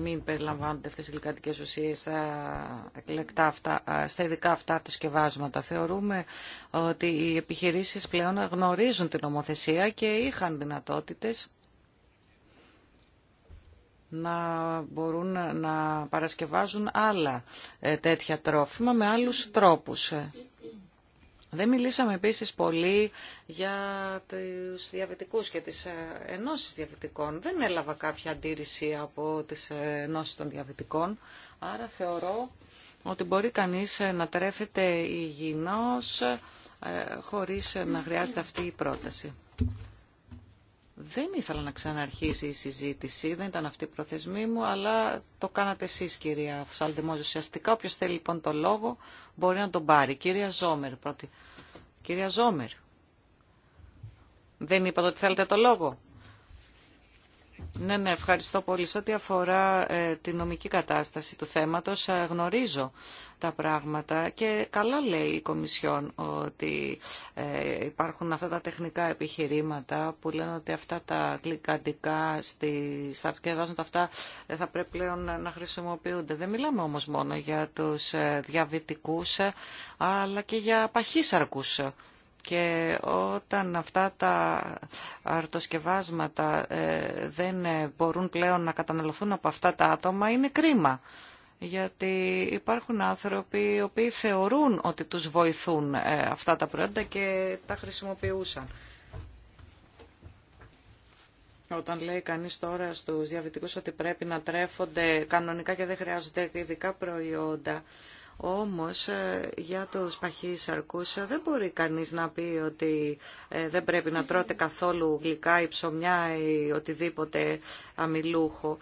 μην περιλαμβάνονται αυτές οι γλυκαντικές ουσίες στα, αυτά, στα ειδικά αυτά τα σκευάσματα. Θεωρούμε ότι οι επιχειρήσεις πλέον γνωρίζουν την νομοθεσία και είχαν δυνατότητες να μπορούν να παρασκευάζουν άλλα ε, τέτοια τρόφιμα με άλλους τρόπους. Δεν μιλήσαμε επίσης πολύ για τους διαβητικούς και τις ε, ενώσεις διαβητικών. Δεν έλαβα κάποια αντίρρηση από τις ε, ενώσεις των διαβητικών, άρα θεωρώ ότι μπορεί κανείς ε, να τρέφεται υγιεινός χωρίς να χρειάζεται αυτή η πρόταση. Δεν ήθελα να ξαναρχίσει η συζήτηση, δεν ήταν αυτή η προθεσμή μου, αλλά το κάνατε εσεί, κυρία Σαλντεμόζη. Ουσιαστικά, όποιο θέλει λοιπόν το λόγο μπορεί να τον πάρει. Κυρία Ζόμερ, πρώτη. Κυρία Ζόμερ, δεν είπατε ότι θέλετε το λόγο. Ναι, ναι, ευχαριστώ πολύ. Σε ό,τι αφορά ε, τη νομική κατάσταση του θέματος, ε, γνωρίζω τα πράγματα και καλά λέει η Κομισιόν ότι ε, υπάρχουν αυτά τα τεχνικά επιχειρήματα που λένε ότι αυτά τα κλικαντικά ότι αυτά ε, θα πρέπει πλέον να χρησιμοποιούνται. Δεν μιλάμε όμως μόνο για τους διαβητικούς, αλλά και για παχύσαρκους και όταν αυτά τα αρτοσκευάσματα ε, δεν ε, μπορούν πλέον να καταναλωθούν από αυτά τα άτομα είναι κρίμα γιατί υπάρχουν άνθρωποι οι οποίοι θεωρούν ότι τους βοηθούν ε, αυτά τα προϊόντα και τα χρησιμοποιούσαν. Όταν λέει κανείς τώρα στους διαβητικούς ότι πρέπει να τρέφονται κανονικά και δεν χρειάζονται ειδικά προϊόντα, όμως ε, για το τους παχύσαρκους ε, δεν μπορεί κανείς να πει ότι ε, δεν πρέπει να τρώτε καθόλου γλυκά ή ψωμιά ή οτιδήποτε αμυλούχο.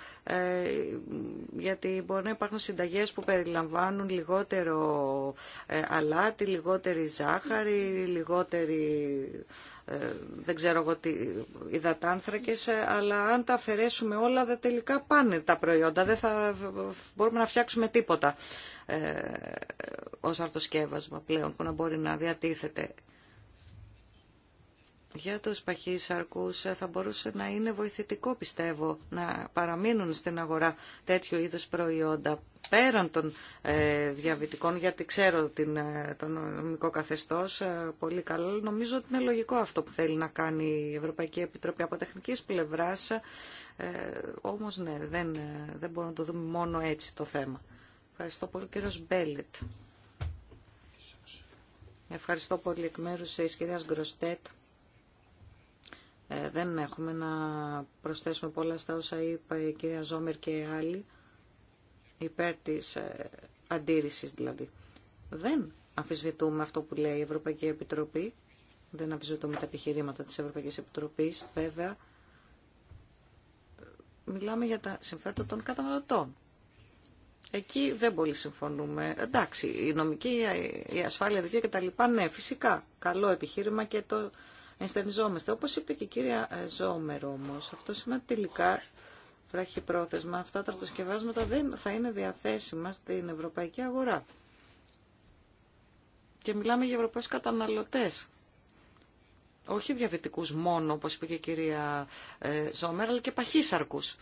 Γιατί μπορεί να υπάρχουν συνταγές που περιλαμβάνουν λιγότερο αλάτι, λιγότερη ζάχαρη, λιγότερη ε, δεν ξέρω εγώ τι υδατάνθρακες, ε, αλλά αν τα αφαιρέσουμε όλα δεν τελικά πάνε τα προϊόντα, δεν θα μπορούμε να φτιάξουμε τίποτα ε, ως αρτοσκεύασμα πλέον που να μπορεί να διατίθεται. Για τους παχύσαρκους ε, θα μπορούσε να είναι βοηθητικό πιστεύω να παραμείνουν στην αγορά τέτοιου είδους προϊόντα πέραν των ε, διαβητικών, γιατί ξέρω την, ε, το νομικό καθεστώς ε, πολύ καλό, νομίζω ότι είναι λογικό αυτό που θέλει να κάνει η Ευρωπαϊκή Επιτροπή από τεχνικής πλευράς, όμως ναι, δεν, δεν μπορούμε να το δούμε μόνο έτσι το θέμα. Ευχαριστώ πολύ κύριο Μπέλετ. Ευχαριστώ πολύ εκ μέρου τη κυρία Γκροστέτ. δεν έχουμε να προσθέσουμε πολλά στα όσα είπα η κυρία Ζόμερ και άλλοι υπέρ της ε, αντίρρησης δηλαδή. Δεν αμφισβητούμε αυτό που λέει η Ευρωπαϊκή Επιτροπή, δεν αμφισβητούμε τα επιχειρήματα της Ευρωπαϊκής Επιτροπής, βέβαια. Μιλάμε για τα συμφέροντα των καταναλωτών. Εκεί δεν πολύ συμφωνούμε. Εντάξει, η νομική, η ασφάλεια δικαίου και τα λοιπά, ναι, φυσικά. Καλό επιχείρημα και το ενστερνιζόμαστε. Όπως είπε και η κυρία Ζόμερ όμως, αυτό σημαίνει τελικά βραχυπρόθεσμα, αυτά τα αρτοσκευάσματα δεν θα είναι διαθέσιμα στην ευρωπαϊκή αγορά. Και μιλάμε για ευρωπαίους καταναλωτές. Όχι διαβητικούς μόνο, όπως είπε και η κυρία Ζωμέρα, ε, αλλά και παχύσαρκους.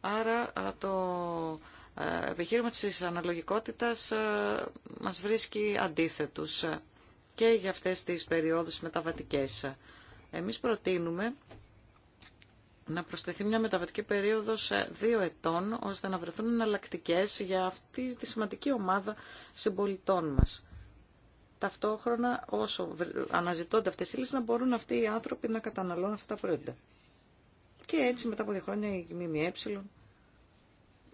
Άρα το ε, επιχείρημα της αναλογικότητας ε, μας βρίσκει αντίθετους και για αυτές τις περιόδους μεταβατικές. Εμείς προτείνουμε να προσθεθεί μια μεταβατική σε δύο ετών, ώστε να βρεθούν εναλλακτικέ για αυτή τη σημαντική ομάδα συμπολιτών μας. Ταυτόχρονα, όσο αναζητώνται αυτέ οι λύσει, να μπορούν αυτοί οι άνθρωποι να καταναλώνουν αυτά τα προϊόντα. Και έτσι, μετά από δύο χρόνια, η ΜΜΕ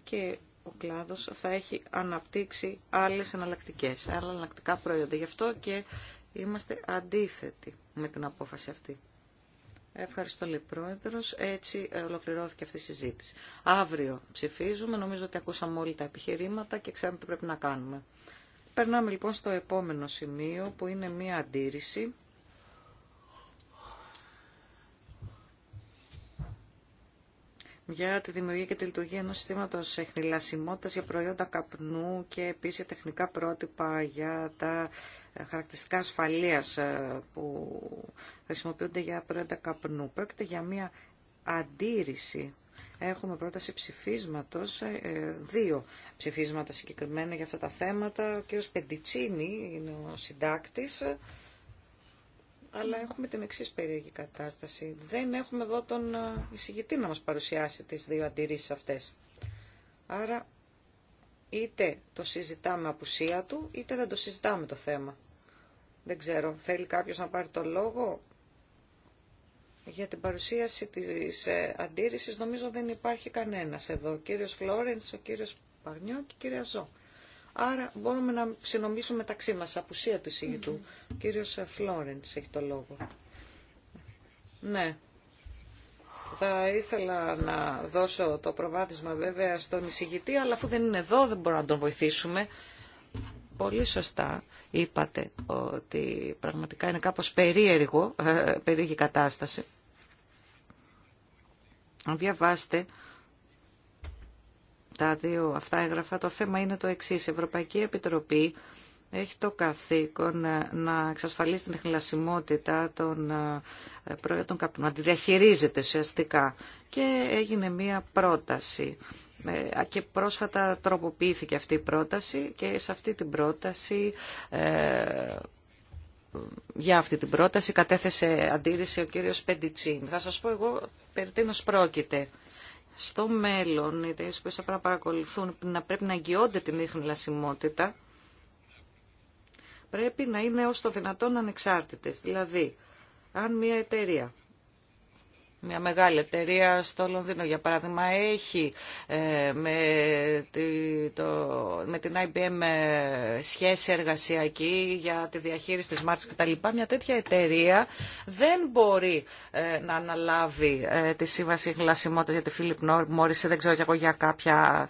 και ο κλάδος θα έχει αναπτύξει άλλε εναλλακτικέ, άλλα εναλλακτικά προϊόντα. Γι' αυτό και είμαστε αντίθετοι με την απόφαση αυτή. Ευχαριστώ, λέει Πρόεδρος. Έτσι ε, ολοκληρώθηκε αυτή η συζήτηση. Αύριο ψηφίζουμε. Νομίζω ότι ακούσαμε όλοι τα επιχειρήματα και ξέρουμε τι πρέπει να κάνουμε. Περνάμε λοιπόν στο επόμενο σημείο που είναι μία αντίρρηση για τη δημιουργία και τη λειτουργία ενός συστήματος εχνηλασιμότητας για προϊόντα καπνού και επίσης τεχνικά πρότυπα για τα ε, χαρακτηριστικά ασφαλείας ε, που χρησιμοποιούνται για προϊόντα καπνού. Πρόκειται για μια αντίρρηση. Έχουμε πρόταση ψηφίσματος, ε, δύο ψηφίσματα συγκεκριμένα για αυτά τα θέματα. Ο κ. Πεντιτσίνη είναι ο συντάκτης αλλά έχουμε την εξή περίεργη κατάσταση. Δεν έχουμε εδώ τον ε, εισηγητή να μας παρουσιάσει τις δύο αντιρρήσεις αυτές. Άρα είτε το συζητάμε απουσία του, είτε δεν το συζητάμε το θέμα. Δεν ξέρω, θέλει κάποιος να πάρει το λόγο για την παρουσίαση της ε, αντίρρησης. Νομίζω δεν υπάρχει κανένας εδώ. Ο κύριος Φλόρενς, ο κύριος Παρνιώ και η κυρία Ζώ. Άρα μπορούμε να συνομίσουμε μεταξύ μας, απουσία του εισηγητού. Ο κύριος Φλόρεντς έχει το λόγο. Ναι. Θα ήθελα να δώσω το προβάδισμα βέβαια στον εισηγητή, αλλά αφού δεν είναι εδώ δεν μπορούμε να τον βοηθήσουμε. Πολύ σωστά είπατε ότι πραγματικά είναι κάπως περίεργο, ε, περίεργη κατάσταση. Αν διαβάσετε τα δύο αυτά έγραφα το θέμα είναι το εξή. Η Ευρωπαϊκή Επιτροπή έχει το καθήκον ε, να εξασφαλίσει την εχνηλασιμότητα των ε, προϊόντων καπνού, να τη διαχειρίζεται ουσιαστικά. Και έγινε μία πρόταση. Ε, και πρόσφατα τροποποιήθηκε αυτή η πρόταση και σε αυτή την πρόταση για αυτή την πρόταση κατέθεσε αντίρρηση ο κύριος Πεντιτσίν. Θα σας πω εγώ περί τίνος πρόκειται στο μέλλον οι εταιρείε που να παρακολουθούν, να πρέπει να εγγυώνται την ίχνη λασιμότητα, πρέπει να είναι ως το δυνατόν ανεξάρτητες. Δηλαδή, αν μια εταιρεία μια μεγάλη εταιρεία στο Λονδίνο, για παράδειγμα, έχει ε, με, το, με την IBM ε, σχέση εργασιακή για τη διαχείριση της μάρτης κτλ. Μια τέτοια εταιρεία δεν μπορεί ε, να αναλάβει τη σύμβαση γλασιμότητας για τη Φίλιπ μόρισε δεν ξέρω εγώ για κάποια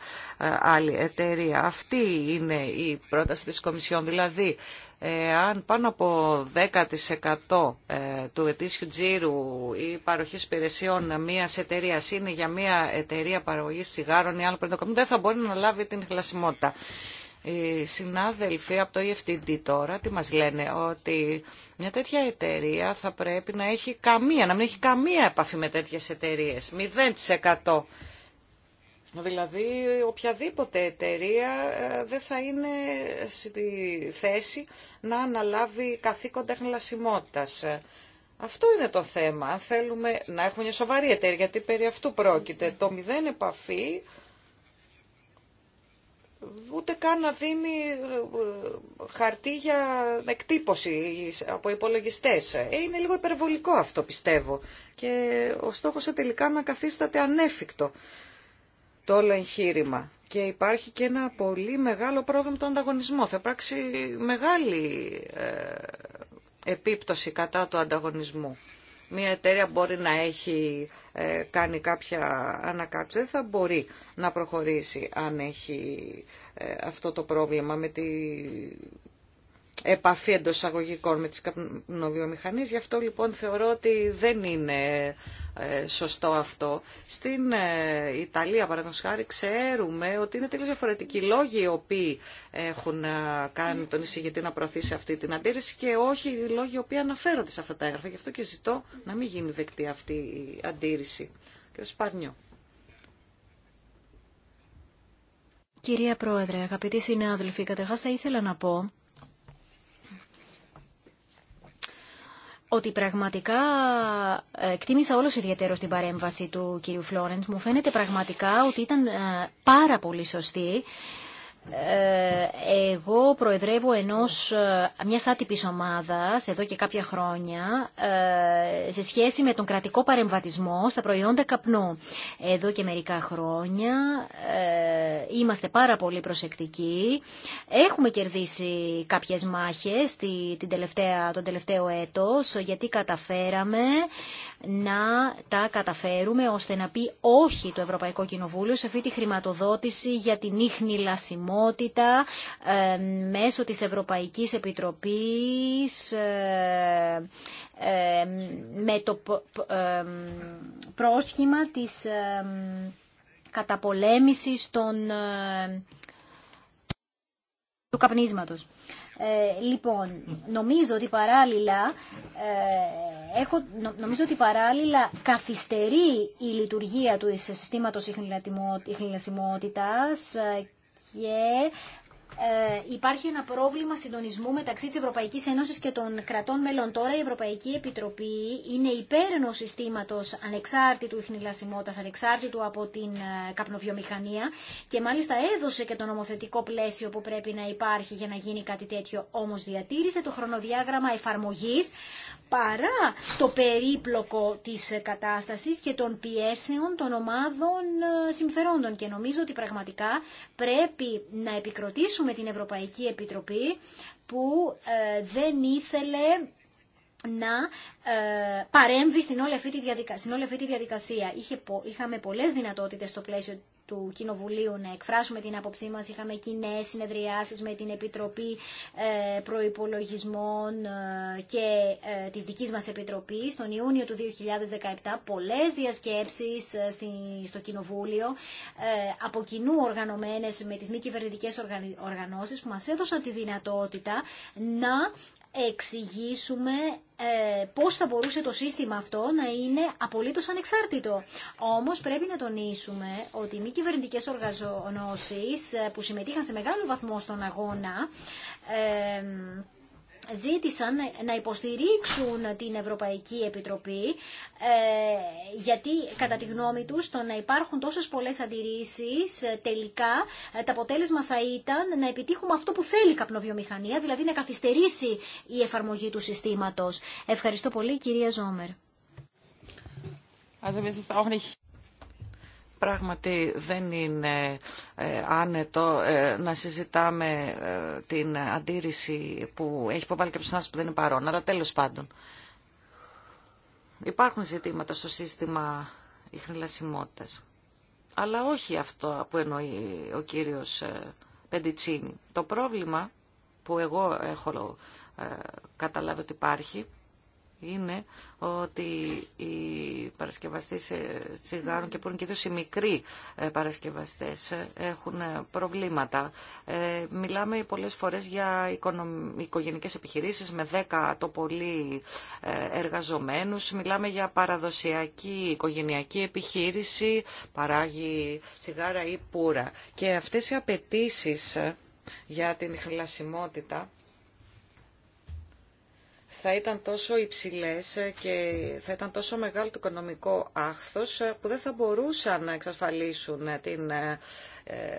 άλλη εταιρεία. Αυτή είναι η πρόταση της Κομισιόν, δηλαδή ε, αν πάνω από 10% ε, του ετήσιου τζίρου ή παροχή υπηρεσιών μια εταιρεία είναι για μια εταιρεία παραγωγή σιγάρων ή άλλων πρωτοκομμάτων, δεν θα μπορεί να λάβει την χλασιμότητα. Οι συνάδελφοι από το EFTD τώρα τι μας λένε ότι μια τέτοια εταιρεία θα πρέπει να έχει καμία, να μην έχει καμία επαφή με τέτοιες εταιρείες, 0%. Δηλαδή οποιαδήποτε εταιρεία ε, δεν θα είναι στη θέση να αναλάβει καθήκοντα τεχνολασιμότητας. Αυτό είναι το θέμα. Αν θέλουμε να έχουμε μια σοβαρή εταιρεία, γιατί περί αυτού πρόκειται. Το μηδέν επαφή ούτε καν να δίνει ε, χαρτί για εκτύπωση από υπολογιστές. Ε, είναι λίγο υπερβολικό αυτό πιστεύω και ο στόχος είναι τελικά να καθίσταται ανέφικτο το όλο εγχείρημα. Και υπάρχει και ένα πολύ μεγάλο πρόβλημα τον ανταγωνισμό. Θα υπάρξει μεγάλη ε, επίπτωση κατά του ανταγωνισμού. Μια εταιρεία μπορεί να έχει ε, κάνει κάποια ανακάψη. Δεν θα μπορεί να προχωρήσει αν έχει ε, αυτό το πρόβλημα με τη επαφή εντό εισαγωγικών με τις καπνοβιομηχανίες. Γι' αυτό λοιπόν θεωρώ ότι δεν είναι ε, σωστό αυτό. Στην ε, Ιταλία παραδείγματος χάρη ξέρουμε ότι είναι τελείως διαφορετικοί λόγοι οι οποίοι έχουν κάνει τον εισηγητή να προωθήσει αυτή την αντίρρηση και όχι οι λόγοι οι οποίοι αναφέρονται σε αυτά τα έγγραφα. Γι' αυτό και ζητώ να μην γίνει δεκτή αυτή η αντίρρηση. Κύριε Σπαρνιό. Κυρία Πρόεδρε, αγαπητοί συνάδελφοι, καταρχάς θα ήθελα να πω ότι πραγματικά ε, εκτίμησα όλος ιδιαίτερο την παρέμβαση του κύριου Φλόρεντς. Μου φαίνεται πραγματικά ότι ήταν ε, πάρα πολύ σωστή ε, εγώ προεδρεύω ενός, ε, μιας άτυπης ομάδας εδώ και κάποια χρόνια ε, σε σχέση με τον κρατικό παρεμβατισμό στα προϊόντα καπνού. Εδώ και μερικά χρόνια είμαστε πάρα πολύ προσεκτικοί. Έχουμε κερδίσει κάποιες μάχες τον τελευταίο έτος γιατί καταφέραμε να τα καταφέρουμε ώστε να πει όχι το Ευρωπαϊκό Κοινοβούλιο σε αυτή τη χρηματοδότηση για την ίχνη λασιμότητα μέσω της Ευρωπαϊκής Επιτροπής ε, με το πρόσχημα της καταπολέμησης των ε, του καπνίσματος. Ε, λοιπόν, νομίζω ότι παράλληλα, ε, έχω, νομίζω ότι παράλληλα καθυστερεί η λειτουργία του συστήματος ηχνηλασιμότητας ε, και ε, υπάρχει ένα πρόβλημα συντονισμού μεταξύ της Ευρωπαϊκής Ένωσης και των κρατών μελών. Τώρα η Ευρωπαϊκή Επιτροπή είναι υπέρ ενός συστήματος ανεξάρτητου ιχνηλασιμότητας, ανεξάρτητου από την ε, καπνοβιομηχανία και μάλιστα έδωσε και το νομοθετικό πλαίσιο που πρέπει να υπάρχει για να γίνει κάτι τέτοιο. Όμως διατήρησε το χρονοδιάγραμμα εφαρμογής παρά το περίπλοκο της κατάστασης και των πιέσεων των ομάδων ε, συμφερόντων. Και νομίζω ότι πραγματικά πρέπει να επικροτήσουμε με την Ευρωπαϊκή Επιτροπή που ε, δεν ήθελε να ε, παρέμβει στην όλη αυτή τη διαδικασία. Στην όλη αυτή τη διαδικασία. Είχε, είχαμε πολλές δυνατότητες στο πλαίσιο του Κοινοβουλίου να εκφράσουμε την άποψή μας. Είχαμε κοινέ συνεδριάσεις με την Επιτροπή ε, Προϋπολογισμών ε, και ε, της δικής μας Επιτροπής τον Ιούνιο του 2017. Πολλές διασκέψεις στο Κοινοβούλιο από κοινού οργανωμένες με τις μη κυβερνητικές οργανώσεις που μας έδωσαν τη δυνατότητα να εξηγήσουμε ε, πώς θα μπορούσε το σύστημα αυτό να είναι απολύτως ανεξάρτητο. Όμως πρέπει να τονίσουμε ότι οι μη κυβερνητικές οργανώσεις ε, που συμμετείχαν σε μεγάλο βαθμό στον αγώνα ε, ζήτησαν να υποστηρίξουν την Ευρωπαϊκή Επιτροπή ε, γιατί κατά τη γνώμη τους το να υπάρχουν τόσες πολλές αντιρρήσεις ε, τελικά ε, το αποτέλεσμα θα ήταν να επιτύχουμε αυτό που θέλει η καπνοβιομηχανία δηλαδή να καθυστερήσει η εφαρμογή του συστήματος. Ευχαριστώ πολύ κυρία Ζόμερ. Πράγματι δεν είναι ε, άνετο ε, να συζητάμε ε, την αντίρρηση που έχει υποβάλει ο συνάδελφος που δεν είναι παρόν. Αλλά τέλος πάντων υπάρχουν ζητήματα στο σύστημα ιχνηλασιμότητας. Αλλά όχι αυτό που εννοεί ο κύριος Πεντιτσίνη. Το πρόβλημα που εγώ έχω καταλάβει ότι υπάρχει είναι ότι οι παρασκευαστές ε, τσιγάρων και που είναι και οι μικροί ε, παρασκευαστές ε, έχουν προβλήματα. Μιλάμε πολλές φορές για οικογενικές επιχειρήσεις με 10 το πολύ εργαζομένους. Μιλάμε για παραδοσιακή οικογενειακή επιχείρηση, παράγει τσιγάρα ή πουρα. Και αυτές οι απαιτήσει για την χρηλασιμότητα θα ήταν τόσο υψηλές και θα ήταν τόσο μεγάλο το οικονομικό άχθος που δεν θα μπορούσαν να εξασφαλίσουν την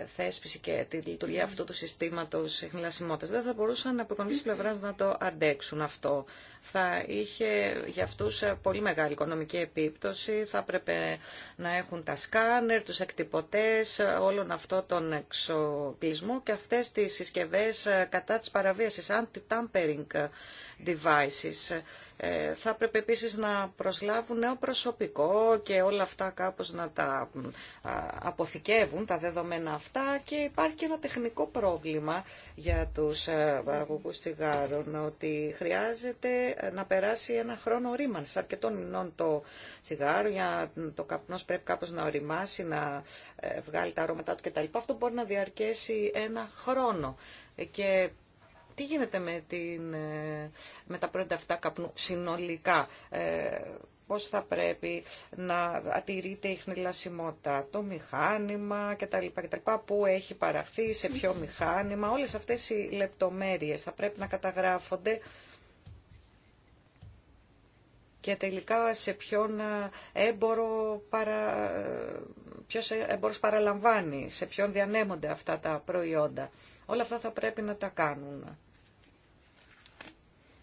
θέσπιση και τη λειτουργία αυτού του συστήματο εχνηλασιμότητα. Δεν θα μπορούσαν από οικονομική πλευρά να το αντέξουν αυτό. Θα είχε για αυτού πολύ μεγάλη οικονομική επίπτωση. Θα έπρεπε να έχουν τα σκάνερ, του εκτυπωτέ, όλον αυτό τον εξοπλισμό και αυτέ τι συσκευέ κατά τη παραβίαση anti-tampering devices ε, θα πρέπει επίσης να προσλάβουν νέο προσωπικό και όλα αυτά κάπως να τα αποθηκεύουν τα δεδομένα αυτά και υπάρχει και ένα τεχνικό πρόβλημα για τους ε, παραγωγούς τσιγάρων ότι χρειάζεται ε, να περάσει ένα χρόνο ρήμανση αρκετών μηνών το τσιγάρο για το καπνός πρέπει κάπως να οριμάσει, να βγάλει τα αρώματά του κτλ. Αυτό μπορεί να διαρκέσει ένα χρόνο και τι γίνεται με, την, ε, με τα πρώτα αυτά καπνού συνολικά. Ε, πώς θα πρέπει να ατηρείται η χνηλασιμότητα, το μηχάνημα κτλ, κτλ. Πού έχει παραχθεί, σε ποιο μηχάνημα, όλες αυτές οι λεπτομέρειες θα πρέπει να καταγράφονται και τελικά σε ποιον ε, έμπορο παρα... Ε, ποιος έμπορος παραλαμβάνει, σε ποιον διανέμονται αυτά τα προϊόντα. Όλα αυτά θα πρέπει να τα κάνουν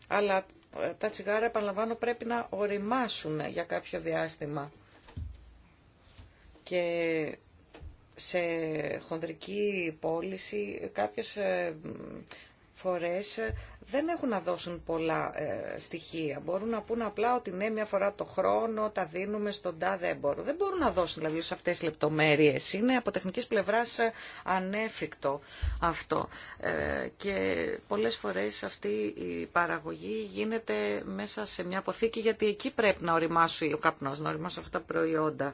αλλά ε, τα τσιγάρα, επαναλαμβάνω, πρέπει να οριμάσουν για κάποιο διάστημα. Και σε χονδρική πώληση κάποιος ε, φορές ε, δεν έχουν να δώσουν πολλά ε, στοιχεία. Μπορούν να πούν απλά ότι ναι, μια φορά το χρόνο τα δίνουμε στον τάδε έμπορο. Δεν μπορούν να δώσουν δηλαδή σε αυτές τις λεπτομέρειες. Είναι από τεχνικής πλευράς ε, ανέφικτο αυτό. και πολλές φορές αυτή η παραγωγή γίνεται μέσα σε μια αποθήκη γιατί εκεί πρέπει να οριμάσει ο καπνός, να οριμάσει αυτά τα προϊόντα.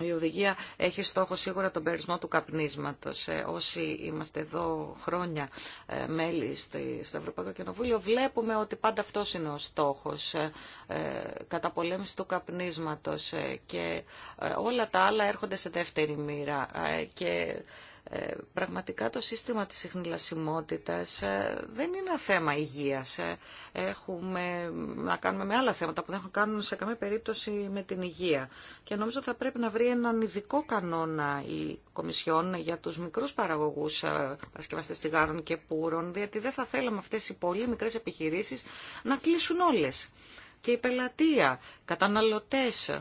Η οδηγία έχει στόχο σίγουρα τον περισμό του καπνίσματος. Ε, όσοι είμαστε εδώ χρόνια ε, μέλη στο Ευρωπαϊκό Κοινοβούλιο βλέπουμε ότι πάντα αυτός είναι ο στόχος ε, ε καταπολέμηση του καπνίσματος και όλα τα άλλα έρχονται σε δεύτερη μοίρα και ε, πραγματικά το σύστημα της συχνηλασιμότητας ε, δεν είναι ένα θέμα υγείας. Ε, έχουμε να κάνουμε με άλλα θέματα που δεν έχουν κάνουν σε καμία περίπτωση με την υγεία. Και νομίζω θα πρέπει να βρει έναν ειδικό κανόνα η Κομισιόν για τους μικρούς παραγωγούς ασκευαστές τσιγάρων και πούρων, γιατί δεν θα θέλαμε αυτές οι πολύ μικρές επιχειρήσεις να κλείσουν όλες. Και η πελατεία, καταναλωτές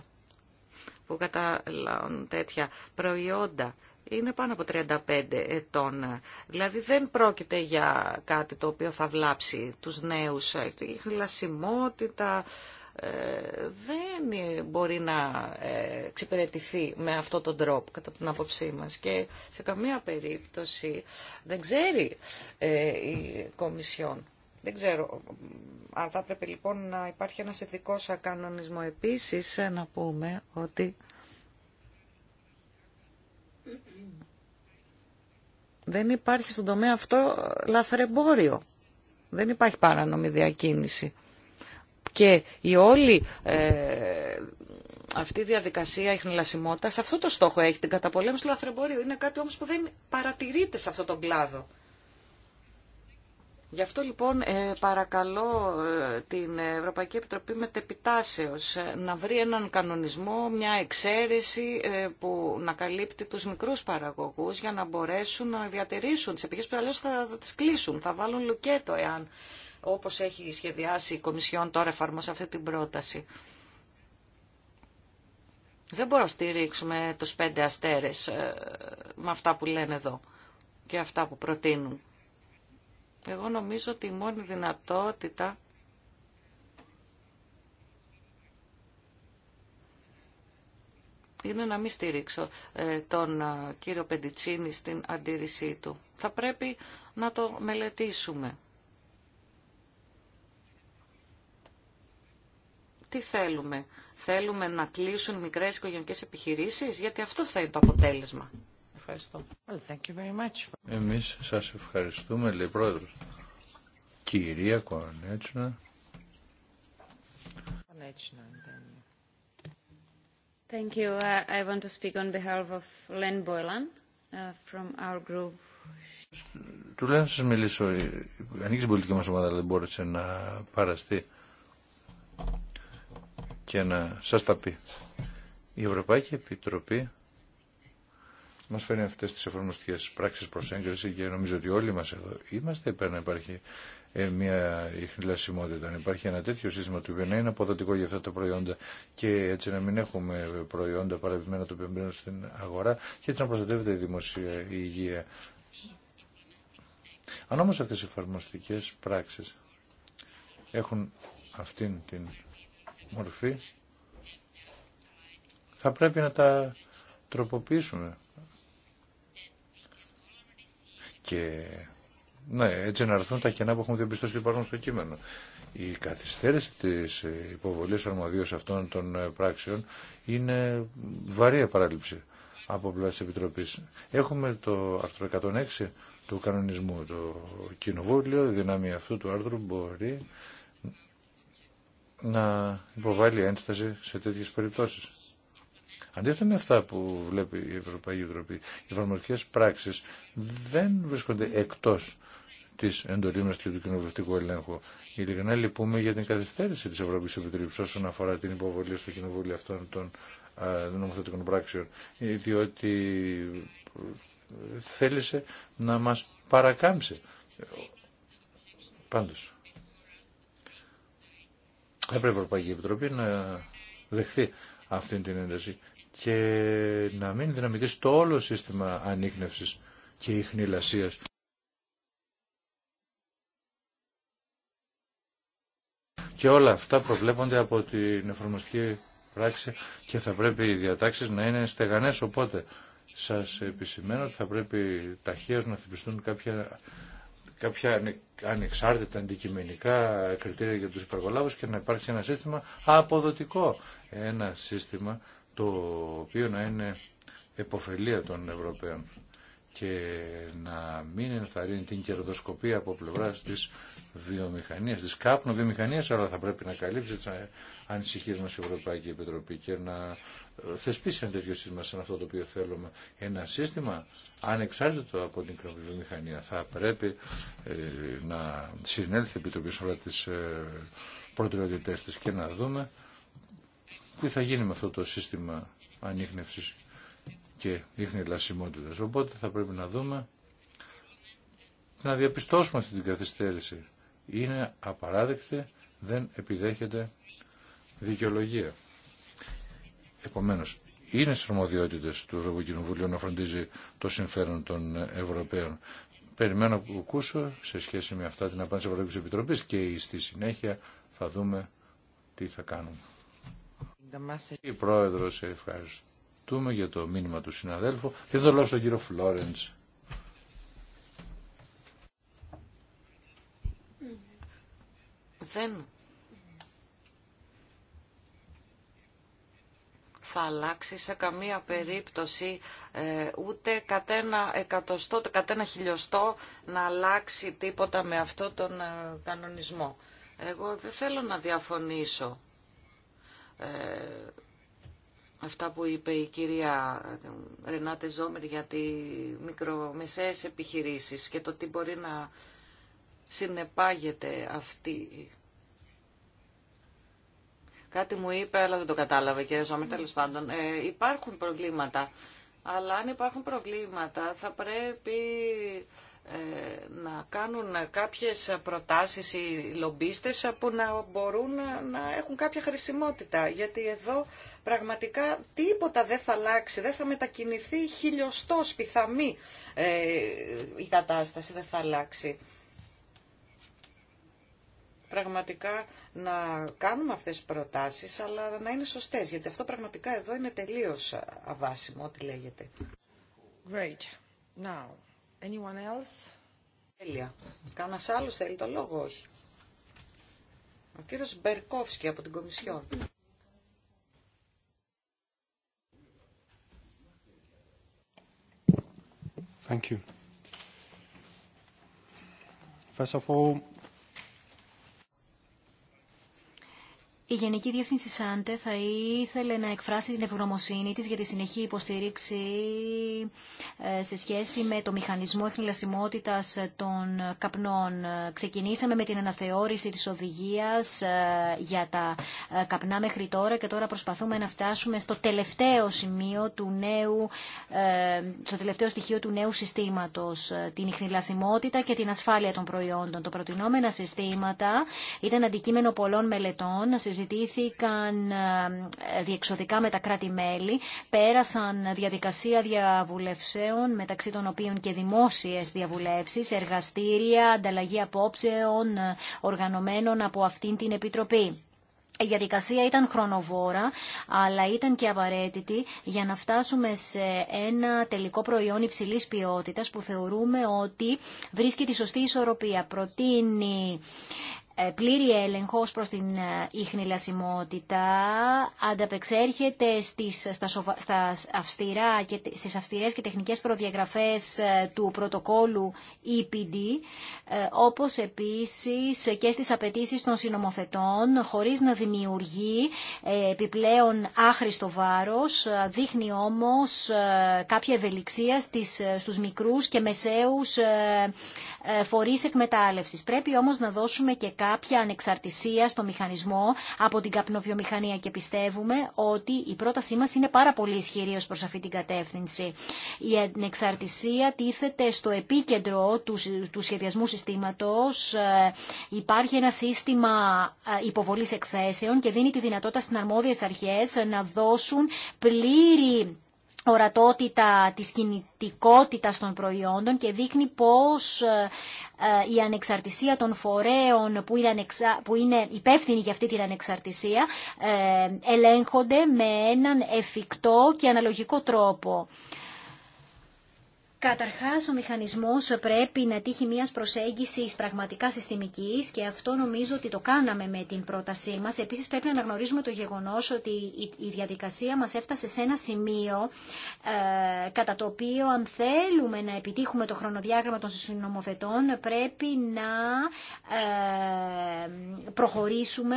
που καταλαβαίνουν τέτοια προϊόντα είναι πάνω από 35 ετών. Δηλαδή δεν πρόκειται για κάτι το οποίο θα βλάψει τους νέους. Η χλασιμότητα ε, δεν μπορεί να ε, εξυπηρετηθεί με αυτό τον τρόπο κατά την άποψή μας και σε καμία περίπτωση δεν ξέρει ε, η Κομισιόν. Δεν ξέρω αν θα έπρεπε λοιπόν να υπάρχει ένας ειδικός κανονισμό. Επίσης να πούμε ότι Δεν υπάρχει στον τομέα αυτό λαθρεμπόριο. Δεν υπάρχει παράνομη διακίνηση. Και η όλη ε, αυτή η διαδικασία σε αυτό το στόχο έχει την καταπολέμηση του λαθρεμπορίου. Είναι κάτι όμως που δεν παρατηρείται σε αυτόν τον κλάδο. Γι' αυτό λοιπόν ε, παρακαλώ ε, την Ευρωπαϊκή Επιτροπή μετεπιτάσεως ε, να βρει έναν κανονισμό, μια εξαίρεση που να καλύπτει τους μικρούς παραγωγούς για να μπορέσουν να διατηρήσουν τις επιχείρησεις που αλλιώς θα, θα τις κλείσουν, θα βάλουν λουκέτο εάν όπως έχει σχεδιάσει η Κομισιόν τώρα εφαρμόσει αυτή την πρόταση. Δεν μπορώ να στηρίξουμε τους πέντε αστέρες με αυτά που λένε εδώ και αυτά που προτείνουν. Εγώ νομίζω ότι η μόνη δυνατότητα είναι να μην στηρίξω ε, τον ε, κύριο Πεντιτσίνη στην αντίρρησή του. Θα πρέπει να το μελετήσουμε. Τι θέλουμε. Θέλουμε να κλείσουν μικρές οικογενικές επιχειρήσεις, γιατί αυτό θα είναι το αποτέλεσμα. Ευχαριστώ. Well, thank you very much. Εμείς σας ευχαριστούμε, λέει πρόεδρος. Κυρία Κονέτσνα. Κονέτσνα, Thank you. Uh, I want to speak on behalf of Len Boylan uh, from our group. Του λέω να σας μιλήσω. Ανοίξει η πολιτική μας ομάδα, αλλά δεν μπόρεσε να παραστεί και να σας τα πει. Η Ευρωπαϊκή Επιτροπή Μα φέρνει αυτέ τι εφαρμοστικέ πράξει προ έγκριση και νομίζω ότι όλοι μα εδώ είμαστε υπέρ να υπάρχει ε, μια ιχνηλασιμότητα. Να υπάρχει ένα τέτοιο σύστημα το οποίο να είναι αποδοτικό για αυτά τα προϊόντα και έτσι να μην έχουμε προϊόντα παραδειγμένα το οποίο στην αγορά και έτσι να προστατεύεται η δημοσία η υγεία. Αν όμω αυτέ οι εφαρμοστικέ πράξει έχουν αυτήν την μορφή, θα πρέπει να τα τροποποιήσουμε και ναι, έτσι να έρθουν τα κενά που έχουμε διαπιστώσει ότι υπάρχουν στο κείμενο. Η καθυστέρηση τη υποβολή αρμοδίω αυτών των ε, πράξεων είναι βαρύ παράληψη από πλευρά τη Επιτροπή. Έχουμε το άρθρο 106 του κανονισμού. Το κοινοβούλιο, Η δύναμη αυτού του άρθρου, μπορεί να υποβάλει ένσταση σε τέτοιες περιπτώσεις. Αντίθετα με αυτά που βλέπει η Ευρωπαϊκή Επιτροπή, οι εφαρμοστικέ πράξει δεν βρίσκονται εκτό τη εντολή μα και του κοινοβουλευτικού ελέγχου. Ειλικρινά λυπούμε για την καθυστέρηση τη Ευρωπαϊκή Επιτροπή όσον αφορά την υποβολή στο Κοινοβούλιο αυτών των νομοθετικών πράξεων, διότι θέλησε να μας παρακάμψει. Πάντως, έπρεπε η Ευρωπαϊκή Επιτροπή να δεχθεί αυτή την ένταση και να μην δυναμητήσει το όλο σύστημα ανείχνευσης και ιχνηλασίας. Και όλα αυτά προβλέπονται από την εφαρμοστική πράξη και θα πρέπει οι διατάξεις να είναι στεγανές, οπότε σας επισημαίνω ότι θα πρέπει ταχείως να θυμιστούν κάποια, κάποια ανεξάρτητα αντικειμενικά κριτήρια για τους υπεργολάβους και να υπάρξει ένα σύστημα αποδοτικό. Ένα σύστημα το οποίο να είναι εποφελία των Ευρωπαίων και να μην ενθαρρύνει την κερδοσκοπία από πλευρά τη βιομηχανία, τη κάπνο βιομηχανία, αλλά θα πρέπει να καλύψει τι ανησυχίε μα η Ευρωπαϊκή Επιτροπή και να θεσπίσει ένα τέτοιο σύστημα αυτό το οποίο θέλουμε. Ένα σύστημα ανεξάρτητο από την βιομηχανία. Θα πρέπει ε, να συνέλθει η Επιτροπή σε όλα τι ε, προτεραιότητέ τη και να δούμε τι θα γίνει με αυτό το σύστημα ανείχνευσης και ίχνη λασιμότητας. Οπότε θα πρέπει να δούμε, να διαπιστώσουμε αυτή την καθυστέρηση. Είναι απαράδεκτη, δεν επιδέχεται δικαιολογία. Επομένως, είναι στις του Ευρωκοινοβουλίου να φροντίζει το συμφέρον των Ευρωπαίων. Περιμένω να ακούσω σε σχέση με αυτά την απάντηση της Ευρωπαϊκής Επιτροπής και στη συνέχεια θα δούμε τι θα κάνουμε. Η σε ευχαριστούμε για το μήνυμα του συναδέλφου. Και εδώ λέω στον κύριο Φλόρεντς. Δεν θα αλλάξει σε καμία περίπτωση ε, ούτε κατένα εκατοστό, κατένα χιλιοστό να αλλάξει τίποτα με αυτό τον ε, κανονισμό. Εγώ δεν θέλω να διαφωνήσω ε, αυτά που είπε η κυρία ε, Ρενάτε Ζόμερ για τι μικρομεσαίες επιχειρήσεις και το τι μπορεί να συνεπάγεται αυτή. Κάτι μου είπε, αλλά δεν το κατάλαβε κυρία Ζόμερ, τέλο πάντων. Ε, υπάρχουν προβλήματα, αλλά αν υπάρχουν προβλήματα θα πρέπει ε, να κάνουν κάποιες προτάσεις οι λομπίστες που να μπορούν να έχουν κάποια χρησιμότητα. Γιατί εδώ πραγματικά τίποτα δεν θα αλλάξει, δεν θα μετακινηθεί χιλιοστός πιθαμή ε, η κατάσταση, δεν θα αλλάξει. Πραγματικά να κάνουμε αυτές τις προτάσεις, αλλά να είναι σωστές, γιατί αυτό πραγματικά εδώ είναι τελείως αβάσιμο, ό,τι λέγεται. Great. Now. Anyone else? Τέλεια. Κάνα άλλος θέλει το λόγο, όχι. Ο κύριος Μπερκόφσκι από την Κομισιόν. Thank you. First of all, Η Γενική Διεύθυνση ΣΑΝΤΕ θα ήθελε να εκφράσει την ευγνωμοσύνη της για τη συνεχή υποστήριξη ε, σε σχέση με το μηχανισμό εχνηλασιμότητας των καπνών. Ξεκινήσαμε με την αναθεώρηση της οδηγίας ε, για τα ε, καπνά μέχρι τώρα και τώρα προσπαθούμε να φτάσουμε στο τελευταίο σημείο του νέου, στο τελευταίο στοιχείο του νέου συστήματος, την εχνηλασιμότητα και την ασφάλεια των προϊόντων. Το προτινόμενα συστήματα ήταν αντικείμενο πολλών μελετών, συζητήθηκαν ε, διεξοδικά με τα κράτη-μέλη, πέρασαν διαδικασία διαβουλευσέων, μεταξύ των οποίων και δημόσιες διαβουλεύσεις, εργαστήρια, ανταλλαγή απόψεων, ε, οργανωμένων από αυτήν την Επιτροπή. Η διαδικασία ήταν χρονοβόρα, αλλά ήταν και απαραίτητη για να φτάσουμε σε ένα τελικό προϊόν υψηλής ποιότητας που θεωρούμε ότι βρίσκει τη σωστή ισορροπία. Προτείνει ε, πλήρη έλεγχος προς την ε, ίχνη λασιμότητα ανταπεξέρχεται στις, στα, σοβα, στα αυστηρά και, στις αυστηρές και τεχνικές προδιαγραφές ε, του πρωτοκόλου EPD, όπως επίσης και στις απαιτήσει των συνομοθετών, χωρίς να δημιουργεί επιπλέον άχρηστο βάρος, δείχνει όμως κάποια ευελιξία στις, στους μικρούς και μεσαίους φορείς εκμετάλλευσης. Πρέπει όμως να δώσουμε και κάποια ανεξαρτησία στο μηχανισμό από την καπνοβιομηχανία και πιστεύουμε ότι η πρότασή μας είναι πάρα πολύ ισχυρή ως προς αυτή την κατεύθυνση. Η ανεξαρτησία τίθεται στο επίκεντρο του, του σχεδιασμού συστήματος. Ε, υπάρχει ένα σύστημα ε, υποβολής εκθέσεων και δίνει τη δυνατότητα στις αρμόδιες αρχές να δώσουν πλήρη ορατότητα της κινητικότητας των προϊόντων και δείχνει πως ε, ε, η ανεξαρτησία των φορέων που είναι υπεύθυνοι για αυτή την ανεξαρτησία ε, ελέγχονται με έναν εφικτό και αναλογικό τρόπο. Καταρχάς, ο μηχανισμός πρέπει να τύχει μια προσέγγιση πραγματικά συστημική και αυτό νομίζω ότι το κάναμε με την πρότασή μα. Επίση πρέπει να αναγνωρίζουμε το γεγονός ότι η διαδικασία μας έφτασε σε ένα σημείο ε, κατά το οποίο, αν θέλουμε να επιτύχουμε το χρονοδιάγραμμα των συνομοθετών, πρέπει να ε, προχωρήσουμε,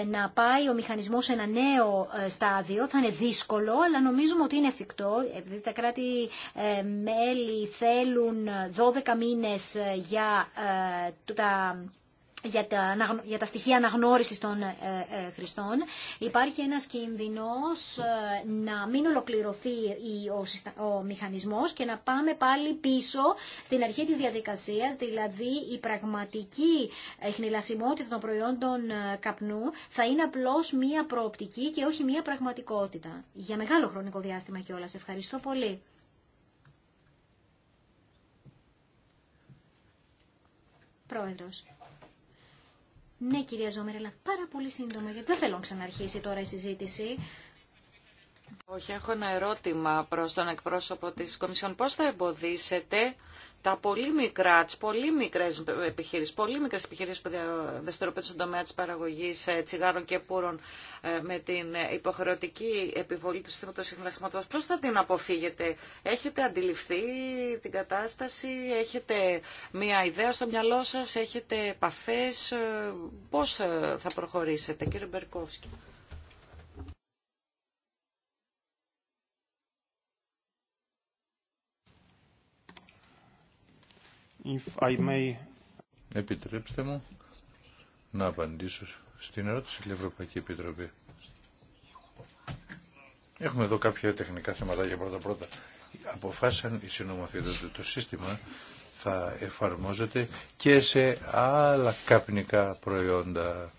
ε, να πάει ο μηχανισμό σε ένα νέο στάδιο. Θα είναι δύσκολο, αλλά νομίζουμε ότι είναι εφικτό. Επειδή τα κράτη θέλουν 12 μήνες για ε, τα για τα, για τα στοιχεία αναγνώρισης των ε, ε χρηστών. Υπάρχει ένας κινδυνός ε, να μην ολοκληρωθεί ο, ο μηχανισμός και να πάμε πάλι πίσω στην αρχή της διαδικασίας, δηλαδή η πραγματική εχνηλασιμότητα των προϊόντων καπνού θα είναι απλώς μία προοπτική και όχι μία πραγματικότητα. Για μεγάλο χρονικό διάστημα κιόλας. Ευχαριστώ πολύ. Πρόεδρος. Ναι, κυρία Ζόμερελα, πάρα πολύ σύντομα, γιατί δεν θέλω να ξαναρχίσει τώρα η συζήτηση. Όχι, έχω ένα ερώτημα προς τον εκπρόσωπο της Κομισιόν. Πώς θα εμποδίσετε τα πολύ μικρά, τις πολύ μικρές επιχειρήσεις, πολύ μικρές επιχειρήσεις που δραστηριοποιούνται στον τομέα της παραγωγής ε, τσιγάρων και πούρων ε, με την ε, υποχρεωτική επιβολή του συστήματος συχνασματός. Πώς θα την αποφύγετε. Έχετε αντιληφθεί την κατάσταση, έχετε μία ιδέα στο μυαλό σας, έχετε επαφές. Πώς θα προχωρήσετε κύριε Μπερκόφσκι. Επιτρέψτε μου να απαντήσω στην ερώτηση της Ευρωπαϊκή Επιτροπή. Έχουμε εδώ κάποια τεχνικά θεματάκια πρώτα-πρώτα. Αποφάσισαν οι συνομοθέτες ότι το σύστημα θα εφαρμόζεται και σε άλλα καπνικά προϊόντα.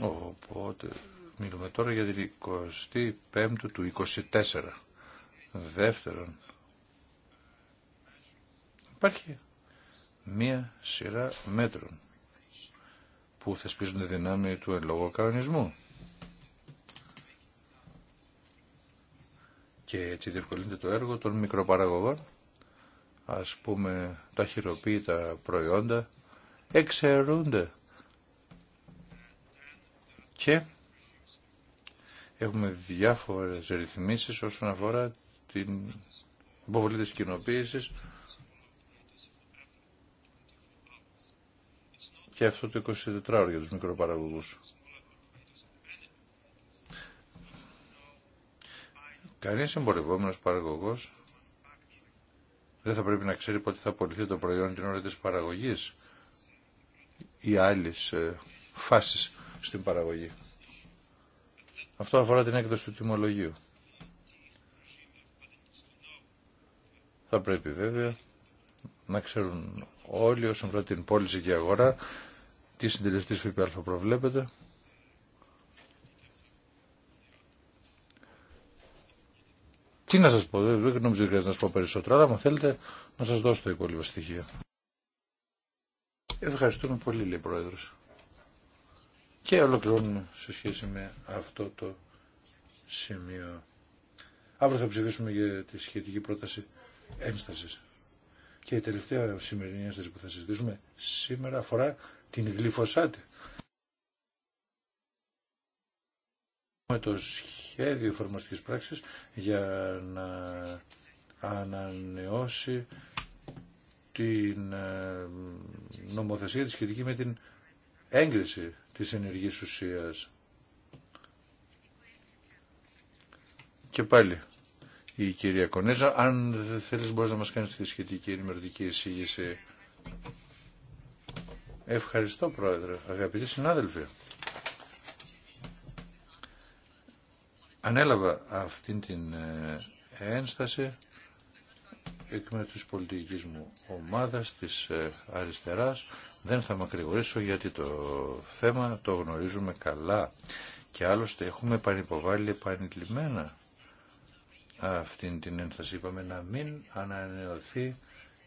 Οπότε μιλούμε τώρα για την 25η του 24. Δεύτερον, υπάρχει μία σειρά μέτρων που θεσπίζουν τη δυνάμει του εν λόγω κανονισμού. Και έτσι διευκολύνεται το έργο των μικροπαραγωγών, ας πούμε τα χειροποίητα προϊόντα, εξαιρούνται και έχουμε διάφορες ρυθμίσεις όσον αφορά την υποβολή της κοινοποίησης και αυτό το 24 ώρο για τους μικροπαραγωγούς. Κανείς εμπορευόμενος παραγωγός δεν θα πρέπει να ξέρει πότε θα απολυθεί το προϊόν την ώρα της παραγωγής ή ε, φάσεις στην παραγωγή. Αυτό αφορά την έκδοση του τιμολογίου. Θα πρέπει βέβαια να ξέρουν όλοι όσον αφορά την πώληση και αγορά τι συντελεστής ΦΠΑ προβλέπεται. Τι να σας πω, δεν νομίζω ότι χρειάζεται να σας πω περισσότερο, αλλά αν θέλετε να σας δώσω το υπόλοιπο στοιχεία. Ευχαριστούμε πολύ, λέει Πρόεδρος. Και ολοκληρώνουμε σε σχέση με αυτό το σημείο. Αύριο θα ψηφίσουμε για τη σχετική πρόταση ένστασης. Και η τελευταία σημερινή ένσταση που θα συζητήσουμε σήμερα αφορά την γλυφοσάτη. Με το σχέδιο εφαρμοστικής πράξης για να ανανεώσει την ε, νομοθεσία τη σχετική με την έγκριση της ενεργής ουσίας. Και πάλι η κυρία Κονέζα. Αν θέλεις μπορείς να μας κάνεις τη σχετική ενημερωτική εισήγηση. Ευχαριστώ Πρόεδρε, αγαπητοί συνάδελφοι. Ανέλαβα αυτή την ε, ένσταση εκ μέρους της πολιτικής μου ομάδας, της ε, αριστεράς. Δεν θα μακρηγορήσω γιατί το θέμα το γνωρίζουμε καλά και άλλωστε έχουμε πανυποβάλει επανειλημμένα αυτήν την ένσταση είπαμε να μην ανανεωθεί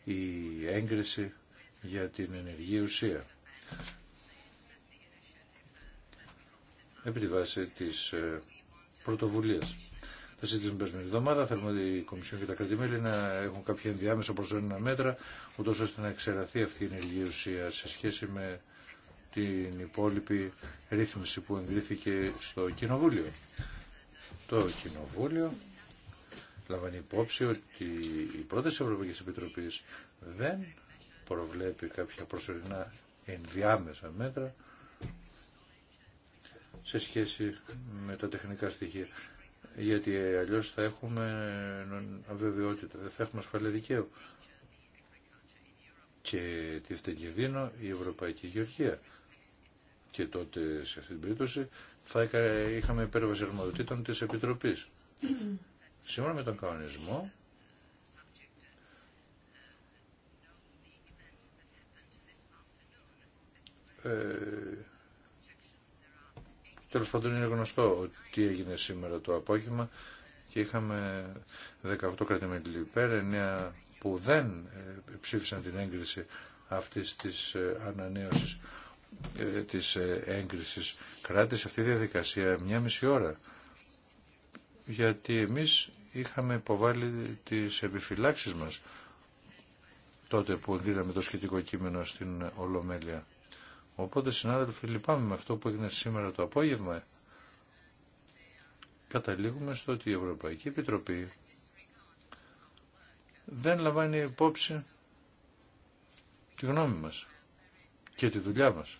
η έγκριση για την ενεργή ουσία. Επί τη βάση της ε, πρωτοβουλίας. Θα συζητήσουμε την εβδομάδα. Θέλουμε ότι η Κομισιόν και τα κρατημέλη να έχουν κάποια ενδιάμεσα προσωρινά μέτρα, ούτω ώστε να εξεραθεί αυτή η ενεργή ουσία σε σχέση με την υπόλοιπη ρύθμιση που εγκρίθηκε στο Κοινοβούλιο. Το Κοινοβούλιο λαμβάνει υπόψη ότι η της Ευρωπαϊκής Επιτροπής δεν προβλέπει κάποια προσωρινά ενδιάμεσα μέτρα σε σχέση με τα τεχνικά στοιχεία. Γιατί αλλιώς θα έχουμε αβεβαιότητα, δεν θα έχουμε ασφαλή δικαίου. Και τη δίνω η Ευρωπαϊκή Γεωργία. Και τότε σε αυτή την περίπτωση θα είχαμε υπέρβαση αρμοδοτήτων της Επιτροπής σήμερα με τον κανονισμό, ε, τέλος πάντων είναι γνωστό τι έγινε σήμερα το απόγευμα και είχαμε 18 κρατημένοι υπέρ, 9 που δεν ε, ψήφισαν την έγκριση αυτής της ε, ανανέωσης ε, της έγκρισης κράτησε αυτή η διαδικασία μια μισή ώρα γιατί εμείς είχαμε υποβάλει τις επιφυλάξεις μας τότε που εγκρίναμε το σχετικό κείμενο στην Ολομέλεια. Οπότε συνάδελφοι λυπάμαι με αυτό που έγινε σήμερα το απόγευμα. Καταλήγουμε στο ότι η Ευρωπαϊκή Επιτροπή δεν λαμβάνει υπόψη τη γνώμη μας και τη δουλειά μας.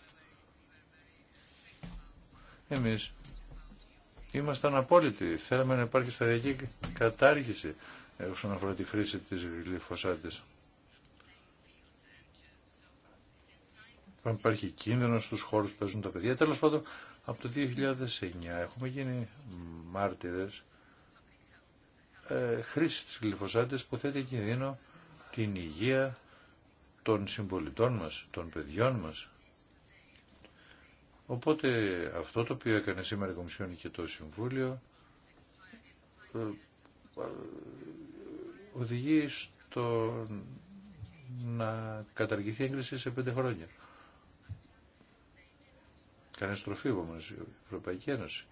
Εμείς ήμασταν απόλυτοι. Θέλαμε να υπάρχει σταδιακή κατάργηση ε, όσον αφορά τη χρήση της γλυφοσάτης. Υπάρχει κίνδυνο στους χώρους που παίζουν τα παιδιά. Τέλος πάντων, από το 2009 έχουμε γίνει μάρτυρες ε, χρήση της γλυφοσάτης που θέτει κινδύνο την υγεία των συμπολιτών μας, των παιδιών μας. Οπότε αυτό το οποίο έκανε σήμερα η Κομισιόν και το Συμβούλιο ε, ε, οδηγεί στο να καταργηθεί η έγκριση σε πέντε χρόνια. Κάνει στροφή όμως η Ευρωπαϊκή Ένωση.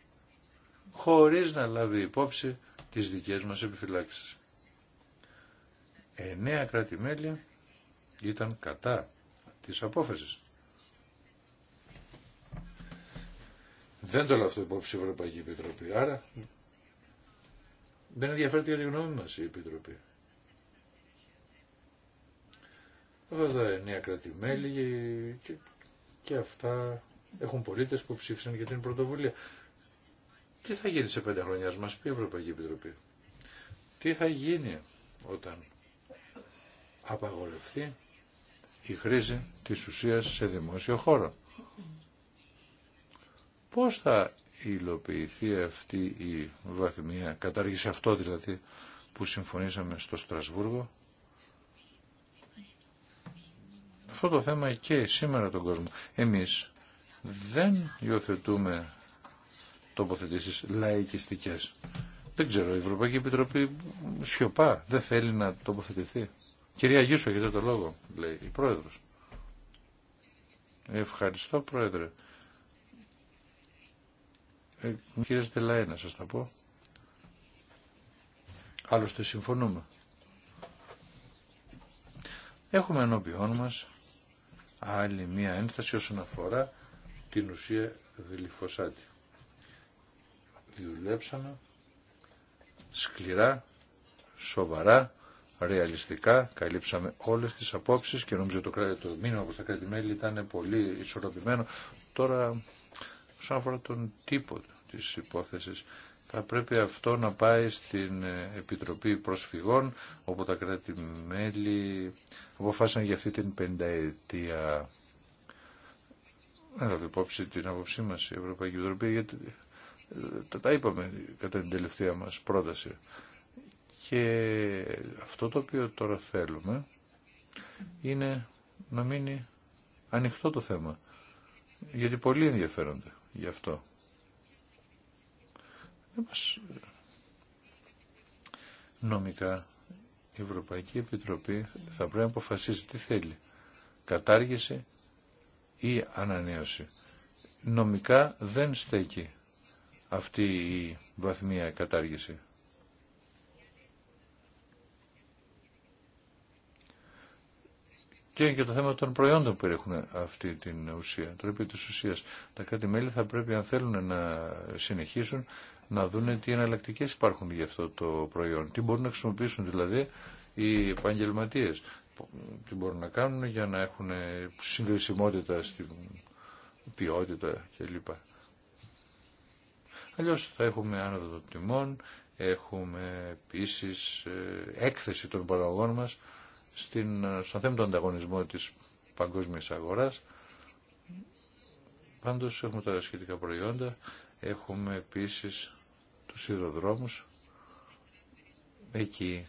Χωρίς να λάβει υπόψη τις δικές μας επιφυλάξεις. Εννέα κράτη-μέλη ήταν κατά της απόφασης. Δεν το λέω αυτό υπόψη η Ευρωπαϊκή Επιτροπή. Άρα δεν ενδιαφέρεται για τη γνώμη μας η Επιτροπή. Αυτά τα εννέα κρατημέλη και, και αυτά έχουν πολίτες που ψήφισαν για την πρωτοβουλία. Τι θα γίνει σε πέντε χρόνια, μας πει η Ευρωπαϊκή Επιτροπή. Τι θα γίνει όταν απαγορευτεί η χρήση της ουσίας σε δημόσιο χώρο. Πώς θα υλοποιηθεί αυτή η βαθμία κατάργηση, αυτό δηλαδή που συμφωνήσαμε στο Στρασβούργο. Αυτό το θέμα και σήμερα τον κόσμο. Εμείς δεν υιοθετούμε τοποθετήσεις λαϊκιστικές. Δεν ξέρω, η Ευρωπαϊκή Επιτροπή σιωπά, δεν θέλει να τοποθετηθεί. Κυρία Γιούσο, έχετε το λόγο, λέει η Πρόεδρος. Ευχαριστώ, Πρόεδρε. Ε, κύριε Στελαέ, να σας τα πω. Άλλωστε συμφωνούμε. Έχουμε ενώπιόν μας άλλη μία ένταση όσον αφορά την ουσία γλυφοσάτη. Δουλέψαμε σκληρά, σοβαρά, ρεαλιστικά, καλύψαμε όλες τις απόψεις και νομίζω το, το μήνυμα που στα κράτη-μέλη ήταν πολύ ισορροπημένο. Τώρα όσον αφορά τον τύπο της υπόθεσης θα πρέπει αυτό να πάει στην Επιτροπή Προσφυγών όπου τα κράτη-μέλη αποφάσισαν για αυτή την πενταετία έλαβε υπόψη την άποψή μας η Ευρωπαϊκή Επιτροπή γιατί ε, τα, είπαμε κατά την τελευταία μας πρόταση και αυτό το οποίο τώρα θέλουμε είναι να μείνει ανοιχτό το θέμα γιατί πολύ ενδιαφέρονται γι' αυτό. Νομικά η Ευρωπαϊκή Επιτροπή θα πρέπει να αποφασίσει τι θέλει. Κατάργηση ή ανανέωση. Νομικά δεν στέκει αυτή η βαθμία κατάργηση. και και το θέμα των προϊόντων που περιέχουν αυτή την ουσία, το επί της ουσίας. Τα κράτη-μέλη θα πρέπει, αν θέλουν να συνεχίσουν, να δουν τι εναλλακτικέ υπάρχουν για αυτό το προϊόν. Τι μπορούν να χρησιμοποιήσουν δηλαδή οι επαγγελματίε. Τι μπορούν να κάνουν για να έχουν συγκρισιμότητα στην ποιότητα κλπ. Αλλιώ θα έχουμε άνοδο των τιμών, έχουμε επίση ε, έκθεση των παραγωγών μας στην, στον θέμα του ανταγωνισμού της παγκόσμιας αγοράς. Πάντως έχουμε τα σχετικά προϊόντα, έχουμε επίσης τους σιδηροδρόμους. Εκεί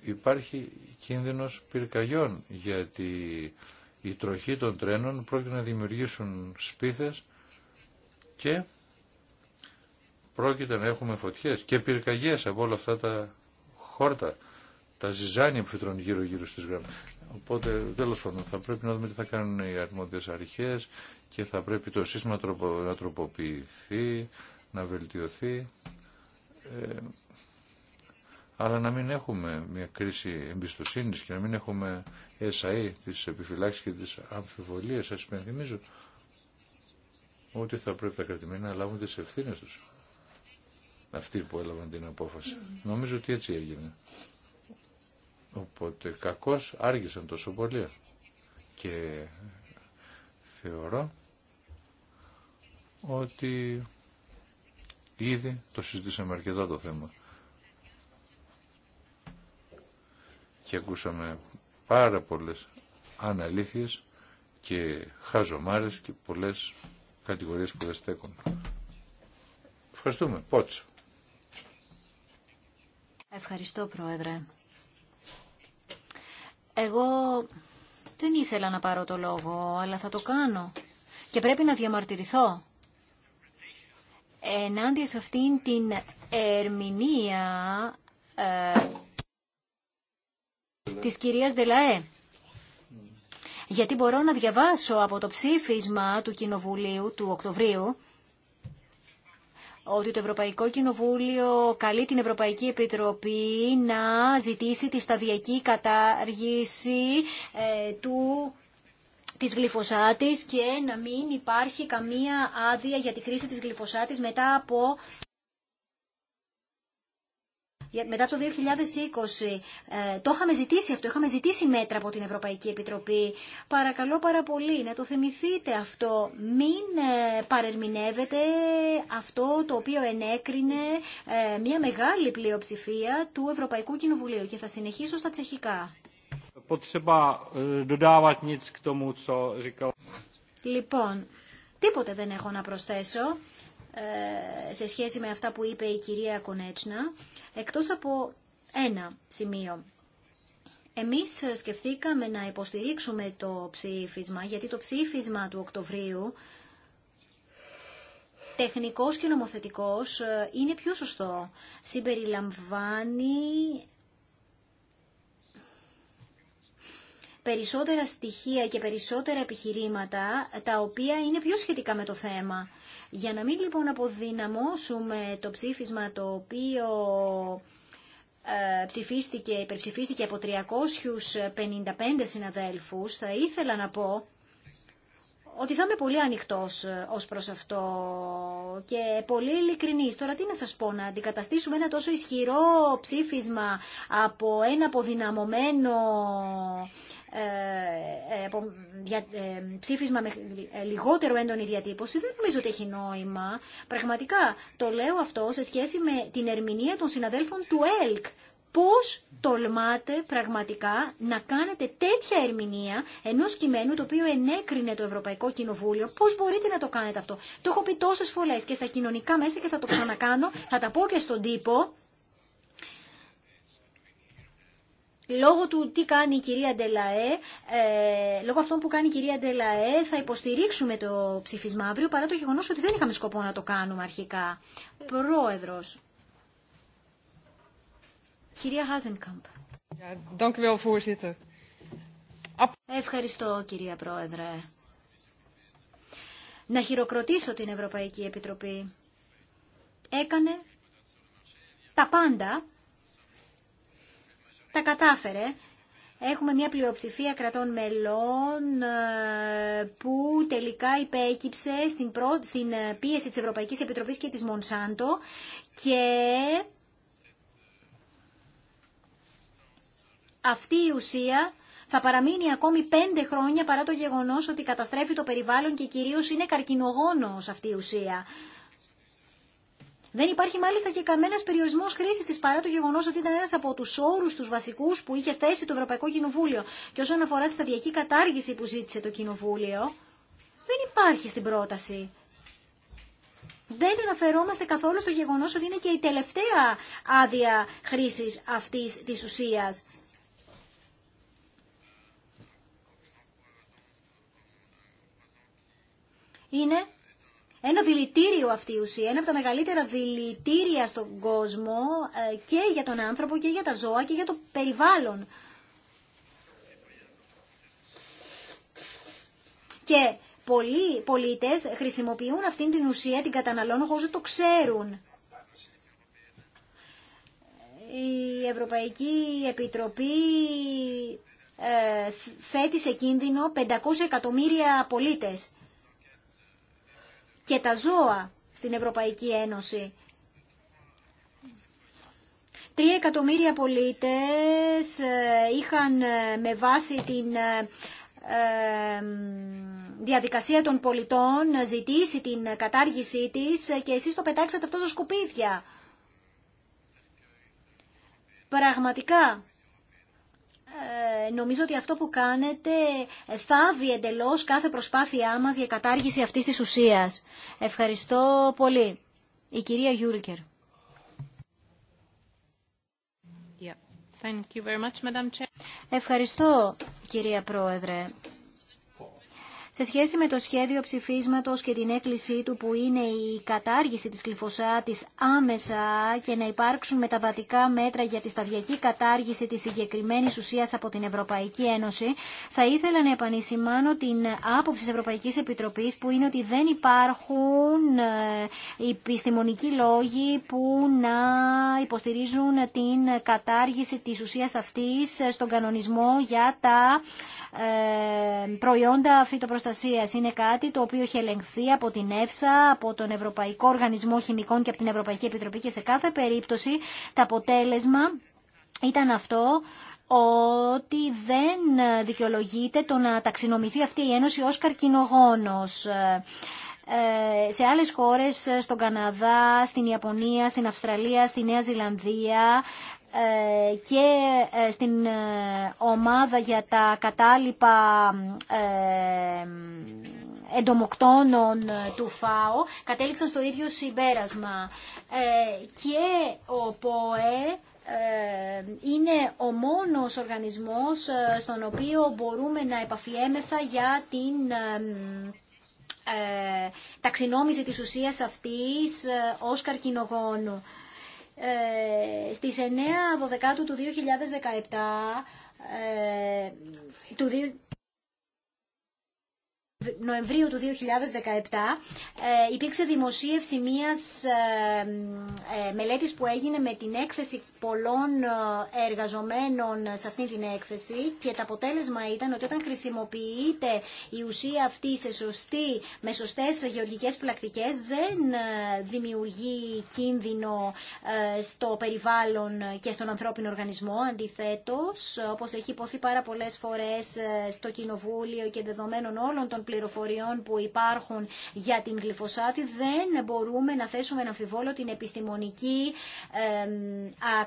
υπάρχει κίνδυνος πυρκαγιών, γιατί η τροχή των τρένων πρόκειται να δημιουργήσουν σπίθες και πρόκειται να έχουμε φωτιές και πυρκαγιές από όλα αυτά τα χόρτα τα ζυζάνια που φυτρώνουν γύρω-γύρω στις γραμμές. Οπότε, τέλος πάντων, θα πρέπει να δούμε τι θα κάνουν οι αρμόδιες αρχές και θα πρέπει το σύστημα να τροποποιηθεί, να βελτιωθεί, ε, αλλά να μην έχουμε μια κρίση εμπιστοσύνης και να μην έχουμε SAE, τις επιφυλάξεις και τις αμφιβολίες. Σας υπενθυμίζω ότι θα πρέπει τα κρατημένα να λάβουν τις ευθύνες τους. Αυτοί που έλαβαν την απόφαση. Mm. Νομίζω ότι έτσι έγινε. Οπότε κακώς άργησαν τόσο πολύ. Και θεωρώ ότι ήδη το συζητήσαμε αρκετά το θέμα. Και ακούσαμε πάρα πολλές αναλήθειες και χαζομάρες και πολλές κατηγορίες που δεν στέκουν. Ευχαριστούμε. Πότσο. Ευχαριστώ, Πρόεδρε. Εγώ δεν ήθελα να πάρω το λόγο, αλλά θα το κάνω. Και πρέπει να διαμαρτυρηθώ. Ενάντια σε αυτήν την ερμηνεία ε, της κυρίας Δελαέ. Γιατί μπορώ να διαβάσω από το ψήφισμα του Κοινοβουλίου του Οκτωβρίου ότι το Ευρωπαϊκό Κοινοβούλιο καλεί την Ευρωπαϊκή Επιτροπή να ζητήσει τη σταδιακή κατάργηση ε, του της γλυφοσάτης και να μην υπάρχει καμία άδεια για τη χρήση της γλυφοσάτης μετά από μετά το 2020. Ε, το είχαμε ζητήσει αυτό, είχαμε ζητήσει μέτρα από την Ευρωπαϊκή Επιτροπή. Παρακαλώ πάρα πολύ να το θυμηθείτε αυτό. Μην ε, παρερμηνεύετε αυτό το οποίο ενέκρινε ε, μια μεγάλη πλειοψηφία του Ευρωπαϊκού Κοινοβουλίου. Και θα συνεχίσω στα τσεχικά. Λοιπόν, τίποτε δεν έχω να προσθέσω. Ε, σε σχέση με αυτά που είπε η κυρία Κονέτσνα, εκτός από ένα σημείο. Εμείς σκεφτήκαμε να υποστηρίξουμε το ψήφισμα, γιατί το ψήφισμα του Οκτωβρίου, τεχνικός και νομοθετικός, ε, είναι πιο σωστό. Συμπεριλαμβάνει περισσότερα στοιχεία και περισσότερα επιχειρήματα, τα οποία είναι πιο σχετικά με το θέμα. Για να μην λοιπόν αποδυναμώσουμε το ψήφισμα το οποίο ε, ψηφίστηκε, υπερψηφίστηκε από 355 συναδέλφους, θα ήθελα να πω ότι θα είμαι πολύ ανοιχτός ε, ως προς αυτό και πολύ ειλικρινής. Τώρα, τι να σας πω, να αντικαταστήσουμε ένα τόσο ισχυρό ψήφισμα από ένα αποδυναμωμένο ε, ε, ε, ψήφισμα με λιγότερο έντονη διατύπωση δεν νομίζω ότι έχει νόημα. Πραγματικά το λέω αυτό σε σχέση με την ερμηνεία των συναδέλφων του ΕΛΚ πώς τολμάτε πραγματικά να κάνετε τέτοια ερμηνεία ενός κειμένου το οποίο ενέκρινε το Ευρωπαϊκό Κοινοβούλιο. Πώς μπορείτε να το κάνετε αυτό. Το έχω πει τόσες φορές και στα κοινωνικά μέσα και θα το ξανακάνω. Θα τα πω και στον τύπο. Λόγω του τι κάνει η κυρία Ντελαέ, ε, λόγω αυτών που κάνει η κυρία Ντελαέ, θα υποστηρίξουμε το ψηφισμά αύριο, παρά το γεγονός ότι δεν είχαμε σκοπό να το κάνουμε αρχικά. Πρόεδρος. Κυρία Χάζενκαμπ. Ευχαριστώ κυρία Πρόεδρε. Να χειροκροτήσω την Ευρωπαϊκή Επιτροπή. Έκανε τα πάντα τα κατάφερε. Έχουμε μια πλειοψηφία κρατών μελών ε, που τελικά υπέκυψε στην ε, πίεση της Ευρωπαϊκής Επιτροπής και της Μονσάντο και αυτή η ουσία θα παραμείνει ακόμη πέντε χρόνια παρά το γεγονός ότι καταστρέφει το περιβάλλον και κυρίως είναι καρκινογόνος αυτή η ουσία. Δεν υπάρχει μάλιστα και κανένα περιορισμό χρήση τη παρά το γεγονό ότι ήταν ένα από του όρου του βασικού που είχε θέσει το Ευρωπαϊκό Κοινοβούλιο. Και όσον αφορά τη σταδιακή κατάργηση που ζήτησε το Κοινοβούλιο, δεν υπάρχει στην πρόταση. Δεν αναφερόμαστε καθόλου στο γεγονό ότι είναι και η τελευταία άδεια χρήση αυτή τη ουσία. Είναι ένα δηλητήριο αυτή η ουσία, ένα από τα μεγαλύτερα δηλητήρια στον κόσμο ε, και για τον άνθρωπο και για τα ζώα και για το περιβάλλον. Και πολλοί πολίτες χρησιμοποιούν αυτήν την ουσία, την καταναλώνουν χωρίς το ξέρουν. Η Ευρωπαϊκή Επιτροπή ε, θέτει σε κίνδυνο 500 εκατομμύρια πολίτες και τα ζώα στην Ευρωπαϊκή Ένωση. Τρία εκατομμύρια πολίτες ε, είχαν ε, με βάση την ε, διαδικασία των πολιτών ζητήσει την κατάργησή της και εσείς το πετάξατε αυτό στα σκουπίδια. Πραγματικά ε, νομίζω ότι αυτό που κάνετε θάβει εντελώς κάθε προσπάθειά μας για κατάργηση αυτής της ουσίας. Ευχαριστώ πολύ. Η κυρία Γιούλκερ. Yeah. Ευχαριστώ, κυρία Πρόεδρε. Σε σχέση με το σχέδιο ψηφίσματος και την έκκλησή του που είναι η κατάργηση της κλειφωσάτης άμεσα και να υπάρξουν μεταβατικά μέτρα για τη σταδιακή κατάργηση της συγκεκριμένη ουσίας από την Ευρωπαϊκή Ένωση, θα ήθελα να επανεισημάνω την άποψη της Ευρωπαϊκής Επιτροπής που είναι ότι δεν υπάρχουν ε, επιστημονικοί λόγοι που να υποστηρίζουν την κατάργηση της ουσίας αυτής στον κανονισμό για τα ε, προϊόντα φυτοπροστασίας είναι κάτι το οποίο έχει ελεγχθεί από την ΕΦΣΑ, από τον Ευρωπαϊκό Οργανισμό Χημικών και από την Ευρωπαϊκή Επιτροπή και σε κάθε περίπτωση το αποτέλεσμα ήταν αυτό ότι δεν δικαιολογείται το να ταξινομηθεί αυτή η ένωση ως καρκινογόνος. Ε, σε άλλες χώρες, στον Καναδά, στην Ιαπωνία, στην Αυστραλία, στη Νέα Ζηλανδία, ε, και ε, στην ε, ομάδα για τα κατάλοιπα εντομοκτώνων του ΦΑΟ κατέληξαν στο ίδιο συμπέρασμα. Και ο ΠΟΕ είναι ο μόνος οργανισμός στον οποίο μπορούμε να επαφιέμεθα για την ταξινόμηση της ουσίας αυτής ως καρκινογόνου. Ε, στις 9 του 2017 ε, του Νοεμβρίου του 2017 ε, υπήρξε δημοσίευση μιας μελέτης που έγινε με την έκθεση πολλών ε, εργαζομένων σε αυτή την έκθεση και το αποτέλεσμα ήταν ότι όταν χρησιμοποιείται η ουσία αυτή σε σωστή, με σωστές γεωργικές πλακτικές δεν ε, δημιουργεί κίνδυνο ε, στο περιβάλλον και στον ανθρώπινο οργανισμό. Αντιθέτως, όπως έχει υποθεί πάρα πολλές φορές στο Κοινοβούλιο και δεδομένων όλων των πληροφοριών που υπάρχουν για την γλυφοσάτη, δεν μπορούμε να θέσουμε να αμφιβόλο την επιστημονική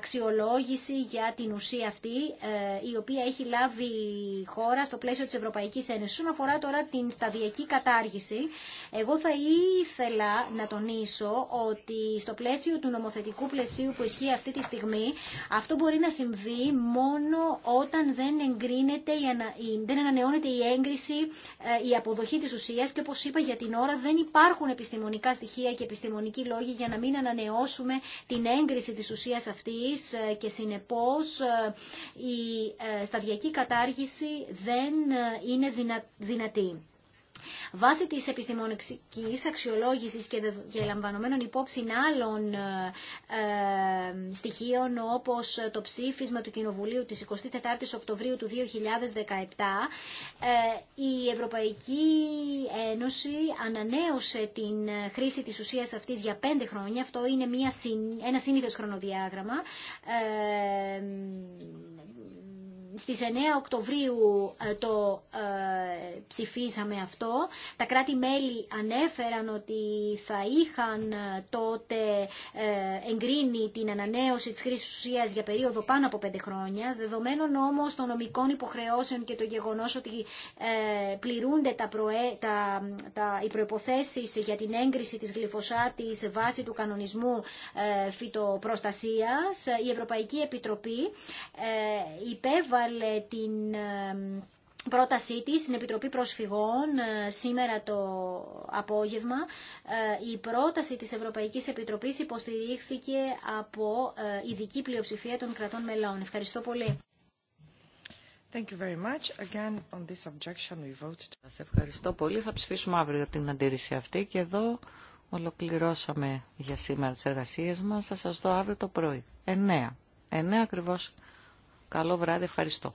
αξιολόγηση για την ουσία αυτή, ε, η οποία έχει λάβει χώρα στο πλαίσιο της Ευρωπαϊκής Ένωσης. Όσον αφορά τώρα την σταδιακή κατάργηση, εγώ θα ήθελα να τονίσω ότι στο πλαίσιο του νομοθετικού πλαισίου που ισχύει αυτή τη στιγμή, αυτό μπορεί να συμβεί μόνο όταν δεν, εγκρίνεται, δεν ανανεώνεται η έγκριση, ε, η αποδοχή της ουσίας και όπως είπα για την ώρα δεν υπάρχουν επιστημονικά στοιχεία και επιστημονικοί λόγοι για να μην ανανεώσουμε την έγκριση της ουσίας αυτή. Ε, και συνεπώς ε, η ε, σταδιακή κατάργηση δεν είναι δυνατή. Βάσει της επιστημονικής αξιολόγησης και, και λαμβανομένων υπόψη άλλων ε, ε, στοιχείων όπως το ψήφισμα του Κοινοβουλίου τη 24 η Οκτωβρίου του 2017 ε, η Ευρωπαϊκή Ένωση ανανέωσε την χρήση τη ουσία αυτή για πέντε χρόνια. Αυτό είναι μια, ένα σύνδεσχρονο χρονοδιάγραμμα στις 9 Οκτωβρίου ε, το ε, ψηφίσαμε αυτό. Τα κράτη-μέλη ανέφεραν ότι θα είχαν ε, τότε εγκρίνει την ανανέωση της χρήσης ουσίας για περίοδο πάνω από 5 χρόνια. Δεδομένων όμως των νομικών υποχρεώσεων και το γεγονός ότι πληρούνται τα τα, οι προϋποθέσεις για την έγκριση της γλυφοσάτης βάσει του κανονισμού φυτοπροστασίας, η Ευρωπαϊκή Επιτροπή υπέβαλε ε, την πρότασή της στην Επιτροπή Προσφυγών ε, σήμερα το απόγευμα. Ε, η πρόταση της Ευρωπαϊκής Επιτροπής υποστηρίχθηκε από ειδική πλειοψηφία των κρατών μελών. Ευχαριστώ πολύ. Thank you very much. Again, on this objection we voted. ευχαριστώ πολύ. Θα ψηφίσουμε αύριο την αντίρρηση αυτή και εδώ ολοκληρώσαμε για σήμερα τις εργασίες μας. Θα σας δω αύριο το πρωί. Εννέα. Εννέα ακριβώς Καλό βράδυ, ευχαριστώ.